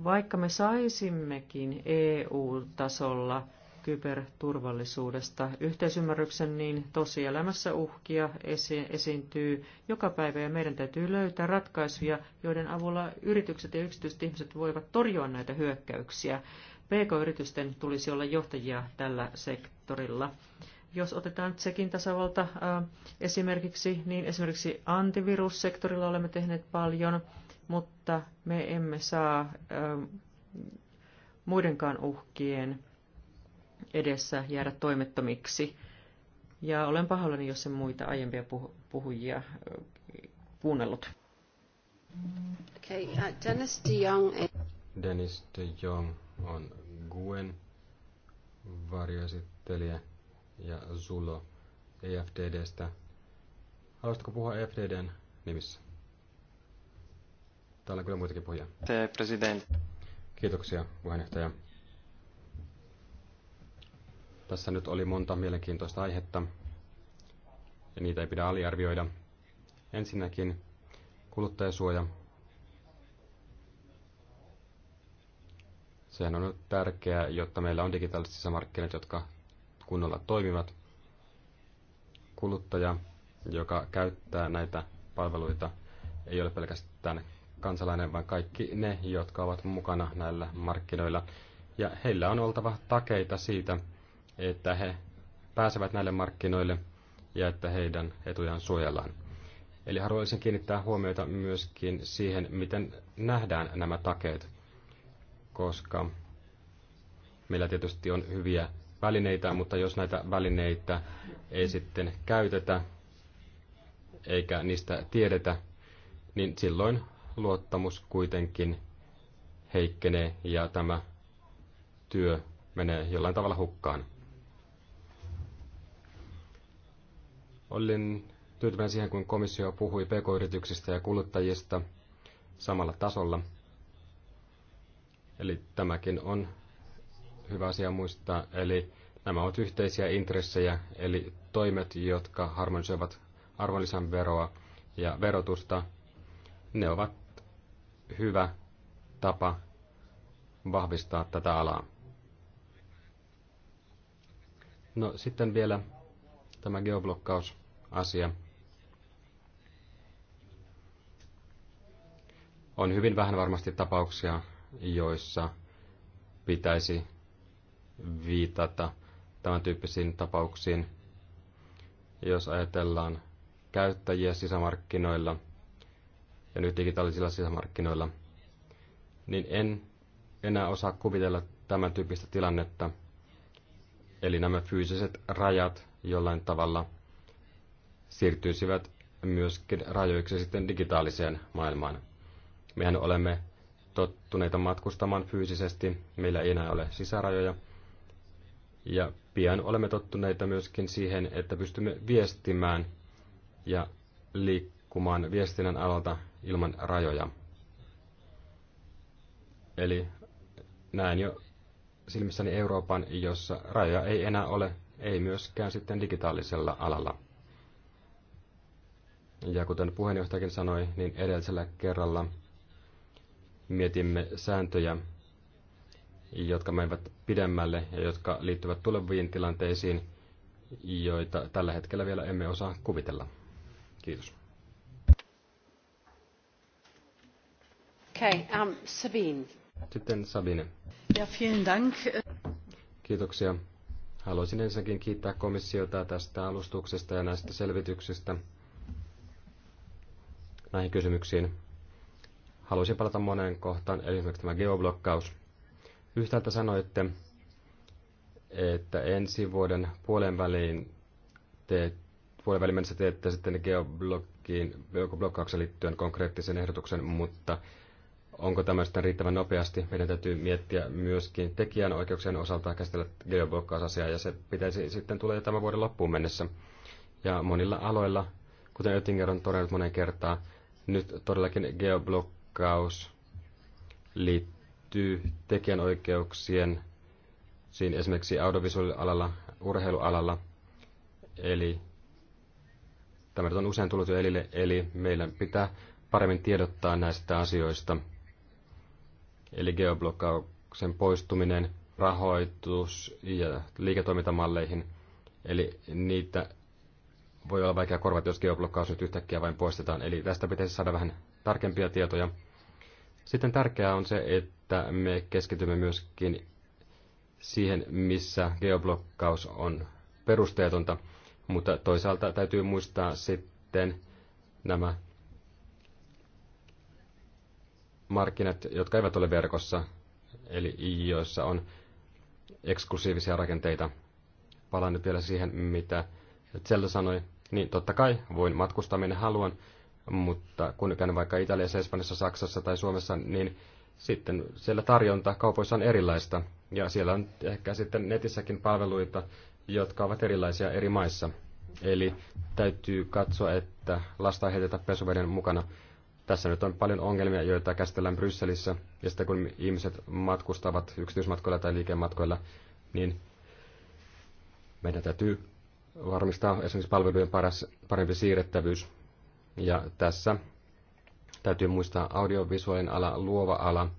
Vaikka me saisimmekin EU-tasolla kyberturvallisuudesta yhteisymmärryksen, niin tosielämässä uhkia esi- esiintyy joka päivä ja meidän täytyy löytää ratkaisuja, joiden avulla yritykset ja yksityiset ihmiset voivat torjua näitä hyökkäyksiä PK-yritysten tulisi olla johtajia tällä sektorilla. Jos otetaan Tsekin tasavalta äh, esimerkiksi, niin esimerkiksi antivirussektorilla olemme tehneet paljon, mutta me emme saa äh, muidenkaan uhkien edessä jäädä toimettomiksi. Ja olen pahoillani, jos en muita aiempia puhujia äh, kuunnellut. Okay, uh, Dennis de Jong. Dennis de on Guen varjoesittelijä ja Zulo EFDDstä. Haluaisitko puhua EFDDn nimissä? Täällä on kyllä muitakin puhujia. Te president. Kiitoksia puheenjohtaja. Tässä nyt oli monta mielenkiintoista aihetta ja niitä ei pidä aliarvioida. Ensinnäkin kuluttajasuoja Sehän on tärkeää, jotta meillä on digitaaliset sisämarkkinat, jotka kunnolla toimivat. Kuluttaja, joka käyttää näitä palveluita, ei ole pelkästään kansalainen, vaan kaikki ne, jotka ovat mukana näillä markkinoilla. Ja heillä on oltava takeita siitä, että he pääsevät näille markkinoille ja että heidän etujaan suojellaan. Eli haluaisin kiinnittää huomiota myöskin siihen, miten nähdään nämä takeet koska meillä tietysti on hyviä välineitä, mutta jos näitä välineitä ei sitten käytetä eikä niistä tiedetä, niin silloin luottamus kuitenkin heikkenee ja tämä työ menee jollain tavalla hukkaan. Olin tyytyväinen siihen, kun komissio puhui pk-yrityksistä ja kuluttajista samalla tasolla – Eli tämäkin on hyvä asia muistaa. Eli nämä ovat yhteisiä intressejä, eli toimet, jotka harmonisoivat veroa ja verotusta, ne ovat hyvä tapa vahvistaa tätä alaa. No sitten vielä tämä geoblokkausasia. On hyvin vähän varmasti tapauksia, joissa pitäisi viitata tämän tyyppisiin tapauksiin. Jos ajatellaan käyttäjiä sisämarkkinoilla ja nyt digitaalisilla sisämarkkinoilla, niin en enää osaa kuvitella tämän tyyppistä tilannetta. Eli nämä fyysiset rajat jollain tavalla siirtyisivät myöskin rajoiksi sitten digitaaliseen maailmaan. Mehän olemme tottuneita matkustamaan fyysisesti, meillä ei enää ole sisärajoja. Ja pian olemme tottuneita myöskin siihen, että pystymme viestimään ja liikkumaan viestinnän alalta ilman rajoja. Eli näen jo silmissäni Euroopan, jossa rajoja ei enää ole, ei myöskään sitten digitaalisella alalla. Ja kuten puheenjohtajakin sanoi, niin edellisellä kerralla – mietimme sääntöjä, jotka menevät pidemmälle ja jotka liittyvät tuleviin tilanteisiin, joita tällä hetkellä vielä emme osaa kuvitella. Kiitos. Okay, um, Sabine. Sitten Sabine. Ja, vielen dank. Kiitoksia. Haluaisin ensinnäkin kiittää komissiota tästä alustuksesta ja näistä selvityksistä näihin kysymyksiin. Haluaisin palata moneen kohtaan, esimerkiksi tämä geoblokkaus. Yhtäältä sanoitte, että ensi vuoden puolen väliin te, puolen välin mennessä teette sitten geoblokkiin, geoblokkaukseen liittyen konkreettisen ehdotuksen, mutta onko tämä sitten riittävän nopeasti? Meidän täytyy miettiä myöskin tekijänoikeuksien osalta käsitellä geoblokkausasiaa, ja se pitäisi sitten tulla jo tämän vuoden loppuun mennessä. Ja monilla aloilla, kuten Oettinger on todennut monen kertaa, nyt todellakin geoblokkaus pakkaus liittyy tekijänoikeuksien, siinä esimerkiksi audiovisuaalialalla, urheilualalla, eli tämä on usein tullut jo elille, eli meillä pitää paremmin tiedottaa näistä asioista. Eli geoblokkauksen poistuminen, rahoitus ja liiketoimintamalleihin. Eli niitä voi olla vaikea korvata, jos geoblokkaus nyt yhtäkkiä vain poistetaan. Eli tästä pitäisi saada vähän tarkempia tietoja. Sitten tärkeää on se, että me keskitymme myöskin siihen, missä geoblokkaus on perusteetonta, mutta toisaalta täytyy muistaa sitten nämä markkinat, jotka eivät ole verkossa, eli joissa on eksklusiivisia rakenteita. Palaan nyt vielä siihen, mitä Zelda sanoi. Niin totta kai voin matkustaa minne haluan, mutta kun käyn vaikka Italiassa, Espanjassa, Saksassa tai Suomessa, niin sitten siellä tarjonta kaupoissa on erilaista. Ja siellä on ehkä sitten netissäkin palveluita, jotka ovat erilaisia eri maissa. Eli täytyy katsoa, että lasta ei heitetä pesuveden mukana. Tässä nyt on paljon ongelmia, joita käsitellään Brysselissä. Ja sitten kun ihmiset matkustavat yksityismatkoilla tai liikematkoilla, niin meidän täytyy varmistaa esimerkiksi palvelujen paras, parempi siirrettävyys. Ja tässä täytyy muistaa audiovisuaalinen ala, luova ala,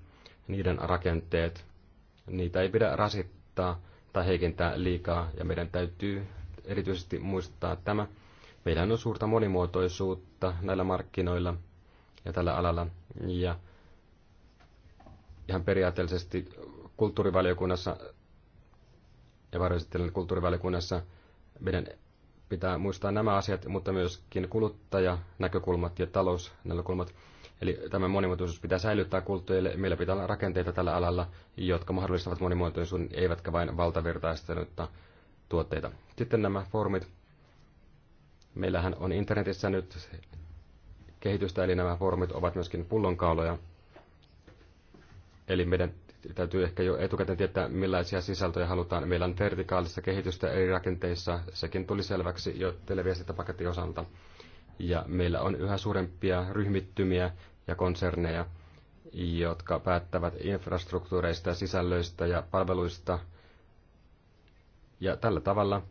niiden rakenteet. Niitä ei pidä rasittaa tai heikentää liikaa, ja meidän täytyy erityisesti muistaa tämä. meillä on suurta monimuotoisuutta näillä markkinoilla ja tällä alalla, ja ihan periaatteellisesti kulttuurivaliokunnassa ja varoisittelen kulttuurivaliokunnassa meidän pitää muistaa nämä asiat, mutta myöskin kuluttajanäkökulmat ja talousnäkökulmat. Eli tämä monimuotoisuus pitää säilyttää kuluttajille. Meillä pitää olla rakenteita tällä alalla, jotka mahdollistavat monimuotoisuuden, eivätkä vain valtavirtaistelutta tuotteita. Sitten nämä foorumit. Meillähän on internetissä nyt kehitystä, eli nämä foorumit ovat myöskin pullonkauloja. Eli meidän täytyy ehkä jo etukäteen tietää, millaisia sisältöjä halutaan. Meillä on vertikaalista kehitystä eri rakenteissa, sekin tuli selväksi jo televiestintäpaketin osalta. Ja meillä on yhä suurempia ryhmittymiä ja konserneja, jotka päättävät infrastruktuureista, sisällöistä ja palveluista. Ja tällä tavalla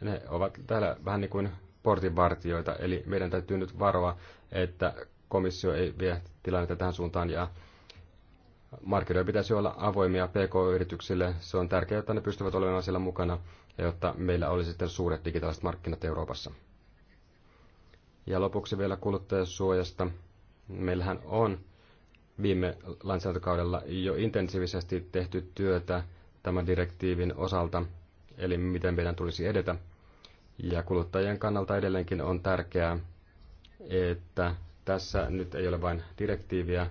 ne ovat täällä vähän niin kuin portinvartijoita, eli meidän täytyy nyt varoa, että komissio ei vie tilannetta tähän suuntaan ja markkinoiden pitäisi olla avoimia PK-yrityksille. Se on tärkeää, että ne pystyvät olemaan siellä mukana ja jotta meillä olisi sitten suuret digitaaliset markkinat Euroopassa. Ja lopuksi vielä kuluttajasuojasta. Meillähän on viime lainsäädäntökaudella jo intensiivisesti tehty työtä tämän direktiivin osalta, eli miten meidän tulisi edetä. Ja kuluttajien kannalta edelleenkin on tärkeää, että tässä nyt ei ole vain direktiiviä,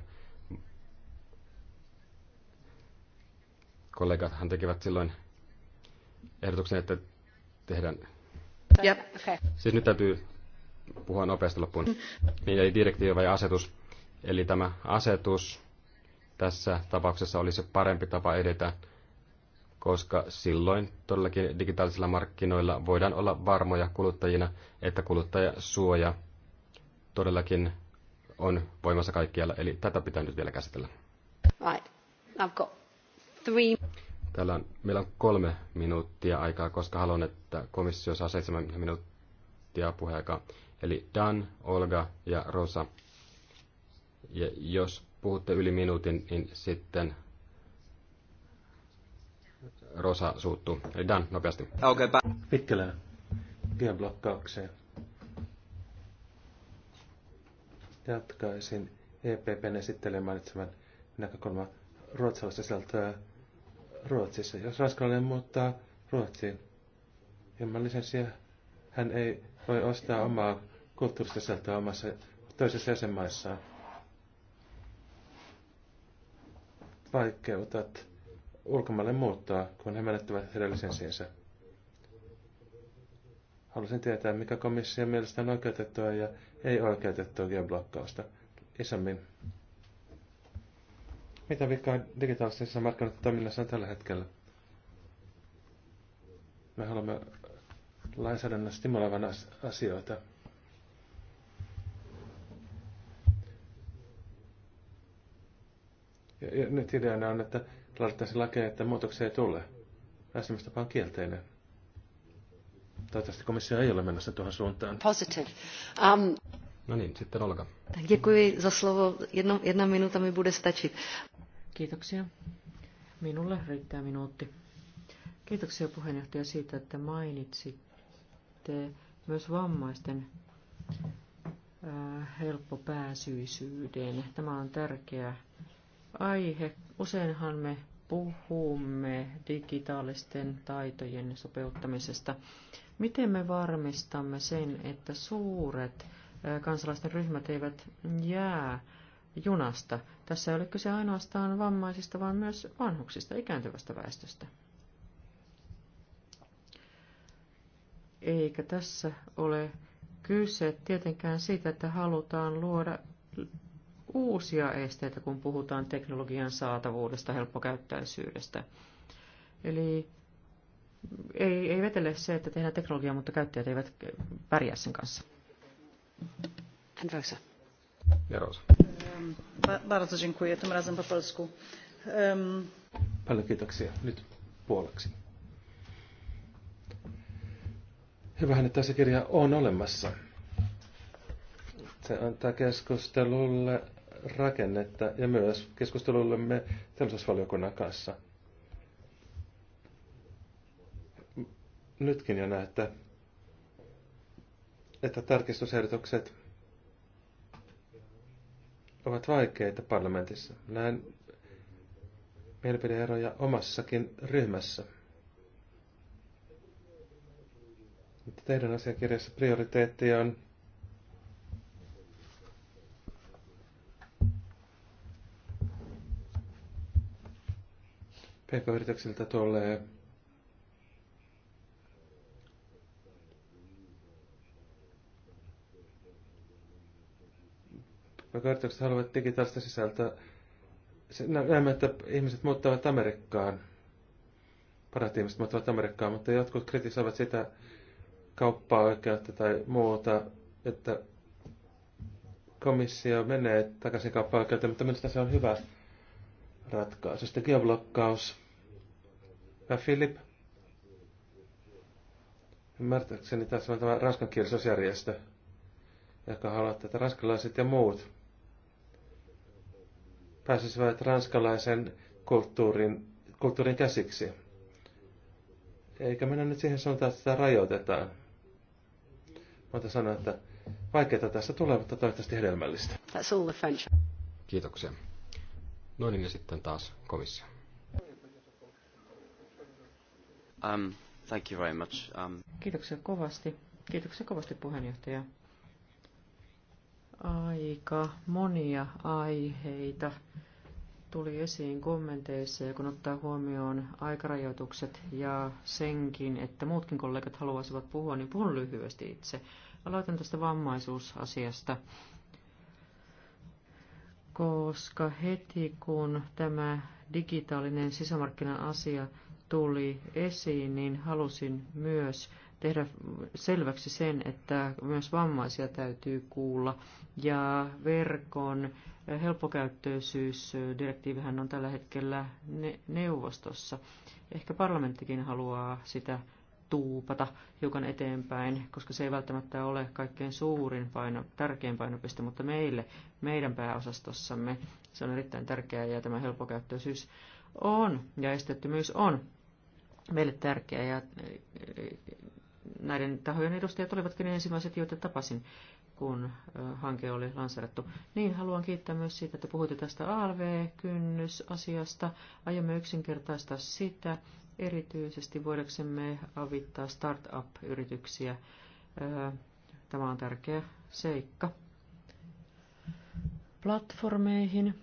Kollegat hän tekivät silloin ehdotuksen, että tehdään... Ja. Siis nyt täytyy puhua nopeasti loppuun. Niin, eli direktiivi ja asetus. Eli tämä asetus tässä tapauksessa olisi parempi tapa edetä, koska silloin todellakin digitaalisilla markkinoilla voidaan olla varmoja kuluttajina, että kuluttajasuoja todellakin on voimassa kaikkialla. Eli tätä pitää nyt vielä käsitellä. Right. I've got three. Täällä on, meillä on kolme minuuttia aikaa, koska haluan, että komissio saa seitsemän minuuttia puheaikaa. Eli Dan, Olga ja Rosa. Ja jos puhutte yli minuutin, niin sitten Rosa suuttuu. Eli Dan, nopeasti. Okei, okay, Pitkälle. Pien blokkaukseen. Jatkaisin EPPn esittelemään mainitseman näkökulman ruotsalaista sisältöä Ruotsissa. Jos ranskalainen muuttaa Ruotsiin ilman lisenssiä, hän ei voi ostaa omaa kulttuurista sisältöä omassa toisessa jäsenmaissaan. Vaikeutat ulkomaille muuttaa, kun he menettävät heidän lisenssiinsä. Haluaisin tietää, mikä komissio mielestä on oikeutettua ja ei oikeutettua geoblokkausta. Isommin. Mitä vikaa digitaalisessa markkinatoiminnassa on tällä hetkellä? Me haluamme lainsäädännön stimuloivan asioita. Ja, ja nyt ideana on, että laadittaisiin lakeja, että muutoksia ei tule. Lähestymistapa on kielteinen. Toivottavasti komissio ei ole menossa tuohon suuntaan. Positive. Um... No niin, sitten Olga. Děkuji za slovo. Jedno, jedna minuta mi bude stačit. Kiitoksia. Minulle riittää minuutti. Kiitoksia puheenjohtaja siitä, että mainitsitte myös vammaisten äh, helppopääsyisyyden. Tämä on tärkeä aihe. Useinhan me puhumme digitaalisten taitojen sopeuttamisesta. Miten me varmistamme sen, että suuret kansalaisten ryhmät eivät jää junasta. Tässä ei ole kyse ainoastaan vammaisista, vaan myös vanhuksista, ikääntyvästä väestöstä. Eikä tässä ole kyse tietenkään siitä, että halutaan luoda uusia esteitä, kun puhutaan teknologian saatavuudesta, helppokäyttäisyydestä. Eli ei, ei vetele se, että tehdään teknologiaa, mutta käyttäjät eivät pärjää sen kanssa. Bardzo dziękuję. Tym razem po polsku. Nyt puoleksi. Hyvähän, että se kirja on olemassa. Se antaa keskustelulle rakennetta ja myös keskustelullemme teollisuusvaliokunnan kanssa. Nytkin jo näyttää että tarkistusehdotukset ovat vaikeita parlamentissa. Näin mielipideeroja omassakin ryhmässä. Mutta teidän asiakirjassa prioriteetti on PK-yrityksiltä tulee vaikka yritykset haluat digitaalista sisältöä, näemme, että ihmiset muuttavat Amerikkaan. Parat ihmiset muuttavat Amerikkaan, mutta jotkut kritisoivat sitä kauppaa oikeutta tai muuta, että komissio menee takaisin kauppaan oikeuteen, mutta minusta se on hyvä ratkaisu. Sitten geoblokkaus. Ja Philip. Ymmärtääkseni tässä on tämä ranskankielisyysjärjestö, joka haluaa, että ranskalaiset ja muut pääsisivät ranskalaisen kulttuurin, kulttuurin käsiksi. Eikä mennä nyt siihen suuntaan, että sitä rajoitetaan. Mutta sanoa, että vaikeita tässä tulee, mutta toivottavasti hedelmällistä. That's all the French. Kiitoksia. No niin, ja sitten taas komissio. Um, thank you very much. Um... Kiitoksia kovasti. Kiitoksia kovasti puheenjohtaja. Aika monia aiheita tuli esiin kommenteissa ja kun ottaa huomioon aikarajoitukset ja senkin, että muutkin kollegat haluaisivat puhua, niin puhun lyhyesti itse. Aloitan tästä vammaisuusasiasta, koska heti kun tämä digitaalinen sisämarkkinan asia tuli esiin, niin halusin myös tehdä selväksi sen, että myös vammaisia täytyy kuulla. Ja verkon helppokäyttöisyysdirektiivihän on tällä hetkellä neuvostossa. Ehkä parlamenttikin haluaa sitä tuupata hiukan eteenpäin, koska se ei välttämättä ole kaikkein suurin paino, tärkein painopiste, mutta meille, meidän pääosastossamme se on erittäin tärkeää ja tämä helpokäyttöisyys on ja esteettömyys on meille tärkeää ja näiden tahojen edustajat olivatkin ensimmäiset, joita tapasin, kun hanke oli lanserattu. Niin, haluan kiittää myös siitä, että puhuitte tästä ALV-kynnysasiasta. Aiomme yksinkertaistaa sitä, erityisesti voidaksemme avittaa startup-yrityksiä. Tämä on tärkeä seikka. Platformeihin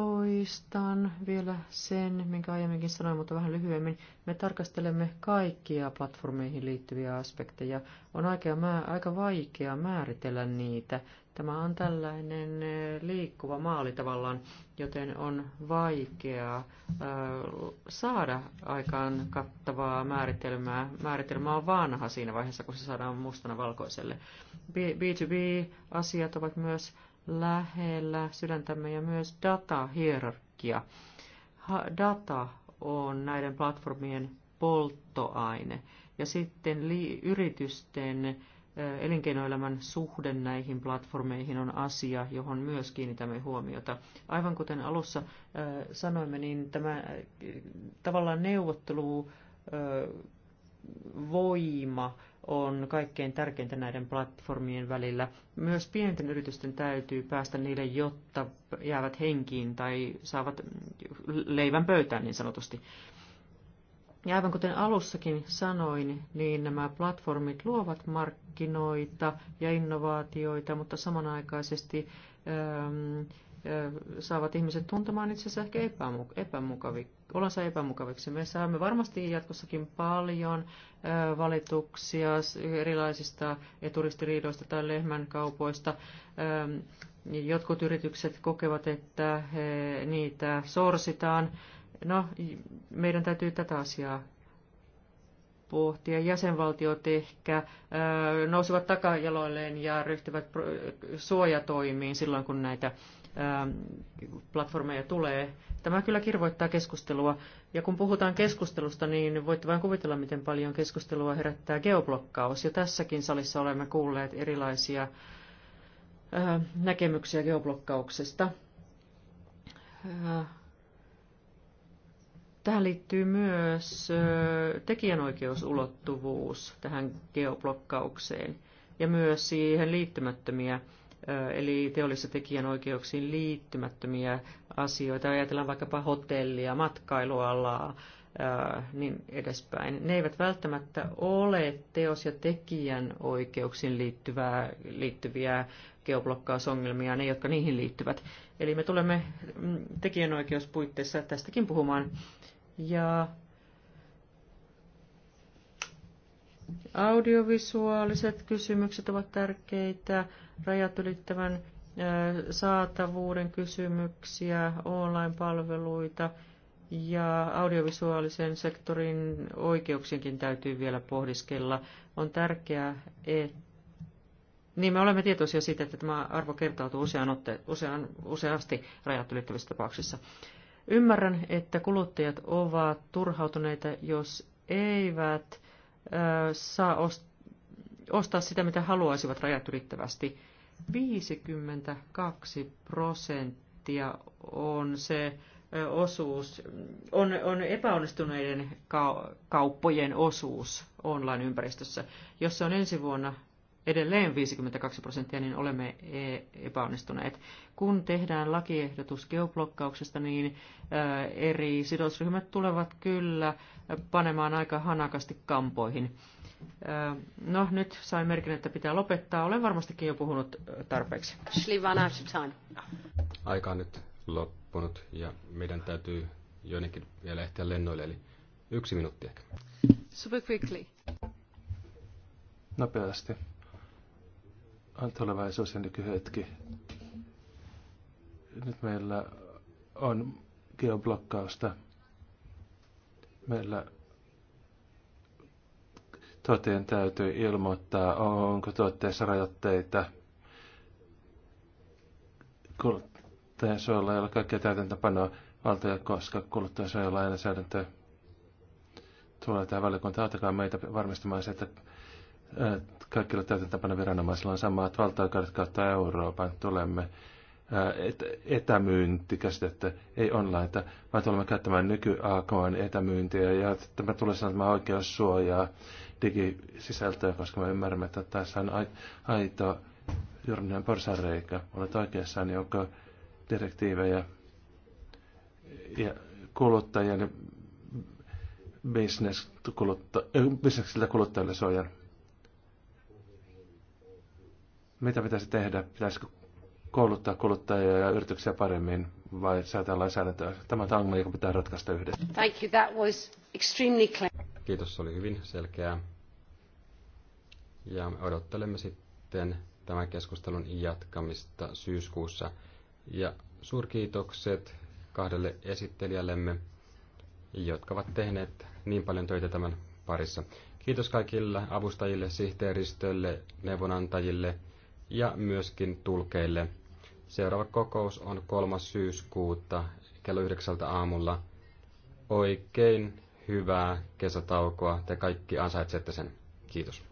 toistan vielä sen, minkä aiemminkin sanoin, mutta vähän lyhyemmin. Me tarkastelemme kaikkia platformeihin liittyviä aspekteja. On aika, aika vaikea määritellä niitä Tämä on tällainen eh, liikkuva maali tavallaan, joten on vaikea eh, saada aikaan kattavaa määritelmää. Määritelmä on vanha siinä vaiheessa, kun se saadaan mustana valkoiselle. B2B-asiat ovat myös lähellä sydäntämme ja myös datahierarkia. Data on näiden platformien polttoaine ja sitten yritysten elinkeinoelämän suhde näihin platformeihin on asia, johon myös kiinnitämme huomiota. Aivan kuten alussa sanoimme, niin tämä tavallaan neuvottelu voima on kaikkein tärkeintä näiden platformien välillä. Myös pienten yritysten täytyy päästä niille, jotta jäävät henkiin tai saavat leivän pöytään niin sanotusti. Ja aivan kuten alussakin sanoin, niin nämä platformit luovat markkinoita ja innovaatioita, mutta samanaikaisesti ähm, äh, saavat ihmiset tuntemaan itsensä ehkä epämuk- epämukavi- epämukaviksi. Me saamme varmasti jatkossakin paljon äh, valituksia erilaisista eturistiriidoista tai lehmänkaupoista. Ähm, jotkut yritykset kokevat, että he, niitä sorsitaan No, meidän täytyy tätä asiaa pohtia. Jäsenvaltiot ehkä nousevat takajaloilleen ja ryhtyvät suojatoimiin silloin, kun näitä platformeja tulee. Tämä kyllä kirvoittaa keskustelua. Ja kun puhutaan keskustelusta, niin voitte vain kuvitella, miten paljon keskustelua herättää geoblokkaus. Jo tässäkin salissa olemme kuulleet erilaisia näkemyksiä geoblokkauksesta Tähän liittyy myös tekijänoikeusulottuvuus tähän geoblokkaukseen ja myös siihen liittymättömiä, eli teollisissa tekijänoikeuksiin liittymättömiä asioita. Ajatellaan vaikkapa hotellia, matkailualaa, niin edespäin. Ne eivät välttämättä ole teos- ja tekijänoikeuksiin liittyvää, liittyviä geoblokkausongelmia, ne jotka niihin liittyvät. Eli me tulemme mm, tekijänoikeuspuitteissa tästäkin puhumaan ja audiovisuaaliset kysymykset ovat tärkeitä, rajat ylittävän saatavuuden kysymyksiä, online-palveluita ja audiovisuaalisen sektorin oikeuksienkin täytyy vielä pohdiskella. On tärkeää, että niin, me olemme tietoisia siitä, että tämä arvo kertautuu usean otte, usean, useasti rajat ylittävissä tapauksissa. Ymmärrän, että kuluttajat ovat turhautuneita, jos eivät saa ostaa sitä, mitä haluaisivat rajat ylittävästi. 52 prosenttia on se osuus, on, on epäonnistuneiden kauppojen osuus online-ympäristössä. Jos se on ensi vuonna edelleen 52 prosenttia, niin olemme e- epäonnistuneet. Kun tehdään lakiehdotus geoblokkauksesta, niin eri sidosryhmät tulevat kyllä panemaan aika hanakasti kampoihin. No nyt sain merkin, että pitää lopettaa. Olen varmastikin jo puhunut tarpeeksi. Aika on nyt loppunut ja meidän täytyy joidenkin vielä ehtiä lennoille, eli yksi minuutti ehkä. Super quickly. Nopeasti on tulevaisuus ja nykyhetki. Nyt meillä on geoblokkausta. Meillä tuotteen täytyy ilmoittaa, onko tuotteessa rajoitteita. Kuluttajansuojella ei ole kaikkea täytäntöpanoa valtoja, koska kuluttajansuojella lainsäädäntö tulee tähän valiokuntaan. Autakaa meitä varmistamaan se, että kaikilla täytäntäpänä viranomaisilla on samat valtaoikeudet kautta Euroopan. Tulemme et, etämyyntikäsitettä, ei online, vaan tulemme käyttämään nyky etämyyntiä ja tämä tulee sanomaan oikeussuojaa digisisältöä, koska me ymmärrämme, että tässä on aito juridinen porsareikä. Olet oikeassaan joukko direktiivejä ja kuluttajien business kulutta, eh, bisneksiltä kuluttajille suojan mitä pitäisi tehdä? Pitäisikö kouluttaa kuluttajia ja yrityksiä paremmin vai säätää lainsäädäntöä? Tämä on ongelma, joka pitää ratkaista yhdessä. Thank you. That was extremely clear. Kiitos, se oli hyvin selkeää. Ja me odottelemme sitten tämän keskustelun jatkamista syyskuussa. Ja suurkiitokset kahdelle esittelijällemme, jotka ovat tehneet niin paljon töitä tämän parissa. Kiitos kaikille avustajille, sihteeristölle, neuvonantajille – ja myöskin tulkeille. Seuraava kokous on 3. syyskuuta kello 9 aamulla. Oikein hyvää kesätaukoa. Te kaikki ansaitsette sen. Kiitos.